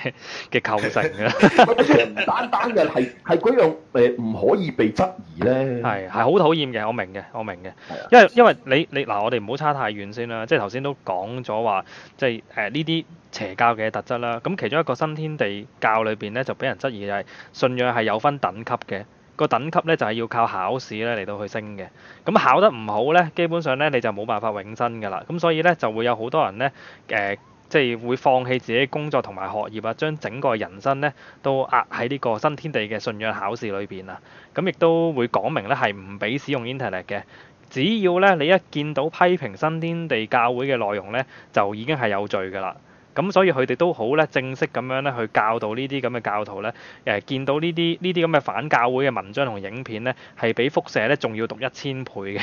嘅構成嘅。唔單單嘅係係嗰樣誒唔可以被質疑咧。係係好討厭嘅，我明嘅，我明嘅。因為因為你你嗱，我哋唔好差太遠先啦。即係頭先都講咗話，即係誒呢啲邪教嘅特質啦。咁其中一個新天地教裏邊咧，就俾人質疑嘅就係信仰係有分等級嘅。個等級咧就係要靠考試咧嚟到去升嘅，咁考得唔好咧，基本上咧你就冇辦法永生㗎啦，咁所以咧就會有好多人咧誒、呃，即係會放棄自己工作同埋學業啊，將整個人生咧都壓喺呢個新天地嘅信仰考試裏邊啊，咁亦都會講明咧係唔俾使用 Internet 嘅，只要咧你一見到批評新天地教會嘅內容咧，就已經係有罪㗎啦。咁所以佢哋都好咧，正式咁樣咧去教導呢啲咁嘅教徒咧，誒見到呢啲呢啲咁嘅反教會嘅文章同影片咧，係比輻射咧，仲要讀一千倍嘅，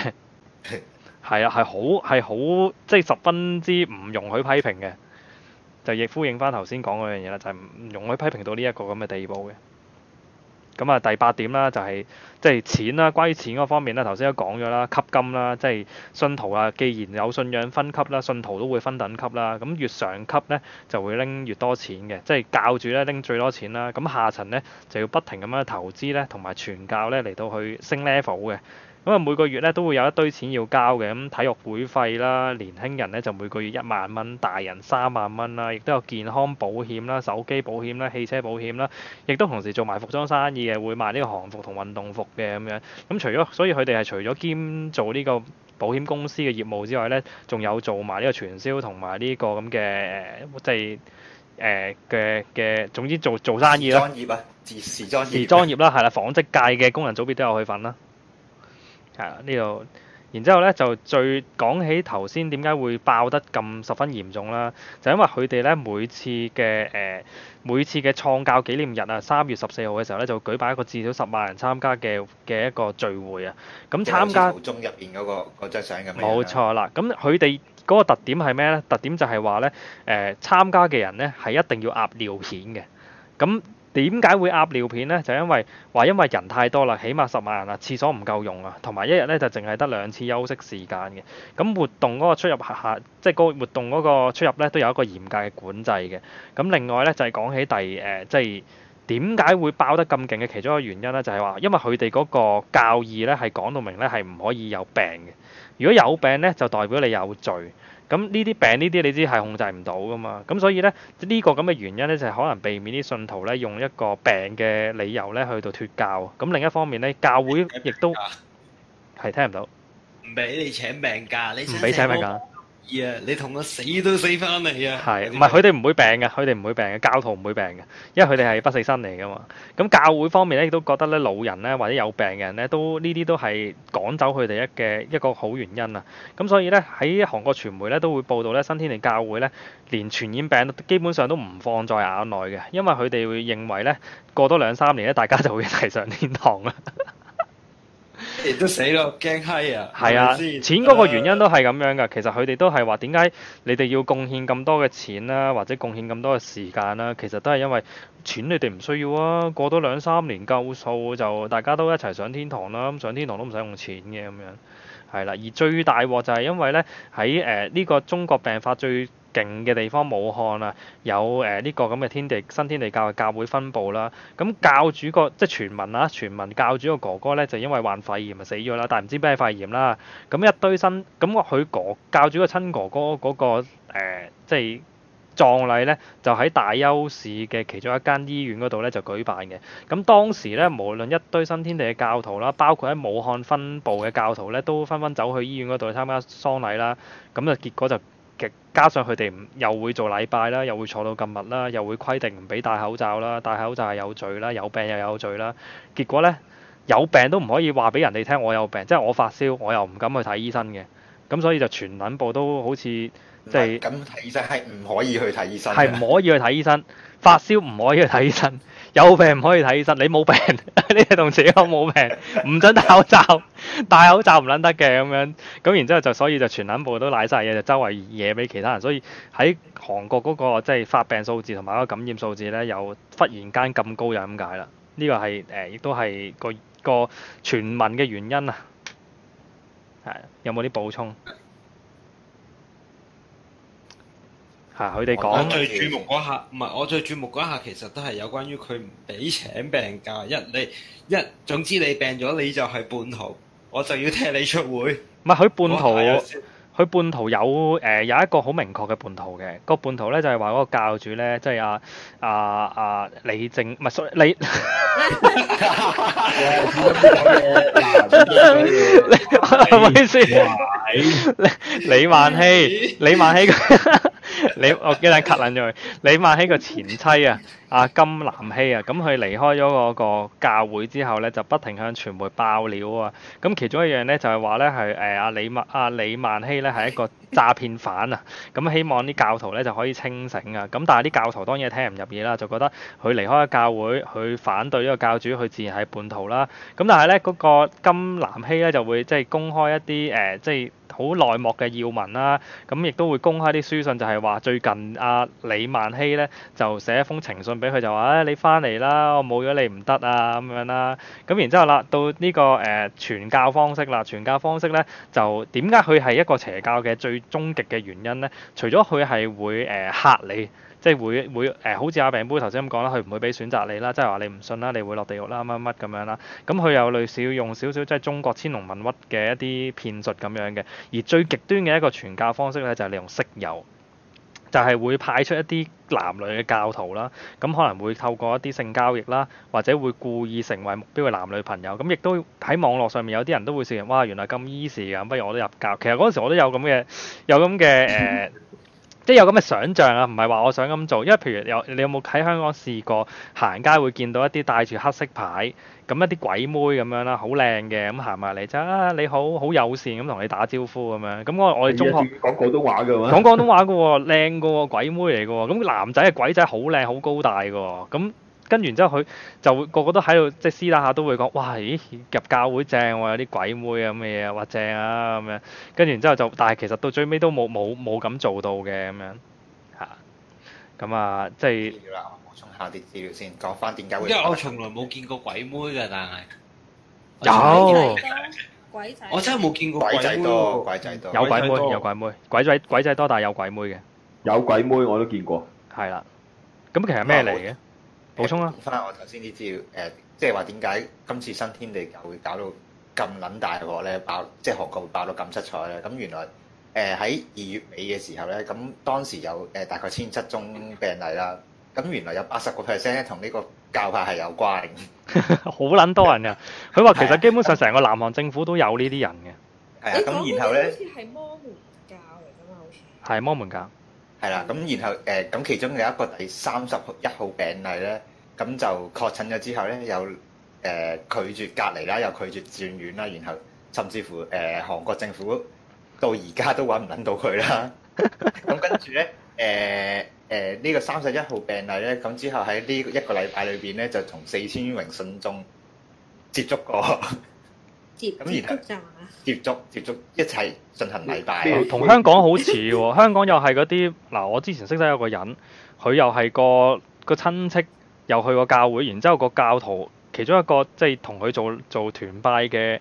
係啊，係好係好，即係十分之唔容許批評嘅，就亦呼應翻頭先講嗰樣嘢啦，就係唔容許批評到呢一個咁嘅地步嘅。咁啊，第八點啦，就係即係錢啦。關於錢嗰方面啦，頭先都講咗啦，吸金啦，即係信徒啊。既然有信仰分級啦，信徒都會分等級啦。咁越上級咧就會拎越多錢嘅，即係教主咧拎最多錢啦。咁下層咧就要不停咁樣投資咧，同埋傳教咧嚟到去升 level 嘅。咁啊，每個月咧都會有一堆錢要交嘅，咁體育會費啦，年輕人咧就每個月一萬蚊，大人三萬蚊啦，亦都有健康保險啦、手機保險啦、汽車保險啦，亦都同時做埋服裝生意嘅，會賣呢個韓服同運動服嘅咁樣。咁除咗，所以佢哋係除咗兼做呢個保險公司嘅業務之外咧，仲有做埋呢個傳銷同埋呢個咁嘅、呃、即係誒嘅嘅，總之做做生意啦。專業啊，時裝時裝業啦，係啦，紡織界嘅工人組別都有佢份啦。呢度，然之後咧就最講起頭先點解會爆得咁十分嚴重啦？就因為佢哋咧每次嘅誒、呃、每次嘅創教紀念日啊，三月十四號嘅時候咧就舉辦一個至少十萬人參加嘅嘅一個聚會啊。咁參加中入邊嗰個個質相嘅咩？冇錯啦，咁佢哋嗰個特點係咩咧？特點就係話咧誒參加嘅人咧係一定要壓尿片嘅，咁。點解會鴨尿片呢？就因為話因為人太多啦，起碼十萬人啊，廁所唔夠用啊，同埋一日咧就淨係得兩次休息時間嘅。咁活動嗰個出入下即係嗰活動嗰個出入咧，都有一個嚴格嘅管制嘅。咁另外咧就係、是、講起第二、呃，即係點解會包得咁勁嘅其中一個原因咧，就係、是、話因為佢哋嗰個教義咧係講到明咧係唔可以有病嘅。如果有病咧，就代表你有罪。咁呢啲病呢啲你知係控制唔到噶嘛？咁所以呢，呢、呢個咁嘅原因呢，就係、可能避免啲信徒呢用一個病嘅理由呢去到脫教。咁另一方面呢，教會亦都係聽唔到，唔俾你請病假，你唔俾請，請病假。Yeah, 你同我死都死翻嚟啊！係是，唔係佢哋唔會病嘅，佢哋唔會病嘅，教徒唔會病嘅，因為佢哋係不死身嚟㗎嘛。咁教會方面咧，亦都覺得咧，老人咧或者有病嘅人咧，都呢啲都係趕走佢哋一嘅一個好原因啊。咁所以咧，喺韓國傳媒咧都會報道咧，新天地教會咧連傳染病基本上都唔放在眼內嘅，因為佢哋會認為咧過多兩三年咧，大家就會一齊上天堂啦。 都死咯，驚閪啊！係啊，錢嗰個原因都係咁樣噶。其實佢哋都係話，點解你哋要貢獻咁多嘅錢啦，啊，或者貢獻咁多嘅時間啦，啊？其實都係因為錢，你哋唔需要啊。過多兩三年夠數就，大家都一齊上天堂啦。咁上天堂都唔使用錢嘅咁樣，係啦。而最大鑊就係因為咧喺誒呢、呃這個中國病發最。勁嘅地方武漢啊，有誒呢、呃這個咁嘅天地新天地教嘅教會分部啦。咁、嗯、教主個即係傳聞啊，傳聞教主個哥哥咧就因為患肺炎死咗啦，但係唔知咩肺炎啦。咁、嗯、一堆新咁佢哥教主個親哥哥嗰、那個、呃、即係葬禮咧，就喺大邱市嘅其中一間醫院嗰度咧就舉辦嘅。咁、嗯、當時咧，無論一堆新天地嘅教徒啦，包括喺武漢分部嘅教徒咧，都紛紛走去醫院嗰度參加喪禮啦。咁、嗯、啊，結果就～加上佢哋唔又會做禮拜啦，又會坐到咁密啦，又會規定唔俾戴口罩啦，戴口罩係有罪啦，有病又有罪啦。結果呢，有病都唔可以話俾人哋聽我有病，即係我發燒，我又唔敢去睇醫生嘅。咁所以就全揾部都好似即係咁睇醫生係唔可以去睇醫生，係唔可以去睇醫生，發燒唔可以去睇醫生。有病唔可以睇醫生，你冇病，呢係同自己冇病，唔准戴口罩，戴口罩唔撚得嘅咁樣，咁然之後就所以就全撚部都瀨晒嘢，就周圍嘢俾其他人，所以喺韓國嗰、嗰個即係發病數字同埋嗰個感染數字呢，又忽然間咁高就，就咁解啦。呢、呃、個係誒，亦都係個個傳聞嘅原因啊。有冇啲補充？啊！佢哋講，我最注目嗰下，唔係我最注目嗰下，其實都係有關於佢唔俾請病假。一你一總之你病咗，你就係叛徒，我就要踢你出會。唔係佢叛徒，佢我叛徒，有誒、呃、有一個好明確嘅叛徒嘅、那個叛徒咧，就係話嗰個教主咧，即係阿阿阿李正，唔係你，唔好意思，李李萬希，李萬希。啊 你我驚你 cut 撚咗佢。李萬熙個前妻啊，阿金南希啊，咁佢離開咗嗰個教會之後咧，就不停向傳媒爆料啊。咁其中一樣咧，就係話咧係誒阿李萬阿李萬熙咧係一個詐騙犯啊。咁希望啲教徒咧就可以清醒啊。咁但係啲教徒當然聽唔入嘢啦，就覺得佢離開咗教會，佢反對呢個教主，佢自然係叛徒啦。咁但係咧嗰個金南希咧就會即係公開一啲誒即係。好內幕嘅要聞啦，咁亦都會公開啲書信，就係話最近阿李萬熙咧就寫一封情信俾佢，就話誒你翻嚟啦，我冇咗你唔得啊咁樣啦。咁然之後啦，到呢個誒傳教方式啦，傳教方式咧就點解佢係一個邪教嘅最終極嘅原因咧？除咗佢係會誒嚇你。即係會會誒，好似阿餅杯頭先咁講啦，佢唔會俾選擇你啦，即係話你唔信啦，你會落地獄啦，乜乜咁樣啦。咁佢又類似要用少少即係中國千龍文屈嘅一啲騙術咁樣嘅。而最極端嘅一個傳教方式咧，就係利用色誘，就係會派出一啲男女嘅教徒啦。咁可能會透過一啲性交易啦，或者會故意成為目標嘅男女朋友。咁亦都喺網絡上面有啲人都會笑人：「哇，原來咁 easy 㗎」，不如我都入教。其實嗰時我都有咁嘅，有咁嘅誒。呃 即係有咁嘅想像啊，唔係話我想咁做，因為譬如有你有冇喺香港試過行街會見到一啲戴住黑色牌咁一啲鬼妹咁樣啦，好靚嘅咁行埋嚟咋？你好好友善咁同你打招呼咁樣，咁我我哋中學講廣東話㗎，講廣東話㗎喎，靚㗎喎，鬼妹嚟㗎喎，咁男仔嘅鬼仔好靚好高大㗎喎，咁。跟完之後，佢就會個個都喺度，即係私底下都會講，哇，咦，入教會正喎，有啲鬼妹啊，咩嘢啊，或正啊，咁樣。跟完之後就，但係其實到最尾都冇冇冇咁做到嘅，咁樣嚇。咁啊，即係。資料啦，我補充下啲資料先，講翻點解會。因為我從來冇見過鬼妹㗎，但係有鬼仔多，鬼仔多。我真係冇見過鬼仔多，鬼仔多。有鬼妹，有鬼妹，鬼仔鬼仔多，但係有鬼妹嘅。有鬼妹我都見過。係啦，咁其實咩嚟嘅？補充啊！翻我頭先啲資料，誒、呃，即係話點解今次新天地會搞到咁撚大鑊咧？爆即係韓國爆到咁七彩咧？咁原來誒喺二月尾嘅時候咧，咁當時有誒大概千七宗病例啦。咁、啊、原來有八十個 percent 同呢個教派係有關嘅。好撚多人啊！佢話 的其實基本上成個南韓政府都有呢啲人嘅。係啊，咁然後咧，好似係摩門教嚟㗎嘛，好似係摩門教。係啦，咁然後誒，咁、呃、其中有一個第三十一號病例咧，咁就確診咗之後咧，又誒、呃、拒絕隔離啦，又拒絕轉院啦，然後甚至乎誒、呃、韓國政府到而家都揾唔揾到佢啦。咁 跟住咧，誒誒呢個三十一號病例咧，咁之後喺呢一個禮拜裏邊咧，就同四千名信眾接觸過。 接觸接觸，接觸接觸，一齊進行禮拜。同 香港好似喎，香港又係嗰啲嗱，我之前識得有個人，佢又係個個親戚又去過教會，然之後個教徒其中一個即係同佢做做團拜嘅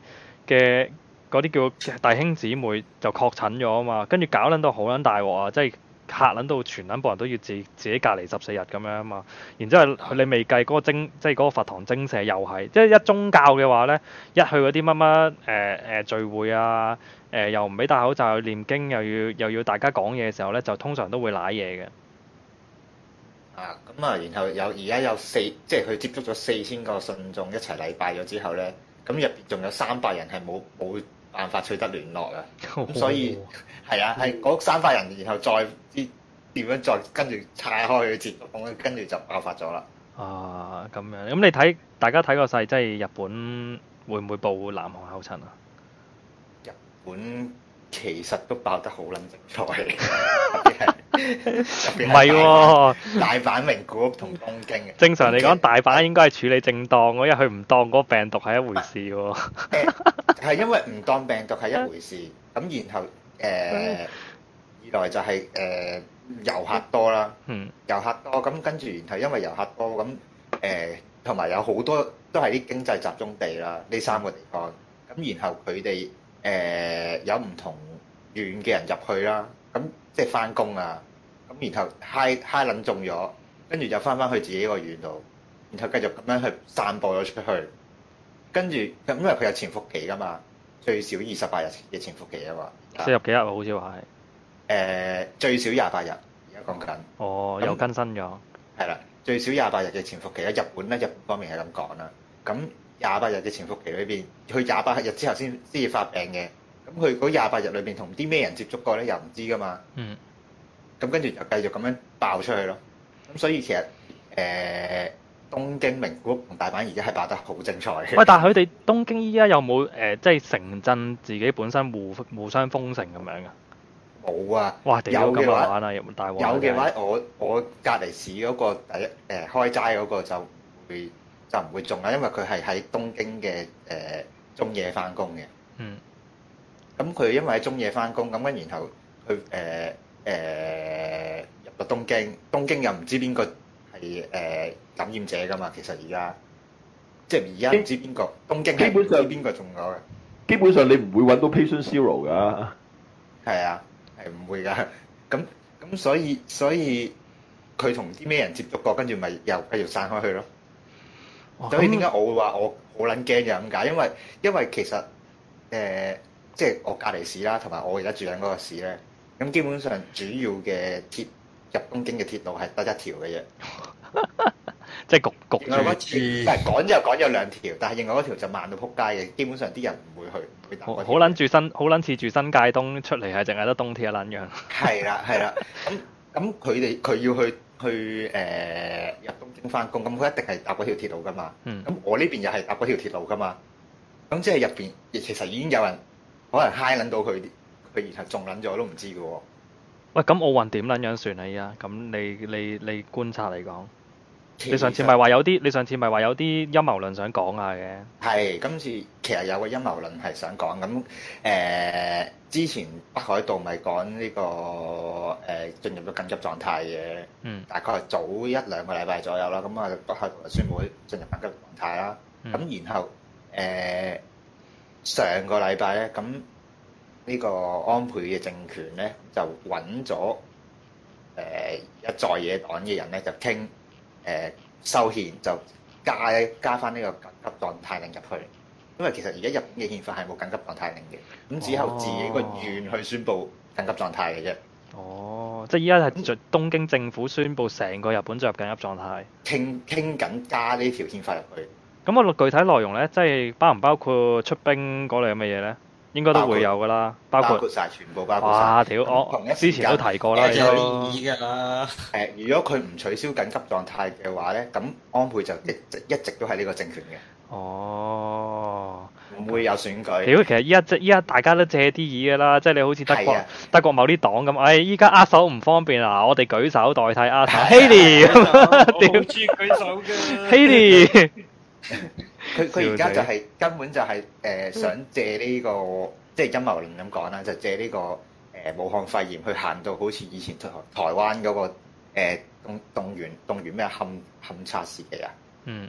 嘅嗰啲叫弟兄姊妹就確診咗啊嘛，跟住搞撚到好撚大鑊啊，即係。客撚到全撚部人都要自己自己隔離十四日咁樣啊嘛，然之後佢你未計嗰個精，即係嗰個佛堂精舍又係，即係一宗教嘅話咧，一去嗰啲乜乜誒誒聚會啊，誒、呃、又唔俾戴口罩去唸經，又要又要大家講嘢嘅時候咧，就通常都會瀨嘢嘅。啊，咁啊，然後有而家有四，即係佢接觸咗四千個信眾一齊禮拜咗之後咧，咁入邊仲有三百人係冇冇。辦法取得聯絡啊、oh. 嗯，所以係啊，係嗰三塊人，然後再啲點樣再跟住拆開佢嘅節目，咁跟住就爆發咗啦。啊，咁樣咁、嗯、你睇大家睇個勢，即係日本會唔會報南韓後塵啊？日本其實都爆得好撚精彩。 唔係喎，大阪名古屋、同東京。正常嚟講，大阪應該係處理正當， 因為佢唔當嗰個病毒係一回事喎。係因為唔當病毒係一回事，咁 然後誒，二、呃、 來就係誒遊客多啦，嗯、呃，遊 客多，咁跟住然後因為遊客多，咁誒同埋有好多都係啲經濟集中地啦，呢三個地方，咁然後佢哋誒有唔同遠嘅人入去啦，咁即係返工啊。然後 high high 撚中咗，跟住就翻翻去自己個院度，然後繼續咁樣去散播咗出去，跟住咁因為佢有潛伏期噶嘛，最少二十八日嘅潛伏期啊嘛，四十幾日喎、啊，好似話係，誒、呃、最少廿八日而家講緊，哦又更新咗，係啦最少廿八日嘅潛伏期喺日本咧，日本方面係咁講啦，咁廿八日嘅潛伏期裏邊，佢廿八日之後先先至發病嘅，咁佢嗰廿八日裏邊同啲咩人接觸過咧又唔知噶嘛，嗯。咁跟住又繼續咁樣爆出去咯，咁所以其實誒、呃、東京、名古屋同大阪而家係爆得好精彩嘅。喂，但係佢哋東京依家有冇誒、呃，即係城鎮自己本身互互相封城咁樣噶？冇啊！哇玩啊，有嘅話，有嘅話，是我我隔離市嗰、那個第一誒開齋嗰個就會就唔會中啦，因為佢係喺東京嘅誒中夜翻工嘅。嗯。咁佢因為喺中夜翻工，咁跟然後佢。誒、呃。呃誒、呃、入到東京，東京又唔知邊個係誒感染者噶嘛？其實而家即係而家唔知邊個、欸、東京基本上邊個中咗嘅？基本上你唔會揾到 patient zero 噶，係啊，係唔、啊、會噶。咁咁所以所以佢同啲咩人接觸過，跟住咪又繼續散開去咯。哦、所以點解我會話我好撚驚就咁解？因為因為其實誒、呃，即係我隔離市啦，同埋我而家住緊嗰個市咧。咁基本上主要嘅鐵入東京嘅鐵路係得一條嘅啫 即係焗焗住。唔係趕又趕咗兩條，但係另外嗰條就慢到撲街嘅。基本上啲人唔會去。會 好好撚住新好撚似住，住新界東出嚟係淨係得東鐵一撚樣。係啦係啦。咁咁佢哋佢要去去誒、呃、入東京翻工，咁佢一定係搭嗰條鐵路噶嘛。咁 我呢邊又係搭嗰條鐵路噶嘛。咁即係入邊，亦其實已經有人，有人可能 high 撚到佢。譬如係仲撚咗都唔知㗎喎、哦，喂咁奧運點撚樣算啊？依咁你你你，你觀察嚟講實，你上次咪話有啲，你上次咪話有啲陰謀論想講下嘅。係，今次其實有個陰謀論係想講咁，誒，之前北海道咪講呢個誒進、呃、入咗緊急狀態嘅，嗯，大概係早一兩個禮拜左右啦，咁啊北海道宣佈會進入緊急狀態啦，咁、嗯、然後誒、呃、上個禮拜咧咁。呢個安倍嘅政權咧，就揾咗誒一在野黨嘅人咧，就傾誒、呃、修憲，就加加翻呢個緊急狀態令入去。因為其實而家日本嘅憲法係冇緊急狀態令嘅，咁只有自己個願去宣布緊急狀態嘅啫。哦，即係依家係在東京政府宣布成個日本進入緊急狀態，傾傾緊加呢條憲法入去。咁個具體內容咧，即係包唔包括出兵嗰類咁嘅嘢咧？應該都會有噶啦，包括包括晒全部包括哇，條安之前都提過啦，有消。依噶，誒，如果佢唔取消緊急狀態嘅話咧，咁安倍就一直一直都係呢個政權嘅。哦，會唔會有選舉？如其實依家即依家大家都借啲意噶啦，即係你好似德國德國某啲黨咁，哎，依家握手唔方便啊！我哋舉手代替阿。手。h a 住舉手嘅。h 佢佢而家就係、是、根本就係、是、誒、呃、想借呢、這個即係陰謀論咁講啦，就借呢、這個誒、呃、武漢肺炎去行到好似以前出台灣嗰、那個誒動、呃、動員動員咩勘勘察時期啊，嗯，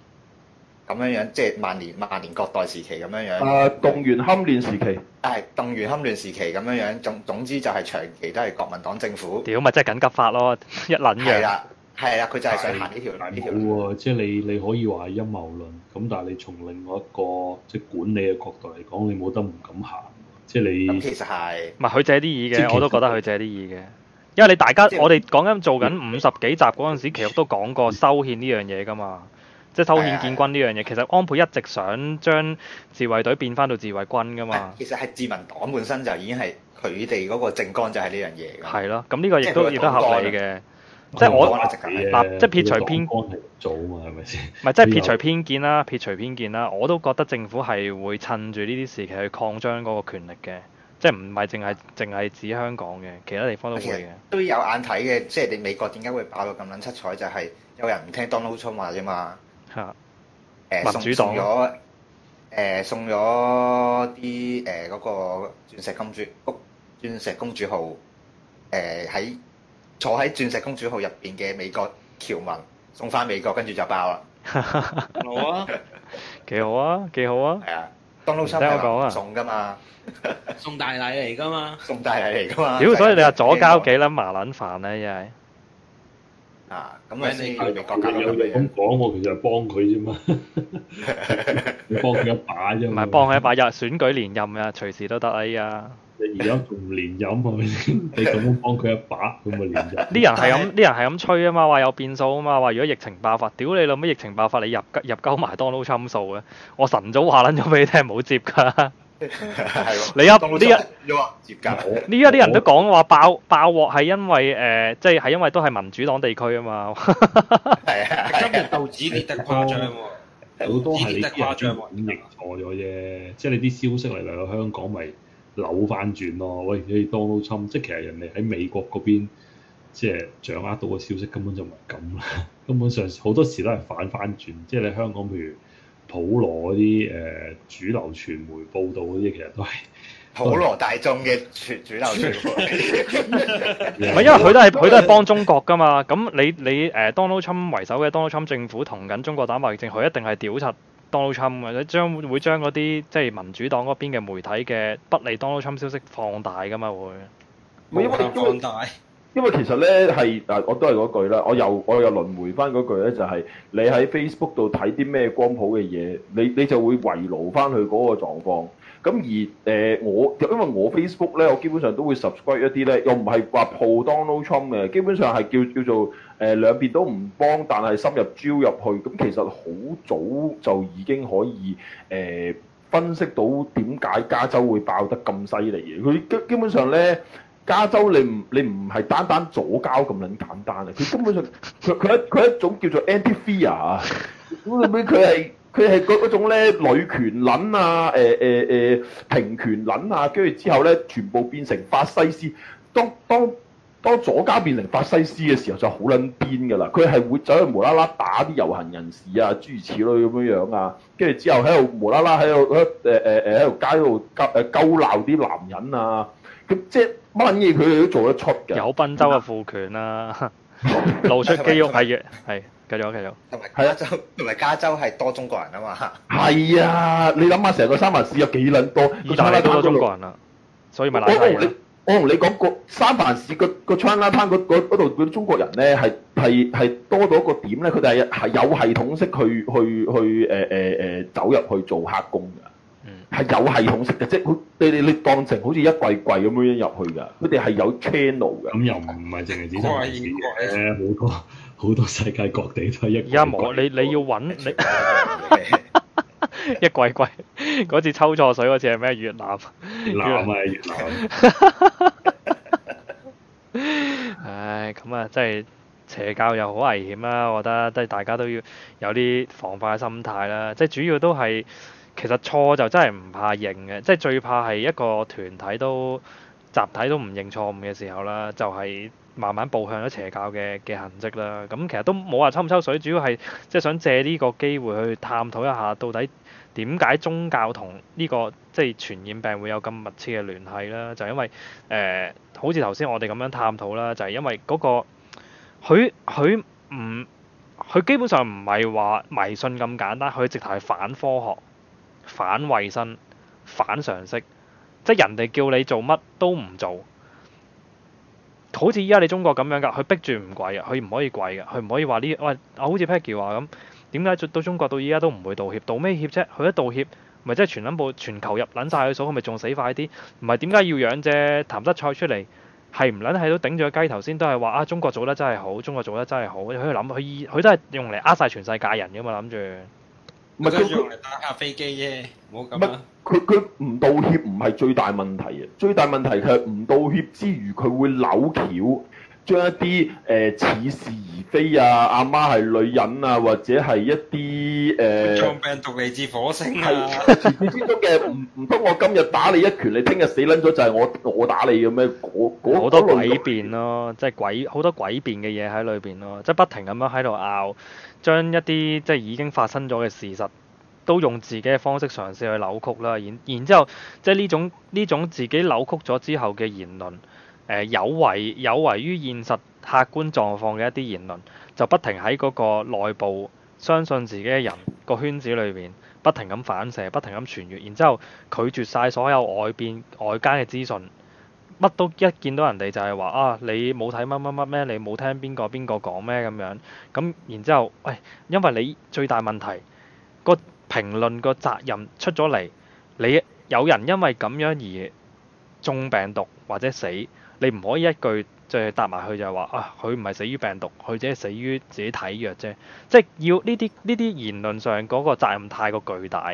咁樣樣即係萬年萬年國代時期咁樣樣。誒、啊、動員戡亂時期，誒、哎、動員戡亂時期咁樣樣，總總之就係長期都係國民黨政府。屌咪真係緊急法咯，一撚嘢。係啦，佢就係想行呢條路呢條路。冇喎，即係你你可以話係陰謀論，咁但係你從另外一個即係管理嘅角度嚟講，你冇得唔敢行。即係你其。其實係。唔係佢借啲意嘅，我都覺得佢借啲意嘅。因為你大家是我哋講緊做緊五十幾集嗰陣時，其實都講過修憲呢樣嘢噶嘛，即係修憲建軍呢樣嘢。的其實安倍一直想將自衛隊變翻到自衛軍噶嘛。其實係自民黨本身就已經係佢哋嗰個政綱就係呢樣嘢。係咯，咁呢個亦都亦都合理嘅。即係我，啊、即係撇除偏，早啊嘛係咪先？唔係，即係撇除偏見啦，撇除偏見啦，我都覺得政府係會趁住呢啲時期去擴張嗰個權力嘅，即係唔係淨係淨係指香港嘅，其他地方都會嘅。都有眼睇嘅，即係你美國點解會爆到咁撚七彩？就係、是、有人唔聽 Donald Trump 話啫嘛嚇。誒 黨、呃、送、呃、送咗，誒送咗啲誒嗰個鑽石公主屋、鑽石公主號，誒、呃、喺。坐喺《鑽石公主號》入邊嘅美國僑民，送翻美國，跟住就爆啦！冇啊，幾好啊，幾好啊！係啊，當老闆，聽我講啊送噶嘛，送大禮嚟噶嘛，送大禮嚟噶嘛！屌，所以你話左膠幾撚麻撚煩咧，又係啊？咁你你你咁講，我其實係幫佢啫嘛，你幫佢一把啫嘛，唔係幫佢一把啫，選舉連任呀，隨時都得呀。你而家仲連任啊？你咁樣幫佢一把，咁咪連任？啲人係咁，啲人係咁吹啊嘛，話有變數啊嘛，話如果疫情爆發，屌你老母！疫情爆發，你入入溝埋 Donald Trump 數嘅，我晨早話捻咗俾你聽，冇好接噶。係喎，你啱啲啊？你話接噶？呢一啲人都講話爆爆鑊，係因為誒，即係係因為都係民主黨地區啊嘛。係啊，今日道指跌得誇張喎，好多係你誇張演繹錯咗啫，即係你啲消息嚟嚟到香港咪、就是。扭翻轉咯，喂 Donald Trump，即係其實人哋喺美國嗰邊，即係掌握到嘅消息根本就唔係咁啦，根本上好多時都係反翻轉，即係你香港譬如普羅嗰啲誒主流傳媒報導嗰啲，其實都係普羅大眾嘅主流傳媒，唔係因為佢都係佢都係幫中國㗎嘛，咁你你誒 Donald Trump 為首嘅 Donald Trump 政府同緊中國打貿易政，佢一定係屌柒。Donald Trump 啊！你將會將嗰啲即係民主黨嗰邊嘅媒體嘅不利 Donald Trump 消息放大㗎嘛會，因為大，因為其實咧係，嗱我都係嗰句啦，我又我又輪迴翻嗰句咧、就是，就係你喺 Facebook 度睇啲咩光譜嘅嘢，你你就會圍爐翻去嗰個狀況。咁而誒我，因為我 Facebook 咧，我基本上都會 subscribe 一啲咧，又唔係話 Pro Donald Trump 嘅，基本上係叫叫做誒兩邊都唔幫，但係深入招入去。咁其實好早就已經可以誒分析到點解加州會爆得咁犀利嘅。佢基基本上咧，加州你唔你唔係單單左膠咁撚簡單啊，佢根本上佢佢一佢一種叫做 Antifa，因為佢係。佢係嗰種咧女權撚啊，誒誒誒平權撚啊，跟住之後咧全部變成法西斯。當當當左家變成法西斯嘅時候就好撚癲㗎啦！佢係會走去無啦啦打啲遊行人士啊，諸如此類咁樣樣啊，跟住之後喺度無啦啦喺度誒誒誒喺度街度鳩誒鳩鬧啲男人啊，咁即係乜嘢佢哋都做得出嘅。有賓州嘅富權啊，露、嗯啊、 出肌肉係嘅係。 繼續繼續加州，啊、加州，同埋加州，同埋加州係多中國人啊嘛！係啊，你諗下，成個三藩市有幾撚多？佢就係多中國人啦，所以咪拉我同你，我同你講過，三藩市個個 China Town 嗰嗰嗰度嗰啲中國人咧，係係係多到一個點咧，佢哋係係有系統式去去去誒誒誒走入去做黑工㗎。嗯，係有系統式嘅啫，佢你你你當成好似一季季咁樣入去㗎，佢哋係有 channel 嘅。咁、嗯、又唔係淨係指三藩市嘅，好多。好多世界各地都係一桂桂，而家冇你你要搵你 一季季嗰次抽錯水嗰次係咩？越南， 越南啊，越南。唉、 哎，咁啊，真、就、係、是、邪教又好危險啦、啊。我覺得即係大家都要有啲防範嘅心態啦。即、就、係、是、主要都係其實錯就真係唔怕認嘅，即、就、係、是、最怕係一個團體都集體都唔認錯誤嘅時候啦，就係、是。慢慢步向咗邪教嘅嘅痕跡啦，咁其實都冇話抽唔抽水，主要係即係想借呢個機會去探討一下，到底點解宗教同呢個即係傳染病會有咁密切嘅聯繫啦？就係因為誒好似頭先我哋咁樣探討啦，就係因為嗰個佢佢唔佢基本上唔係話迷信咁簡單，佢直頭係反科學反衛生，反常識，即係人哋叫你做乜都唔做。好似依家你中國咁樣㗎，佢逼住唔跪嘅，佢唔可以跪嘅，佢唔可以話呢，喂、哎，好似 Peggy 話咁，點解到中國到依家都唔會道歉？道咩歉啫？佢一道歉，咪即係全撚部全球入撚晒佢數，佢咪仲死快啲？唔係點解要養隻譚德塞出嚟係唔撚係都頂住個雞頭先，都係話啊，中國做得真係好，中國做得真係好，佢諗佢意，佢都係用嚟呃晒全世界人㗎嘛，諗住。唔係佢用嚟打架飛機啫，佢唔道歉唔係最大問題啊！最大問題佢唔道歉之餘，佢會扭橋，將一啲誒、呃、似是而非啊，阿媽係女人啊，或者係一啲誒。創、呃、病毒嚟自火星啊！唔唔通，我今日打你一拳，你聽日死撚咗就係、是、我我打你嘅咩？好多詭辯咯，即係鬼好多詭辯嘅嘢喺裏邊咯，即係不停咁樣喺度拗。將一啲即係已經發生咗嘅事實，都用自己嘅方式嘗試去扭曲啦。然然之後，即係呢種呢種自己扭曲咗之後嘅言論，誒、呃、有違有違於現實客觀狀況嘅一啲言論，就不停喺嗰個內部相信自己嘅人個圈子裏面不停咁反射，不停咁傳閱，然之後拒絕晒所有外邊外間嘅資訊。乜都一見到人哋就係話啊，你冇睇乜乜乜咩？你冇聽邊個邊個講咩咁樣，咁然之後，喂、哎，因為你最大問題個評論個責任出咗嚟，你有人因為咁樣而中病毒或者死，你唔可以一句再就係答埋去，就係話啊，佢唔係死於病毒，佢只係死於自己體弱啫，即係要呢啲呢啲言論上嗰個責任太過巨大啊，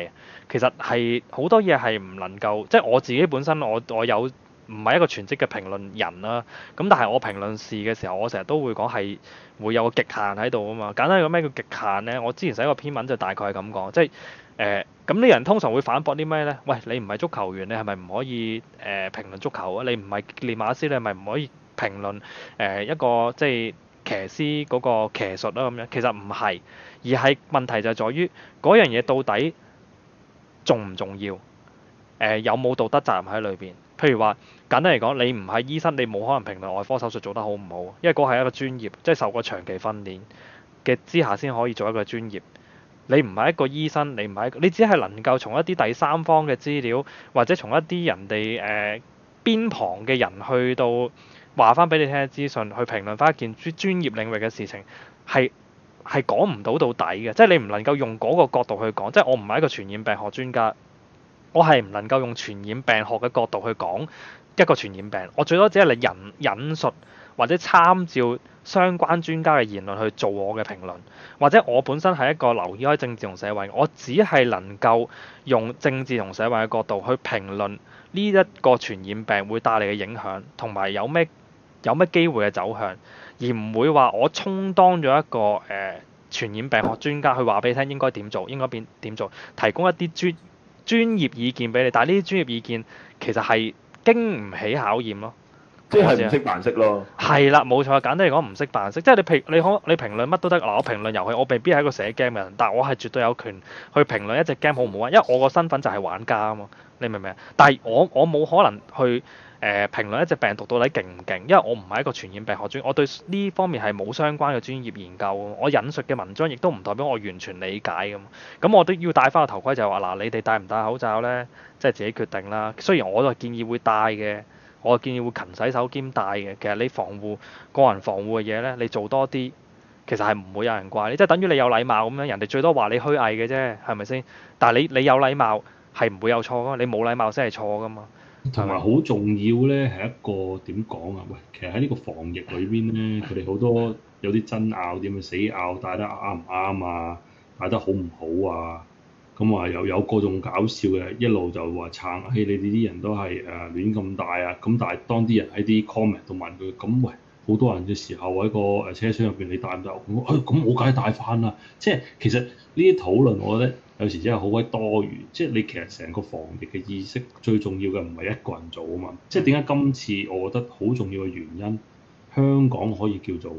其實係好多嘢係唔能夠，即係我自己本身我我有。唔係一個全職嘅評論人啦、啊，咁但係我評論事嘅時候，我成日都會講係會有個極限喺度啊嘛。簡單嚟講，咩叫極限呢？我之前寫過篇文就大概係咁講，即係誒咁啲人通常會反駁啲咩呢？喂，你唔係足球員，你係咪唔可以誒、呃、評論足球啊？你唔係練馬師，你係咪唔可以評論誒、呃、一個即係、就是、騎師嗰個騎術啊？咁樣其實唔係，而係問題就係在於嗰樣嘢到底重唔重要？誒、呃、有冇道德責任喺裏邊？譬如話，簡單嚟講，你唔係醫生，你冇可能評論外科手術做得好唔好，因為嗰係一個專業，即係受過長期訓練嘅之下先可以做一個專業。你唔係一個醫生，你唔係，你只係能夠從一啲第三方嘅資料，或者從一啲人哋誒邊旁嘅人去到話翻俾你聽嘅資訊，去評論翻一件專專業領域嘅事情，係係講唔到到底嘅，即係你唔能夠用嗰個角度去講。即係我唔係一個傳染病學專家。我係唔能夠用傳染病學嘅角度去講一個傳染病，我最多只係嚟引引述或者參照相關專家嘅言論去做我嘅評論，或者我本身係一個留意開政治同社會，我只係能夠用政治同社會嘅角度去評論呢一個傳染病會帶嚟嘅影響，同埋有咩有咩機會嘅走向，而唔會話我充當咗一個誒、呃、傳染病學專家去話俾你聽應該點做，應該變點做，提供一啲專專業意見俾你，但係呢啲專業意見其實係經唔起考驗咯，即係唔識扮識咯。係啦，冇 錯。簡單嚟講，唔識扮識。即係你評，你可你評論乜都得。嗱，我評論遊戲，我未必係一個寫 game 嘅人，但我係絕對有權去評論一隻 game 好唔好啊，因為我個身份就係玩家啊嘛。你明唔明啊？但係我我冇可能去。誒評論一隻病毒到底勁唔勁？因為我唔係一個傳染病學專，我對呢方面係冇相關嘅專業研究。我引述嘅文章亦都唔代表我完全理解咁。咁我都要戴翻個頭盔就係話，嗱、啊，你哋戴唔戴口罩咧，即係自己決定啦。雖然我就建議會戴嘅，我建議會勤洗手兼戴嘅。其實你防護個人防護嘅嘢咧，你做多啲，其實係唔會有人怪你，即係等於你有禮貌咁樣，人哋最多話你虛偽嘅啫，係咪先？但係你你有禮貌係唔會有錯噶，你冇禮貌先係錯噶嘛。同埋好重要咧，係一個點講啊？喂，其實喺呢個防疫裏邊咧，佢哋好多有啲爭拗，啲咁死拗，帶得啱唔啱啊？帶得好唔好啊？咁話又有各種搞笑嘅，一路就話撐，嘿、hey,！你哋啲人都係誒亂咁大啊！咁但係當啲人喺啲 comment 度問佢，咁喂，好多人嘅時候喺個誒車廂入邊，你帶唔帶？咁、哎、我梗係帶翻啦！即、就、係、是、其實呢啲討論，我覺得。有時真係好鬼多餘，即係你其實成個防疫嘅意識最重要嘅唔係一個人做啊嘛。即係點解今次我覺得好重要嘅原因，香港可以叫做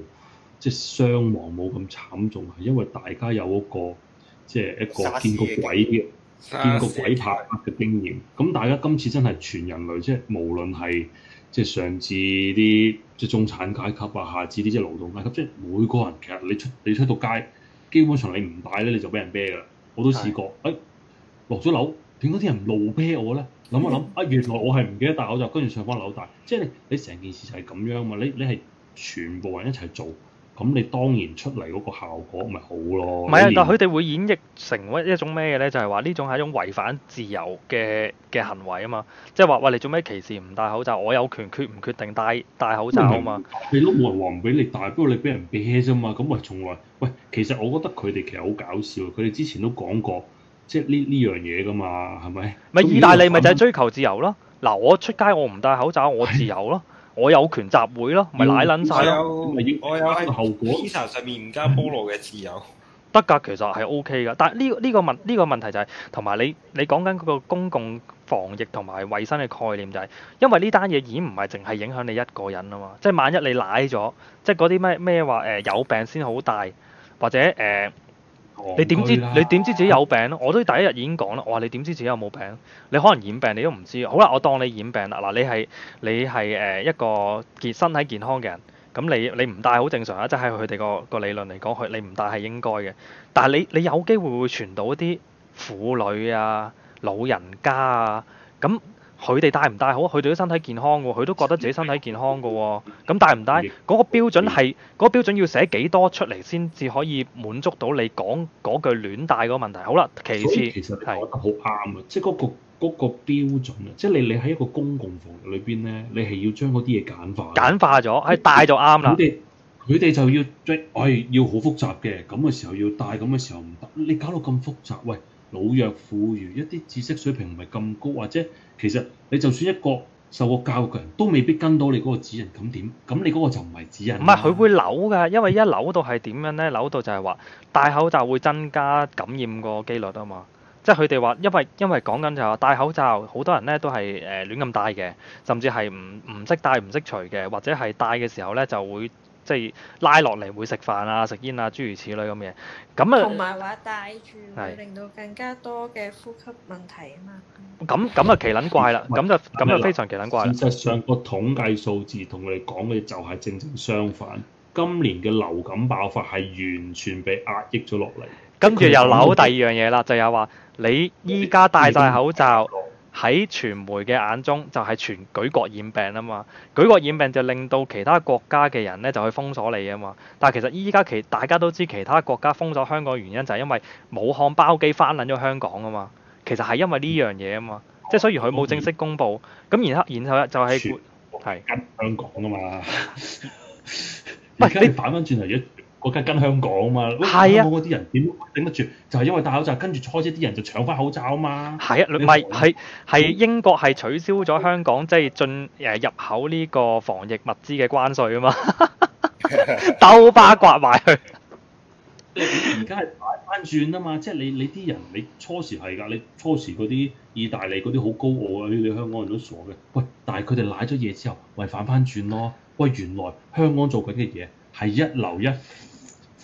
即係傷亡冇咁慘重，係因為大家有嗰個即係一個見過鬼嘅見過鬼怕黑嘅經驗。咁大家今次真係全人類，即係無論係即係上至啲即係中產階級啊，下至啲即係勞動階級，即係每個人其實你出你出到街，基本上你唔戴咧，你就俾人啤㗎啦。我都試過，的哎，落咗樓，點解啲人怒啤我咧？諗一諗，啊，嗯，哎，原來我係唔記得戴口罩，跟住上翻樓戴。即係你，你成件事就係咁樣嘛。你你係全部人一齊做。咁你當然出嚟嗰個效果咪好咯。唔係啊，連但佢哋會演繹成為一種咩咧？就係話呢種係一種違反自由嘅嘅行為啊嘛。即係話喂，你做咩歧視唔戴口罩？我有權決唔決定戴戴口罩啊嘛。你碌冇人話唔俾你戴，不過你俾人啤啫嘛。咁咪從來喂，其實我覺得佢哋其實好搞笑。佢哋之前都講過，即係呢呢樣嘢噶嘛，係咪？咪是意大利咪就係追求自由咯。嗱，我出街我唔戴口罩，我自由咯。 我有權集會咯，咪瀨撚晒咯，咪要我有後果。披薩是上面唔加菠蘿嘅自由，得㗎，其實係 OK 嘅。但係呢呢個問呢、這個問題就係、是，同埋你你講緊嗰個公共防疫同埋衞生嘅概念就係、是，因為呢單嘢已經唔係淨係影響你一個人啊嘛，即係萬一你瀨咗，即係嗰啲咩咩話誒有病先好大，或者誒。呃你點知？你點知自己有病咧？我都第一日已經講啦。我話你點知自己有冇病？你可能染病，你都唔知。好啦，我當你染病啦。嗱，你係你係誒一個健身體健康嘅人，咁你你唔戴好正常啊。即係佢哋個個理論嚟講，佢你唔戴係應該嘅。但係你你有機會會傳到一啲婦女啊、老人家啊咁。佢哋戴唔戴好？佢哋都身體健康嘅，佢都覺得自己身體健康嘅。咁戴唔戴嗰個標準係嗰的個標準要寫幾多出嚟先至可以滿足到你講嗰句亂戴個問題？好啦，其次，所以其實講得好啱啊！的即係、那、嗰個嗰、嗰個標準啊！即係你你喺一個公共房裏邊咧，你係要將嗰啲嘢簡化。簡化咗，係戴就啱啦。佢哋就要即係、哎、要好複雜嘅，咁嘅時候要戴，咁嘅時候唔戴，你搞到咁複雜，喂！老弱婦孺一啲知識水平唔係咁高，或者其實你就算一個受過教育嘅人都未必跟到你嗰個指引，咁點？咁你嗰個就唔係指引。唔係佢會扭㗎，因為一扭到係點樣咧？扭到就係話戴口罩會增加感染個機率啊嘛！即係佢哋話，因為因為講緊就話戴口罩，好多人咧都係誒亂咁戴嘅，甚至係唔唔識戴、唔識除嘅，或者係戴嘅時候咧就會。即係拉落嚟會食飯啊、食煙啊，諸如此類咁嘅咁啊，同埋話戴住是會令到更加多嘅呼吸問題啊嘛。咁咁啊奇撚怪啦！咁是就咁啊非常奇撚怪啦。事實上，個統計數字同我哋講嘅就係正正相反。今年嘅流感爆發係完全被壓抑咗落嚟，跟住又扭第二樣嘢啦，就有話你依家戴晒口罩。嗯嗯嗯喺傳媒嘅眼中就係、是、全舉國染病啊嘛，舉國染病就令到其他國家嘅人咧就去封鎖你啊嘛。但係其實依家其大家都知其他國家封鎖香港嘅原因就係因為武漢包機翻撚咗香港啊嘛。其實係因為呢樣嘢啊嘛，啊即係雖然佢冇正式公布，咁、啊、然後然後就係、是、係跟香港啊嘛。唔 你反翻轉頭我梗跟香港啊嘛，喂，香港嗰啲人點頂得住？就係、是、因為戴口罩，跟住初時啲人就搶翻口罩啊嘛。係啊，唔係係係英國係取消咗香港即係、就是、進誒入口呢個防疫物資嘅關稅啊嘛，兜 巴刮埋去。而家係反翻轉啊嘛，即、就、係、是、你你啲人你初時係㗎，你初時嗰啲意大利嗰啲好高傲啊，你你香港人都傻嘅。喂，但係佢哋賴咗嘢之後，咪反翻轉咯。喂，原來香港做緊嘅嘢係一流一。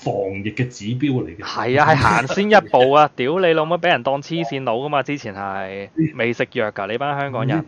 防疫嘅指標嚟嘅，係啊，係行先一步啊！ 屌你老母，俾人當黐線佬噶嘛！之前係未食藥噶，你班香港人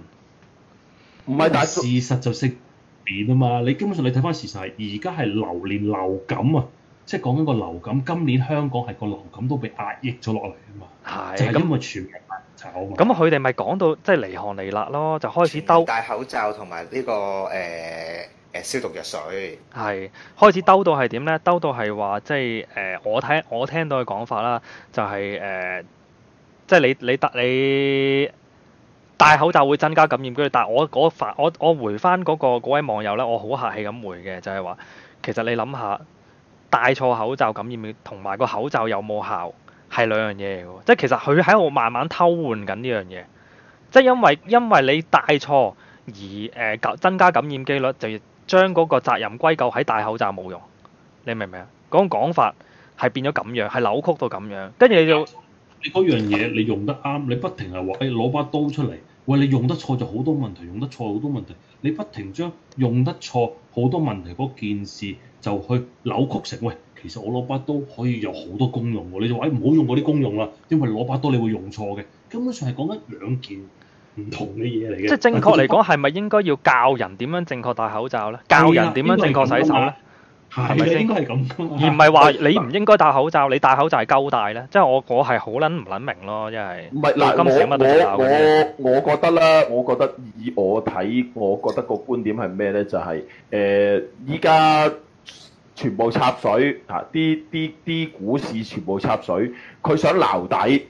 唔係，但係 事實就識變啊嘛！你基本上你睇翻事實係，而家係流連流感啊，即係講緊個流感。今年香港係個流感都被壓抑咗落嚟啊嘛，即係咁啊全民炒。咁啊，佢哋咪講到即係、就是、離行離列咯，就開始兜戴口罩同埋呢個誒。呃消毒藥水係開始兜到係點呢？兜到係話即係誒、呃，我睇我聽到嘅講法啦，就係、是、誒、呃，即係你你戴你戴口罩會增加感染機率。但係我我我回翻嗰、那個位網友呢，我好客氣咁回嘅，就係、是、話其實你諗下戴錯口罩感染同埋個口罩有冇效係兩樣嘢嚟嘅，即係其實佢喺度慢慢偷換緊呢樣嘢，即係因為因為你戴錯而誒、呃、增加感染機率就要。將嗰個責任歸咎喺戴口罩冇用，你明唔明啊？嗰個講法係變咗咁樣，係扭曲到咁樣。跟住你就你嗰樣嘢，你用得啱，你不停係話誒攞把刀出嚟。喂，你用得錯就好多問題，用得錯好多問題。你不停將用得錯好多問題嗰件事就去扭曲成喂，其實我攞把刀可以有好多功用喎。你就話唔好用嗰啲功用啦，因為攞把刀你會用錯嘅。根本上係講緊兩件唔同嘅嘢嚟嘅，即係正確嚟講，係咪是應該要教人點樣正確戴口罩咧？啊、教人點樣正確洗手咧？係咪應該係咁？而唔係話你唔應該戴口罩，你戴口罩係夠戴咧？即係我我係好撚唔撚明咯，即係。唔係嗱，我我今時都我我我覺得咧，我覺得以我睇，我覺得個觀點係咩咧？就係、是、誒，依、呃、家全部插水啊！啲啲啲股市全部插水，佢想撈底，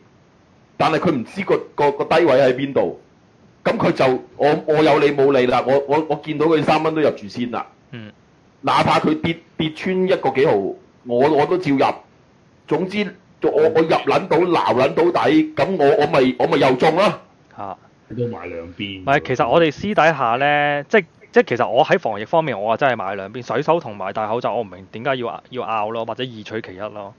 但係佢唔知個個個低位喺邊度。咁佢就我我有理冇理啦。我我我見到佢三蚊都入住先啦。嗯，哪怕佢跌跌穿一個幾毫，我我都照入。總之我、嗯我，我我入撚到撈撚到，到底，咁我我咪我咪又中啦。嚇、啊，你都買兩邊。唔係其實我哋私底下咧，即即，即其實我喺防疫方面，我啊真係買兩邊洗手同埋戴口罩我。我唔明點解要要拗咯，或者二取其一咯。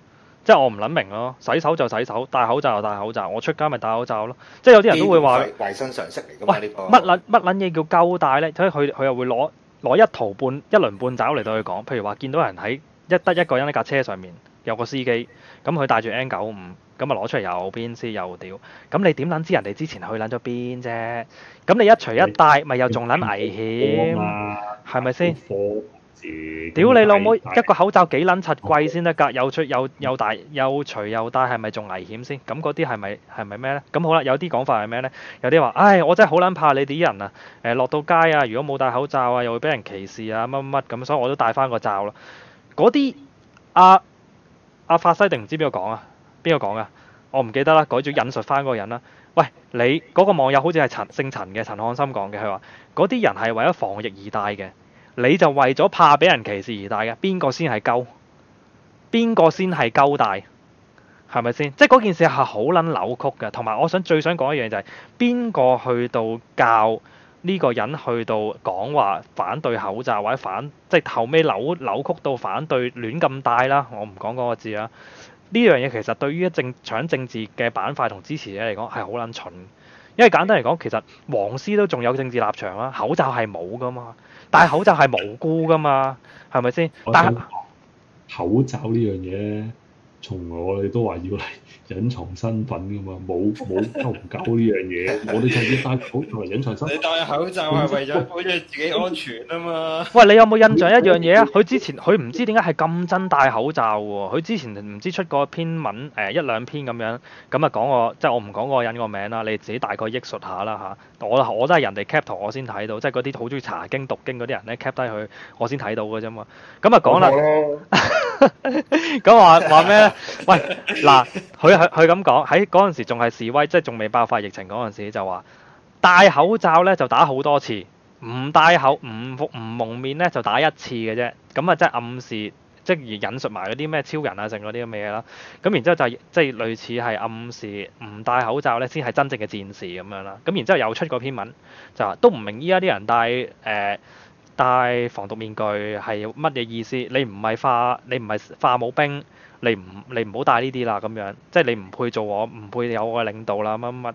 即係我唔撚明咯，洗手就洗手，戴口罩就戴口罩。我出街咪戴口罩咯。即係有啲人都會話，衛生常識嚟㗎嘛，乜撚乜撚嘢叫夠戴咧？所以佢佢又會攞攞一圖半一輪半爪嚟到去講。譬如話見到人喺一得一個人喺架車上面有個司機，咁佢戴住 N 九五，咁啊攞出嚟右邊先右屌。咁你點撚知人哋之前去撚咗邊啫？咁你一除一戴，咪你又仲撚危險？係咪先？是屌你老母！麼一個口罩幾撚柒貴先得㗎？嗯、又出又又大又除又戴，係咪仲危險先？咁嗰啲係咪係咪咩呢？咁好啦，有啲講法係咩呢？有啲話，唉，我真係好撚怕你哋啲人啊！誒、呃，落到街啊，如果冇戴口罩啊，又會俾人歧視啊，乜乜咁，所以我都戴翻個罩咯。嗰啲阿阿法西定唔知邊個講啊？邊個講啊？我唔記得啦，改咗引述翻嗰個人啦。喂，你嗰、嗰個網友好似係陳姓陳嘅陳漢森講嘅，佢話嗰啲人係為咗防疫而戴嘅。你就為咗怕俾人歧視而戴嘅，邊個先係鳩？邊個先係鳩戴？係咪先？即係嗰件事係好撚扭曲嘅。同埋，我想最想講一樣就係邊個去到教呢個人去到講話反對口罩或者反即係後尾扭扭曲到反對亂咁戴啦。我唔講嗰個字啦。呢樣嘢其實對於一政搶政治嘅版塊同支持者嚟講係好撚蠢，因為簡單嚟講，其實黃絲都仲有政治立場啦，口罩係冇噶嘛。戴口罩係無辜噶嘛，係咪先？戴口罩呢樣嘢。從來我哋都話要嚟隱藏身份噶嘛，冇冇口罩呢樣嘢，我哋直接戴口罩嚟隱藏身。你戴口罩係為咗保障自己安全啊嘛？喂，你有冇印象一樣嘢啊？佢之前佢唔知點解係咁真戴口罩喎？佢之前唔知出過篇文，誒一兩篇咁樣，咁啊講我即係我唔講個人個名啦，你自己大概憶述下啦吓。我我都係人哋 cap 圖我先睇到，即係嗰啲好中意查經讀經嗰啲人咧 cap 低佢，我先睇到嘅啫嘛。咁啊講啦，咁話話咩喂，嗱，佢佢咁講喺嗰陣時仲係示威，即係仲未爆發疫情嗰陣時就話戴口罩咧就打好多次，唔戴口唔唔蒙面咧就打一次嘅啫。咁啊，即係暗示即係而引述埋嗰啲咩超人啊，剩嗰啲咁嘅嘢啦。咁然之後就即係類似係暗示唔戴口罩咧先係真正嘅戰士咁樣啦。咁然之後又出個篇文就話都唔明依家啲人戴誒、呃、戴防毒面具係乜嘢意思？你唔係化你唔係化武兵。你唔你唔好帶呢啲啦，咁樣即係你唔配做我，唔配有我嘅領導啦，乜乜。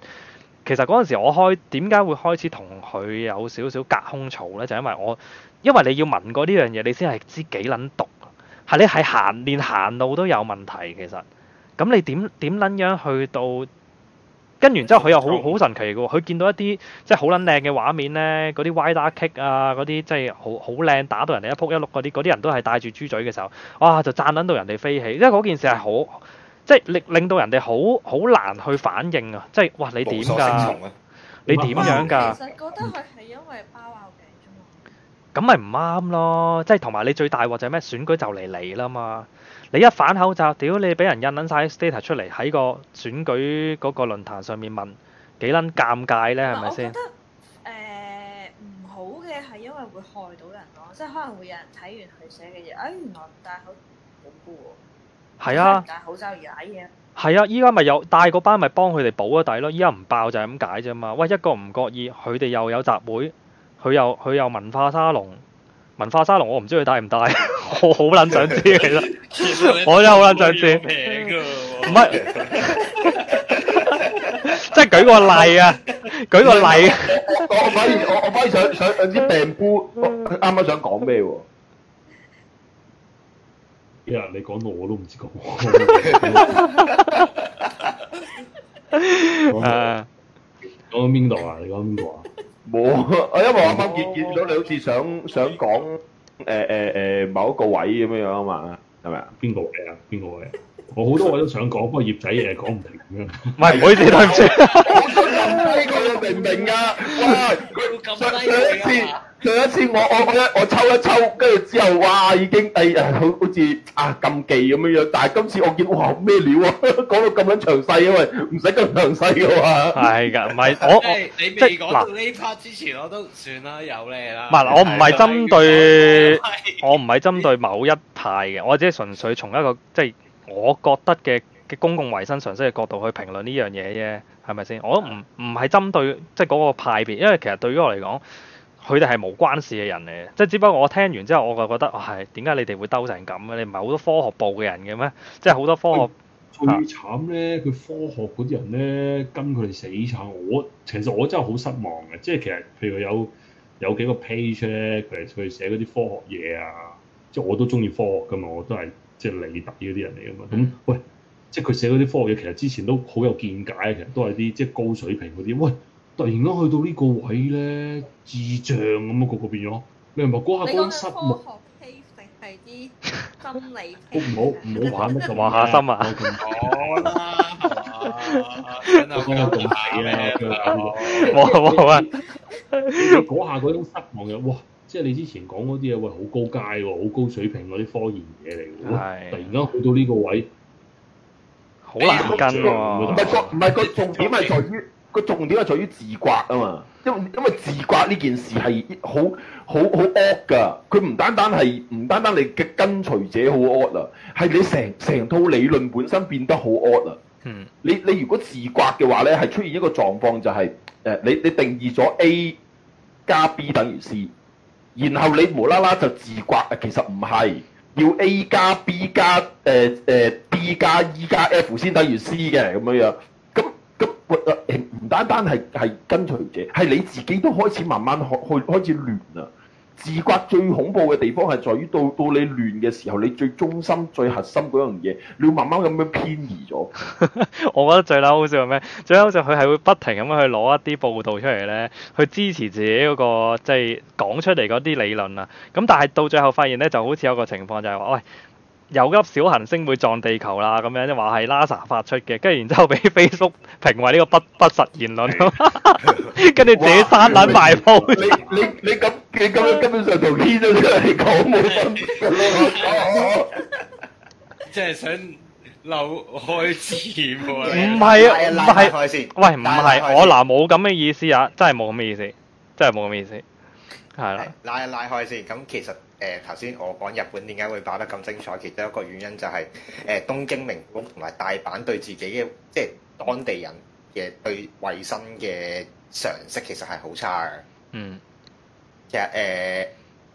其實嗰陣時我開點解會開始同佢有少少隔空嘈呢？就因為我因為你要聞過呢樣嘢，你先係知幾撚毒。係你係行連行路都有問題，其實咁你點點撚樣去到？跟完之後，佢又好好神奇嘅喎。佢見到一啲即係好撚靚嘅畫面咧，嗰啲 wider kick 啊，嗰啲即係好好靚，打到人哋一撲一碌嗰啲，嗰啲人都係戴住豬嘴嘅時候，哇、啊！就讚撚到人哋飛起，因為嗰件事係好即係令令到人哋好好難去反應啊！即係哇，你點噶？啊、你點樣噶？其實覺得佢係因為包拗頸啫嘛。咁咪唔啱咯？即係同埋你最大鑊就係咩？選舉就嚟嚟啦嘛！你一反口罩，屌你俾人印撚曬 status 出嚟，喺個選舉嗰個論壇上面問幾撚尷尬咧？係咪先？我覺得誒唔、呃、好嘅係因為會害到人咯，即係可能會有人睇完佢寫嘅嘢，哎，原來唔戴口罩好嘅喎。係啊，好收易啊，依家咪有帶個班咪幫佢哋補一底咯。依家唔爆就係咁解啫嘛。喂，一個唔覺意，佢哋又有集會，佢又佢又文化沙龍。文化沙龍，我唔知佢帶唔帶，我好捻想知其實，我真係好捻想知，唔係，即係 舉個例啊，舉個例 我，我反而我我反而想想想 知病夫啱啱想講咩喎？你講到我都唔知講。誒，講到邊度啊？你講邊度啊？冇，我因為我啱啱見見到你好似想想講，誒誒誒，某一個位咁樣樣啊嘛，係咪啊？邊個位啊？邊個位啊？我好多我都想講，不過葉仔嘢講唔停咁樣。唔係，唔好意思，對唔住。 我諗。呢個你明唔明啊？佢撳低你先。上一次，上一次我我覺得我，我抽一抽，跟住之後，哇，已經係、哎、啊，好好似啊禁忌咁樣樣。但係今次我見到哇，咩料啊？講到咁撚詳細，因為唔使咁詳細嘅話。係㗎，唔係我即係 你未講到呢 part 之前，我都算啦，有咧啦。唔係嗱，我唔係針對 我唔係針對某一派嘅，我只係純粹從一個即係。就是我覺得嘅嘅公共衞生常識嘅角度去評論呢樣嘢啫，係咪先？我都唔唔係針對即係嗰個派別，因為其實對於我嚟講，佢哋係冇關事嘅人嚟嘅，即係只不過我聽完之後，我就覺得，係點解你哋會鬥成咁嘅？你唔係好多科學部嘅人嘅咩？即係好多科學最慘咧，佢科學嗰啲人咧跟佢哋死慘。我其實我真係好失望嘅，即係其實譬如有有幾個 page 咧，佢佢寫嗰啲科學嘢啊，即係我都中意科學㗎嘛，我都係。即係離題嗰啲人嚟㗎嘛，咁、嗯、喂，即係佢寫嗰啲科學嘢，其實之前都好有見解，其實都係啲即係高水平嗰啲，喂，突然間去到呢個位咧，智障咁樣、 哦、 啊，個個變咗，你係咪嗰下嗰種失望？你學批評係啲心理好唔好唔好玩，玩下心啊！我講啦，真係咁睇咧，冇我啊！嗰下嗰種失望嘅，哇、啊！啊啊即係你之前講嗰啲嘢，喂，好高階喎，好高水平嗰啲科研嘢嚟嘅，的突然間去到呢個位，好難跟喎。唔係個唔係個重點係在於個 重點係在，在於自刮啊嘛。因為因為自刮呢件事係好好好 odd 㗎。佢唔單單係唔單單你嘅跟隨者好 odd 啦，係你成成套理論本身變得好 odd 啦。嗯，你你如果自刮嘅話咧，係出現一個狀況就係、是、誒、呃，你你，你，你，你，你定義咗 A 加 B 等於 C。然後你無啦啦就自刮，其實唔係要 A 加 B 加誒誒 B 加 E 加 F 先等於 C 嘅咁樣樣，咁咁唔單單係係跟隨者，係你自己都開始慢慢去去開始亂啦。自掘最恐怖嘅地方係在於到到你亂嘅時候，你最中心、最核心嗰樣嘢，你要慢慢咁樣偏移咗。 我覺得最嬲好就係咩？最嬲就佢係會不停咁樣去攞一啲報道出嚟咧，去支持自己嗰、嗰個即係講出嚟嗰啲理論啊。咁但係到最後發現咧，就好似有個情況就係、係、話，喂。有粒小行星會撞地球啦，咁樣即係話係 NASA 發出嘅，跟住然之後俾 Facebook 評為呢個不不實言論，跟住自己閂冷埋舖。你你你咁你咁樣根本上同天都出嚟講冇分別，即係想留開線喎。唔係啊，拉開先。喂，唔係我嗱冇咁嘅意思啊，真係冇咁嘅意思，真係冇咁嘅意思，係啦。拉一拉開先，咁其實。誒頭先我講日本點解會打得咁精彩，其中一個原因就係、是、誒、呃、東京名古屋同埋大阪對自己嘅即係當地人嘅對衞生嘅常識其實係好差嘅。嗯，其實誒誒、呃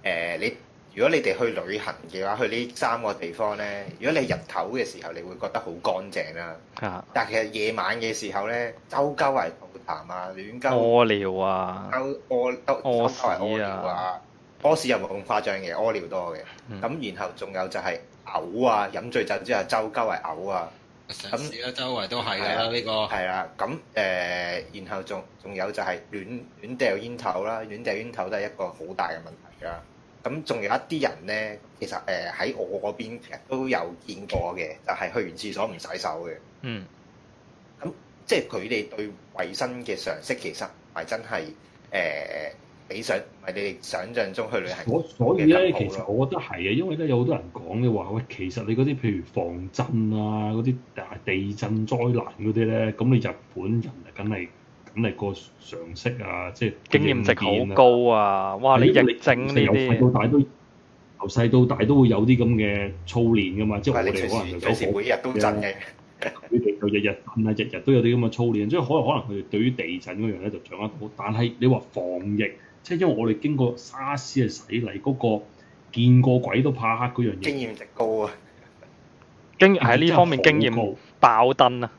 呃、你如果你哋去旅行嘅話，去呢三個地方咧，如果你日頭嘅時候，你會覺得好乾淨啦、啊。 但係其實夜晚嘅時候咧，周鳩係痰啊，亂鳩屙尿啊，鳩屙屎啊。屙屎又冇咁誇張嘅，屙尿多嘅。咁、嗯、然後仲有就係嘔啊，飲醉酒之後周鳩係嘔啊。咁、啊，那周圍都係嘅呢個。係啦。咁誒、呃，然後仲仲有就係亂亂掉煙頭啦，亂掉煙頭都係一個好大嘅問題㗎。咁仲有一啲人咧，其實誒喺、呃、我嗰邊其實都有見過嘅，就係、是、去完廁所唔洗手嘅。嗯。咁即係佢哋對衞生嘅常識，其實係真係誒。呃呃呃比上，唔係你哋想象中去旅行，所以咧，好其實我覺得係啊，因為咧有好多人講嘅話喂，其實你嗰啲譬如防震啊，嗰啲啊地震災難嗰啲咧，咁、嗯、你日本人啊，梗係梗係個常識啊，即係、啊、經驗值好高啊！哇，你地震呢啲，由細到大都由細到大都會有啲咁嘅操練㗎嘛，即係我哋可能就嘅，你哋就日日震啊，日日都有啲咁嘅操練，即係可能可能佢哋對於地震嗰樣咧就掌握到，但係你話防疫。即係因為我哋經過沙士嘅洗禮，嗰個見過鬼都怕黑嗰樣嘢，經驗值高啊！經驗喺呢方面經驗爆燈啊！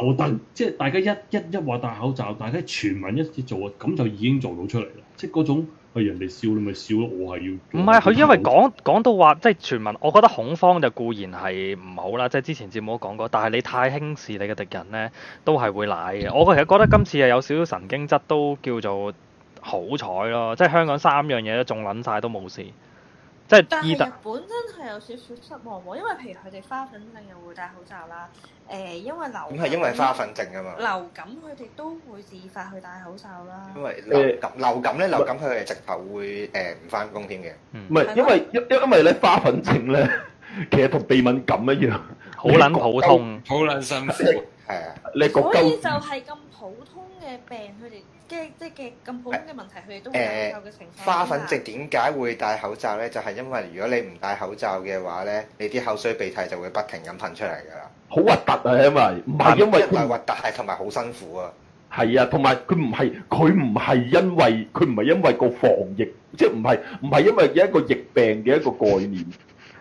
爆燈即係大家一一一話戴口罩，大家全民一齊做啊，咁就已經做到出嚟啦。即係嗰種係人哋笑，你咪笑咯，我係要唔係佢因為講講到話即係全民，我覺得恐慌就固然係唔好啦。即係之前節目都講過，但係你太輕視你嘅敵人咧，都係會賴嘅。我其實覺得今次係有少少神經質，都叫做。好彩咯，即係香港三樣嘢都仲撚晒都冇事，即係。但係日本真係有少少失望喎，因為譬如佢哋花粉症又會戴口罩啦，誒，因為流感。咁係因為花粉症啊嘛。流感佢哋都會自發去戴口罩啦。因為流感，流感咧、欸，流感佢係直頭會誒唔翻工添嘅。唔、呃、係、嗯，因為因嗎因為咧花粉症咧，其實同鼻敏感一樣，好撚 普通，好撚辛苦。 係啊，你所以就係咁普通嘅病，佢哋嘅即係嘅咁普通嘅問題，佢哋都會有嘅情況。花粉症點解會戴口罩咧？就係因為如果你唔戴口罩嘅話咧，你啲口水鼻涕就會不停咁噴出嚟㗎啦。好核突啊，因為唔係因為唔係核突，係同埋好辛苦啊。係啊，同埋佢唔係佢唔係因為佢唔係因為個防疫，即係唔係唔係因為一個疫病嘅一個概念。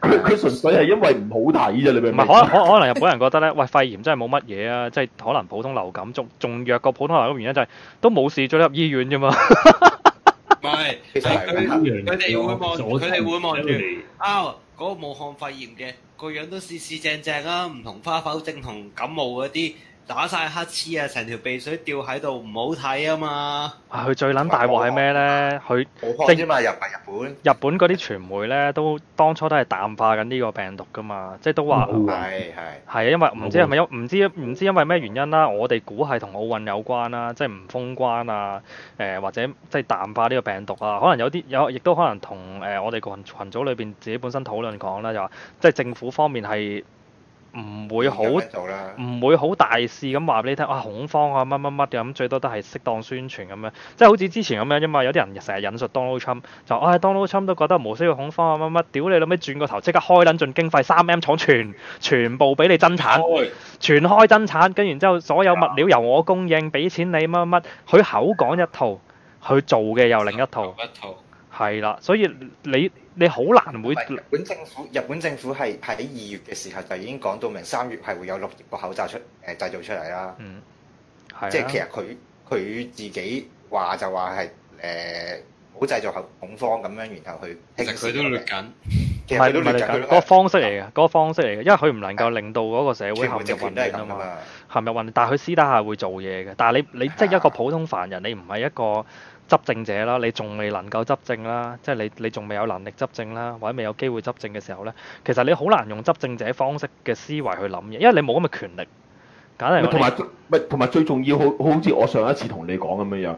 佢 純粹係因為唔好睇啫，你明唔明？唔係可可能日本人覺得咧，喂，肺炎真係冇乜嘢啊，即係可能普通流感仲仲弱過普通流感，原因就係、是、都冇事，再入醫院啫嘛。唔 係是，其實佢哋們會望，佢哋邊會望住啊嗰個武漢肺炎嘅個樣都四四正正啊，唔同花粉症同感冒嗰啲。打晒黑黐啊！成條鼻水吊喺度，唔好睇啊嘛！佢、啊、最撚大鑊係咩咧？佢、啊、他即係嘛？日本日本嗰啲傳媒咧，都當初都係淡化緊呢個病毒噶嘛，即係都話係係係啊，因為唔知係咪因唔知唔知因為咩原因啦、啊？我哋估係同奧運有關啦、啊，即係唔封關啊？誒、呃、或者即係淡化呢個病毒啊？可能有啲有亦都可能同誒我哋群群組裏邊自己本身討論講啦，就話即係政府方面係。唔會好唔會好大肆咁話俾你聽，哇、哎、恐慌啊乜乜乜咁，最多都係適當宣傳咁樣，即係好似之前咁樣啫嘛。有啲人成日引述 Donald Trump，就唉 Donald Trump 都覺得無需要恐慌啊乜乜，屌你老味轉個頭即刻開撚進經費，三 M 廠全全部俾你增產，開全開增產，跟然之後所有物料由我供應，俾錢你乜乜乜，佢口講一套，佢做嘅又另一套。係啦，所以你你好難會日本政府，日本政府係喺二月嘅時候就已經講到明三月係會有六億個口罩出，誒製造出嚟啦。嗯，係，即係其實佢佢自己話就話係誒，冇、呃、製造恐恐慌咁樣，然後去其實佢都劣緊，其實都劣緊嗰個方式嚟嘅，嗰、嗰個、方式嚟嘅，因為佢唔能夠令到嗰個社會陷入混亂啊嘛，陷入混亂。但係佢私底下會做嘢嘅，但係你你，你即係一個普通凡人，你唔係一個。 執政者啦，你仲未能夠執政啦，即係你你仲未有能力執政啦，或者未有機會執政嘅時候呢，其實你好難用執政者方式嘅思維去諗嘢，因為你冇咁嘅權力，梗係同埋唔係同埋最重要好好似我上一次同你講咁樣樣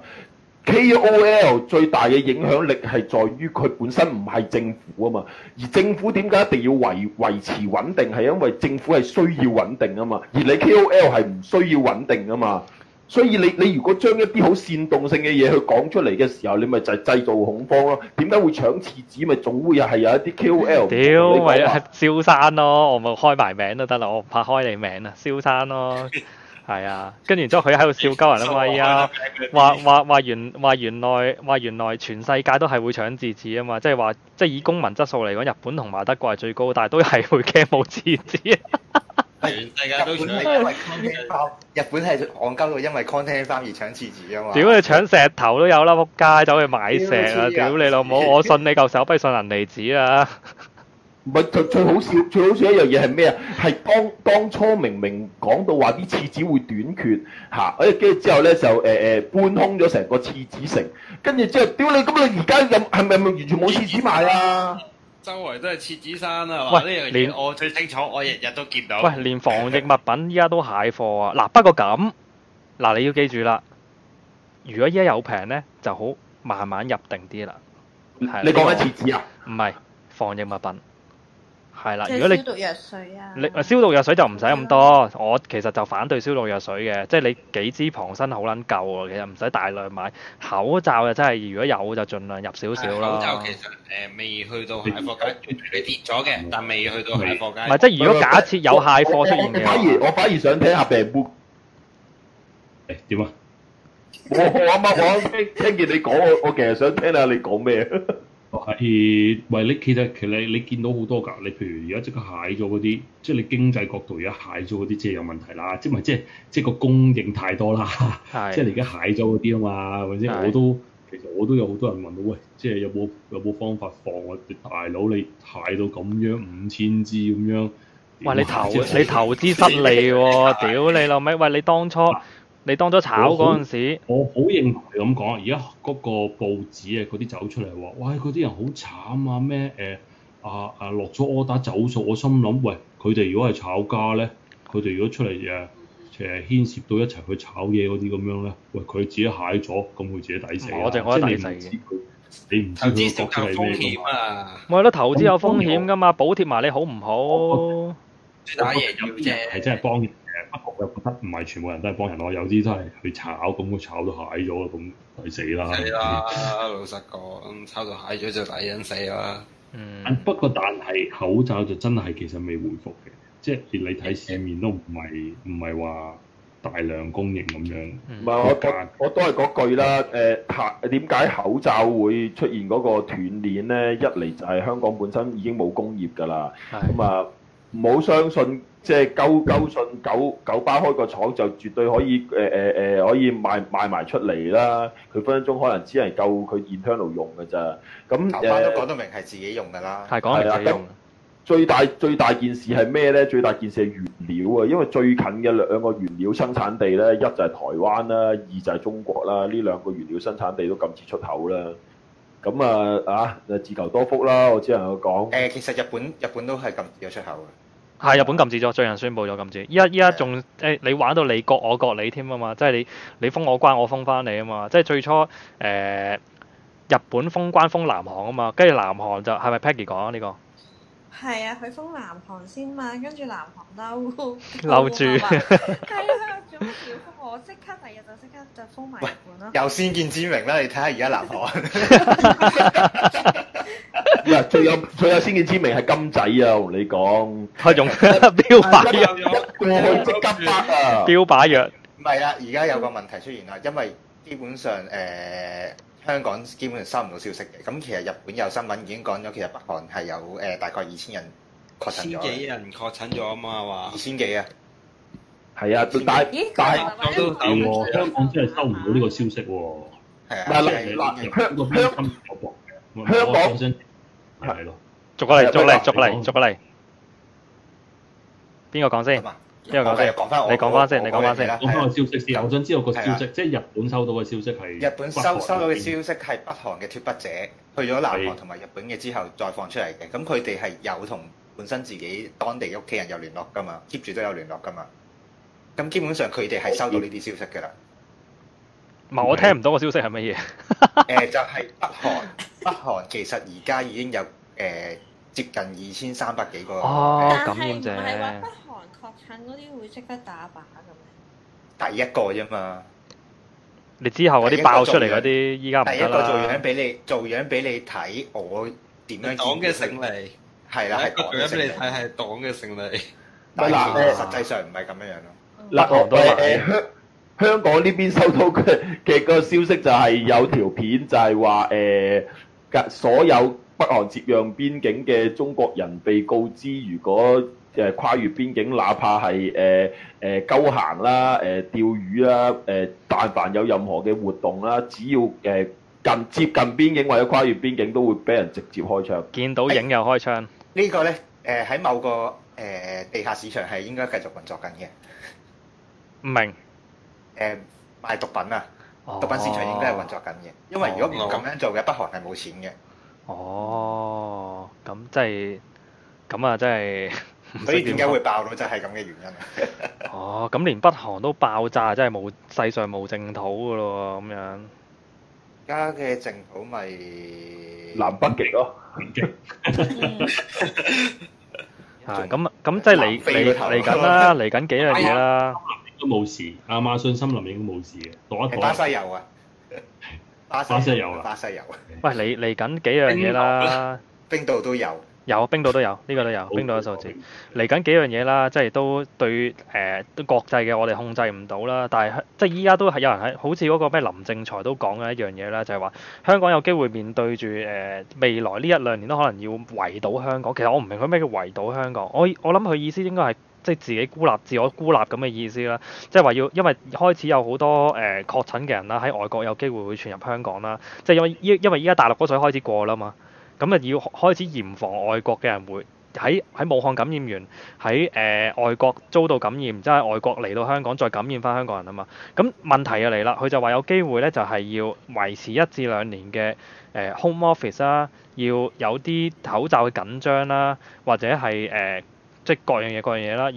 ，KOL 最大嘅影響力係在於佢本身唔係政府啊嘛，而政府點解一定要維維持穩定係因為政府係需要穩定啊嘛，而你 KOL 係唔需要穩定啊嘛。所以你你如果將一啲好煽動性嘅嘢去講出嚟嘅時候，你咪就係製造恐慌咯。點解會搶廁紙？咪總會係有一啲 KOL 屌咪燒山咯。我咪開埋名都得啦。我唔怕開你名啊。燒山咯，係啊。跟住之後佢喺度笑鳩人啊嘛。依家話話原話原來話原，原來全世界都係會搶廁紙啊嘛。即係話即係以公民質素嚟講，日本同埋德國係最高，但係都係會驚冇廁紙。係，日本係因為 c o 日本係戇鳩因為 c o n t e n i o n 包而搶廁紙啊嘛！屌你搶石頭都有啦，仆街走去買石啊！屌你，你老母， 我信你嚿手，不信人哋紙啊！唔係最最好笑，最好笑一樣嘢係咩啊？係當當初明明講到話啲廁紙會短缺，嚇、啊！哎，跟住之後咧就誒誒搬空咗成個廁紙城，跟住之後，屌你咁你而家又係咪完全冇廁紙賣啊？周圍都係廁紙山啦，啊，係嘛喂？連我最清楚，喂我日日都見到。喂，連防疫物品依家都蟹貨啊！嗱、 啊，不過咁，嗱、啊、你要記住啦，如果依家有平呢，就好慢慢入定啲啦。係你講緊廁紙啊？唔係防疫物品。係啦，如果你消毒藥水啊，你消毒藥水就唔使咁多。我其實就反對消毒藥水嘅，即係你幾支旁身好撚夠喎，其實唔使大量買。口罩啊，真係如果有就盡量入少少啦。口罩其實誒未去到蟹貨街，你跌咗嘅，但未去到蟹貨街。唔係，即係如果假設有蟹貨出現嘅，我反而我反而想聽下病毒。誒，點啊？我我啱啱我聽聽見你講，我我其實想聽下你講咩？係、哎，喂！你其實其實你見到好多㗎，你譬如而家即刻蟹咗嗰啲，即係你經濟角度而家蟹咗嗰啲，即係有問題啦。即係咪即係即係個供應太多啦？是的 即係你而家蟹咗嗰啲啊嘛，或者是的 我都其實我都有好多人問到，喂，即係有冇有冇方法放我大佬你蟹到咁樣五千支咁樣？5，樣樣喂，你投是你投資失利喎！屌你老味！ 喂，你當初～你當咗炒嗰陣時我，我好認同你咁講啊！而家嗰個報紙啊，嗰啲走出嚟話，喂，嗰啲人好慘啊！咩誒、哎、啊啊落咗 order 走數，我心諗，喂，佢哋如果係炒家咧，佢哋如果出嚟誒誒牽涉到一齊去炒嘢嗰啲咁樣咧，喂，佢自己蟹咗，咁佢自己抵死、啊、我淨可以抵死。你唔知佢國家係咩？投資有風險啊！我覺得投資有風險㗎嘛，補貼埋你好唔好？打贏要啫，係真係幫。幫我又覺得唔係全部人都係幫人，我有啲真係去炒，咁佢炒到蟹咗，咁抵死啦！係啦，老實講，炒到蟹咗就抵人死啦。嗯。不過，但係口罩就真係其實未回復嘅，即係你睇市面都唔係唔係話大量供應咁樣。唔係我我都係嗰句啦。誒、呃，點解口罩會出現嗰個斷鏈咧？一嚟就係香港本身已經冇工業噶啦。咁啊唉。唔好相信，即係九九信九九巴開個廠就絕對可以，誒誒誒可以賣賣埋出嚟啦。佢分分鐘可能只係夠佢現香爐用嘅咋。咁頭先都講得明係自己用㗎啦。係講係自己用、啊。最大最大件事係咩咧？最大件事係原料啊，因為最近嘅兩個原料生產地咧，一就係台灣啦、啊，二就係中國啦、啊。呢兩個原料生產地都禁止出口啦。咁啊啊，自求多福啦，我只能夠講。誒，其實日本日本都係禁止出口嘅。係日本禁止咗，最近宣佈咗禁止。依家依家仲，誒，你玩到你割我割你添啊嘛，即係你你封我關我封翻你啊嘛，即係最初誒、呃、日本封關封南韓啊嘛，跟住南韓就係咪 Peggy 講啊呢、這個。係啊，佢封南韓先嘛，跟住南韓嬲，嬲住，係啊，做乜要封我？即刻第日就即刻就封埋日本囉！有先見之明啦，你睇下而家南韓，嗱，最有最有先見之明係金仔啊！我同你講，佢用標靶藥，金藥，標靶藥。唔係啊，而家有個問題出現啦，因為基本上誒。香港基本上收唔到消息嘅，咁其實日本有新聞已經講咗，其實北韓係有誒大概二千人確診咗。千幾人確診咗啊嘛？話二千幾啊？係啊，但係但係都係喎，香港真係收唔到呢個消息喎。係啊。唔係落落香香港，香港係咯，逐個嚟，逐個嚟，逐個嚟，逐個嚟。邊個講先？因為講翻，你講翻先，你講翻先，啦。講翻個消息先。我想知道個消息，即係日本收到嘅消息係。日本收收到嘅消息係北韓嘅脫北者去咗南韓同埋日本嘅，之後再放出嚟嘅，咁佢哋係有同本身自己當地嘅屋企人有聯絡㗎嘛，keep 住都有聯絡㗎嘛。咁基本上佢哋係收到呢啲消息㗎啦。唔係、嗯、對我聽唔到個消息係乜嘢？誒、 欸，就係、是、北韓，北韓其實而家已經有誒、欸、接近二千三百幾個。哦、啊，咁嚴重國產嗰啲會識得打靶嘅咩？第一個啫嘛，你之後嗰啲爆出嚟嗰啲，依家唔得啦。第一個做樣俾你做樣俾你睇，我點樣？黨嘅勝利係啦，係黨嘅勝利。睇係黨嘅勝利，但係咧實際上唔係咁樣咯。嗱，誒，香港呢邊收到嘅嘅個消息就係有條片就係話誒，所有北韓接壤邊境嘅中國人被告知如果。誒跨越邊境，哪怕係誒誒郊行啦、誒釣魚啦、誒，但凡有任何嘅活動啦，只要誒近接近邊境或者跨越邊境，都會俾人直接開槍。見到影又開槍。呢個咧誒喺某個誒地下市場係應該繼續運作緊嘅。唔明？誒賣毒品啊！毒品市場應該係運作緊嘅。因為如果唔咁樣做嘅，北韓係冇錢嘅。哦，咁即係咁啊！即係。所以點解會爆到就係咁嘅原因啊？哦，咁連北韓都爆炸，真係冇世上冇淨土噶咯咁樣。而家嘅淨土咪南北極咯，北極。啊，咁啊，咁即係嚟嚟嚟緊啦，嚟緊幾樣嘢啦。都冇事，亞馬遜森林已經冇事嘅。攞一攞。西遊啊！巴西遊啊！巴西遊。喂，嚟嚟緊幾樣嘢啦？冰島都有。有冰島都有，呢、這個都有冰島嘅數字。嚟緊幾樣嘢啦，即係都對誒、呃，都國際嘅我哋控制唔到啦。但係即係依家都係有人喺，好似嗰個咩林正財都講嘅一樣嘢啦，就係、是、話香港有機會面對住誒、呃、未來呢一兩年都可能要圍堵香港。其實我唔明佢咩叫圍堵香港。我我諗佢意思應該係即係自己孤立、自我孤立咁嘅意思啦。即係話要因為開始有好多誒確診嘅人啦，喺外國有機會會傳入香港啦。即係因為依因為依家大陸嗰水開始過啦嘛。咁啊，就要開始嚴防外國嘅人會喺喺武漢感染完，喺誒、呃、外國遭到感染，即係外國嚟到香港再感染翻香港人啊嘛。咁問題又嚟啦，佢就話有機會咧，就係、是、要維持一至兩年嘅誒、呃、home office 啦、啊，要有啲口罩嘅緊張啦、啊，或者係誒、呃、即係各樣嘢各樣嘢啦、啊。而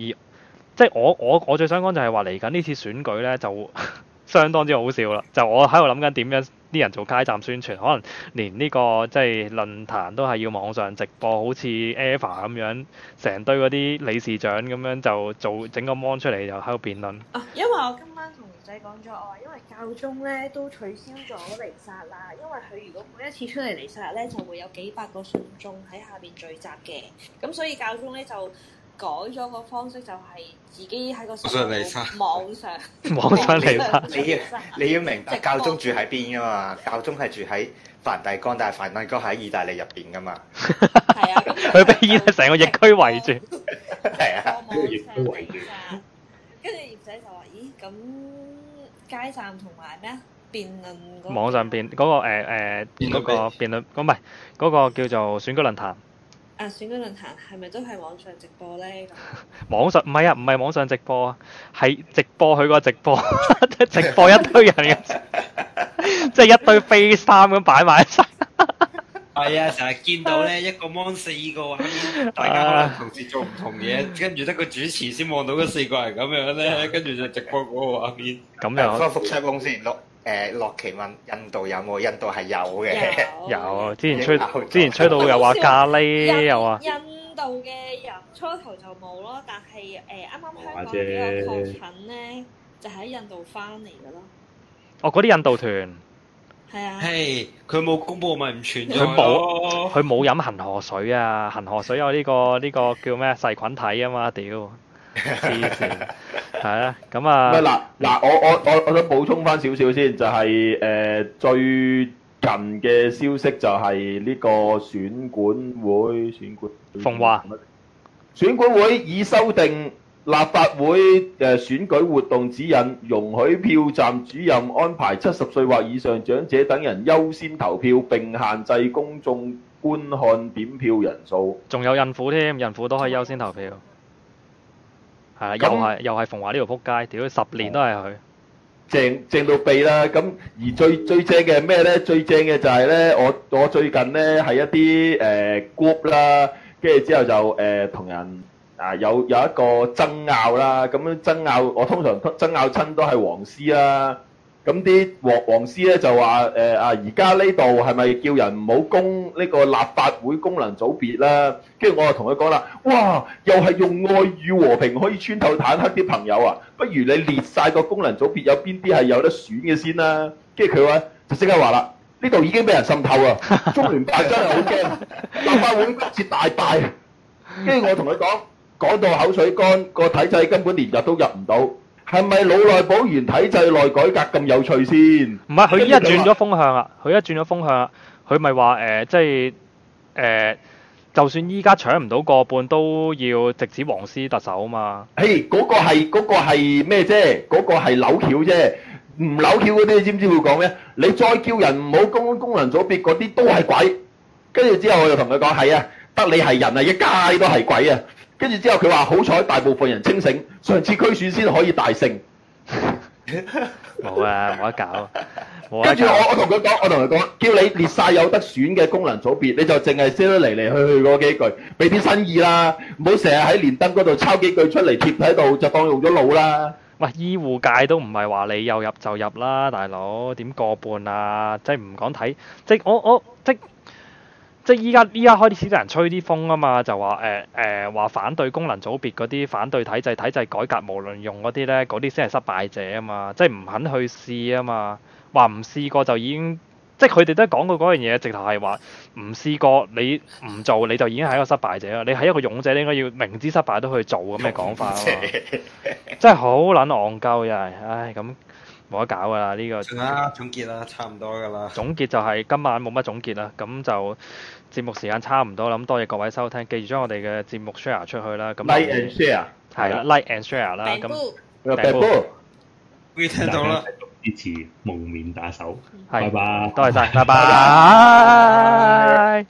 即係我我我最想講就係話嚟緊呢次選舉咧，就 相當之好笑啦。就我喺度諗緊點樣。啲人做街站宣傳，可能連呢、呢個即係論壇都係要網上直播，好似 Eva 咁樣，成堆嗰啲理事長咁樣就做整個 mon 出嚟，就喺度辯論、啊。因為我今晚同仔講咗，我話因為教宗咧都取消咗彌撒啦，因為佢如果每一次出嚟彌撒咧，就會有幾百個信眾喺下邊聚集嘅，咁所以教宗咧就，改咗個方式就係自己喺個網上 網上嚟啦！ 你要 你要明白教宗住喺邊噶嘛？教宗係住喺梵蒂岡，但係梵蒂岡喺意大利入邊噶嘛？係啊！佢被意大利成個疫區圍住。係啊！跟住葉仔就話：咦，咁街站同埋咩啊？辯論網上辯嗰、嗰個誒誒嗰個辯論唔係嗰個叫做選舉論壇。啊！選舉論壇係咪都係網上直播咧？網上唔係啊，唔係網上直播啊，係直播佢個直播， 直播一堆人嘅，即係 一堆飛衫咁擺埋一齊。係啊，成日見到咧一個 mon 四個畫面，大家同時做唔同嘢，跟住得個主持先望到嗰四個人咁樣咧，跟住就直播嗰個畫面。咁又復七公先誒，洛奇問印度有冇？印度係有嘅，有。之前吹， 之前吹到又話咖喱有啊。印度嘅有，初頭就冇咯。但係誒，啱、呃、啱香港個呢個確診咧，就喺、是、印度翻嚟嘅咯。哦，嗰啲印度團。係啊。嘿，佢冇公布咪唔存在佢冇，佢冇 飲恒河水啊！恒河水有呢、呢個呢、呢個叫咩細菌體啊嘛，屌！ 事情係啊，咁啊，唔係嗱嗱，我我我我想補充翻少少先，就係誒最近嘅消息就係呢個選管會選管。風話，選管會已修訂立法會嘅選舉活動指引，容許票站主任安排七十歲或以上長者等人優先投票，並限制公眾觀看點票人數。仲有孕婦添，孕婦都可以優先投票。係，又係那又係，馮華呢條撲街，屌十年都係佢，正正到痺啦。咁而最最正嘅係咩咧？最正嘅就係咧，我我最近咧喺一啲誒、呃、group 啦，跟住之後就誒同、呃、人啊有有一個爭拗啦，咁樣爭拗，我通常爭爭拗親都係黃絲啦。咁啲黃黃師咧就話：誒、呃、啊，而家呢度係咪叫人唔好攻呢個立法會功能組別啦？跟住我就同佢講啦，哇！又係用愛與和平可以穿透坦克啲朋友啊，不如你列晒個功能組別有邊啲係有得選嘅先啦、啊。跟住佢話就即刻話啦，呢度已經俾人滲透啊！中聯辦真係好驚，立法會決戰大敗。跟住我同佢講，講到口水乾，個體制根本連入都入唔到。係咪老內保完體制內改革咁有趣先？唔係，佢依家轉咗風向啦。佢一轉咗風向啦，佢咪話誒，即係誒，就算依家搶唔到個半，都要直指黃絲特首啊嘛。嘿，嗰個係嗰個係咩啫？嗰個係扭橋啫。唔扭橋嗰啲，你知唔知會講咩？你再叫人唔好公功能組別嗰啲都係鬼。跟住之後，我就同佢講：係啊，得你係人啊，一街都係鬼啊！跟住之後佢話好彩大部分人清醒，上次區選先可以大勝。冇啊，冇得搞啊。跟住我我同佢講，我同佢講，叫你列曬有得選嘅功能組別，你就淨係識得嚟嚟去去嗰幾句，俾啲新意啦。唔好成日喺連登嗰度抄幾句出嚟貼喺度，就當用咗腦啦。喂，醫護界都唔係話你又入就入啦，大佬點過半啊？即係唔講睇，即係我我即。即係依家依家開始啲人吹啲風啊嘛，就話誒誒話反對功能組別嗰啲反對體制體制改革無論，無論用嗰啲咧，嗰啲先係失敗者啊嘛，即係唔肯去試啊嘛，話唔試過就已經，即係佢哋都講過嗰樣嘢，直頭係話唔試過你唔做你就已經係一個失敗者，你係一個勇者，你應該要明知失敗都去做咁嘅講法啊嘛，勇者 真係好捻戇鳩又係，唉咁冇得搞噶啦呢個。算啦，總結啦，差唔多噶啦。總結就係今晚冇乜總結啦，咁就。節目時間差唔多啦，咁多謝各位收聽，記住將我哋嘅節目 share 出去啦。咁 like and share，係啦，like and share 啦。咁，定波，定波。可以聽到啦。支持蒙面打手，係，多謝晒，拜拜。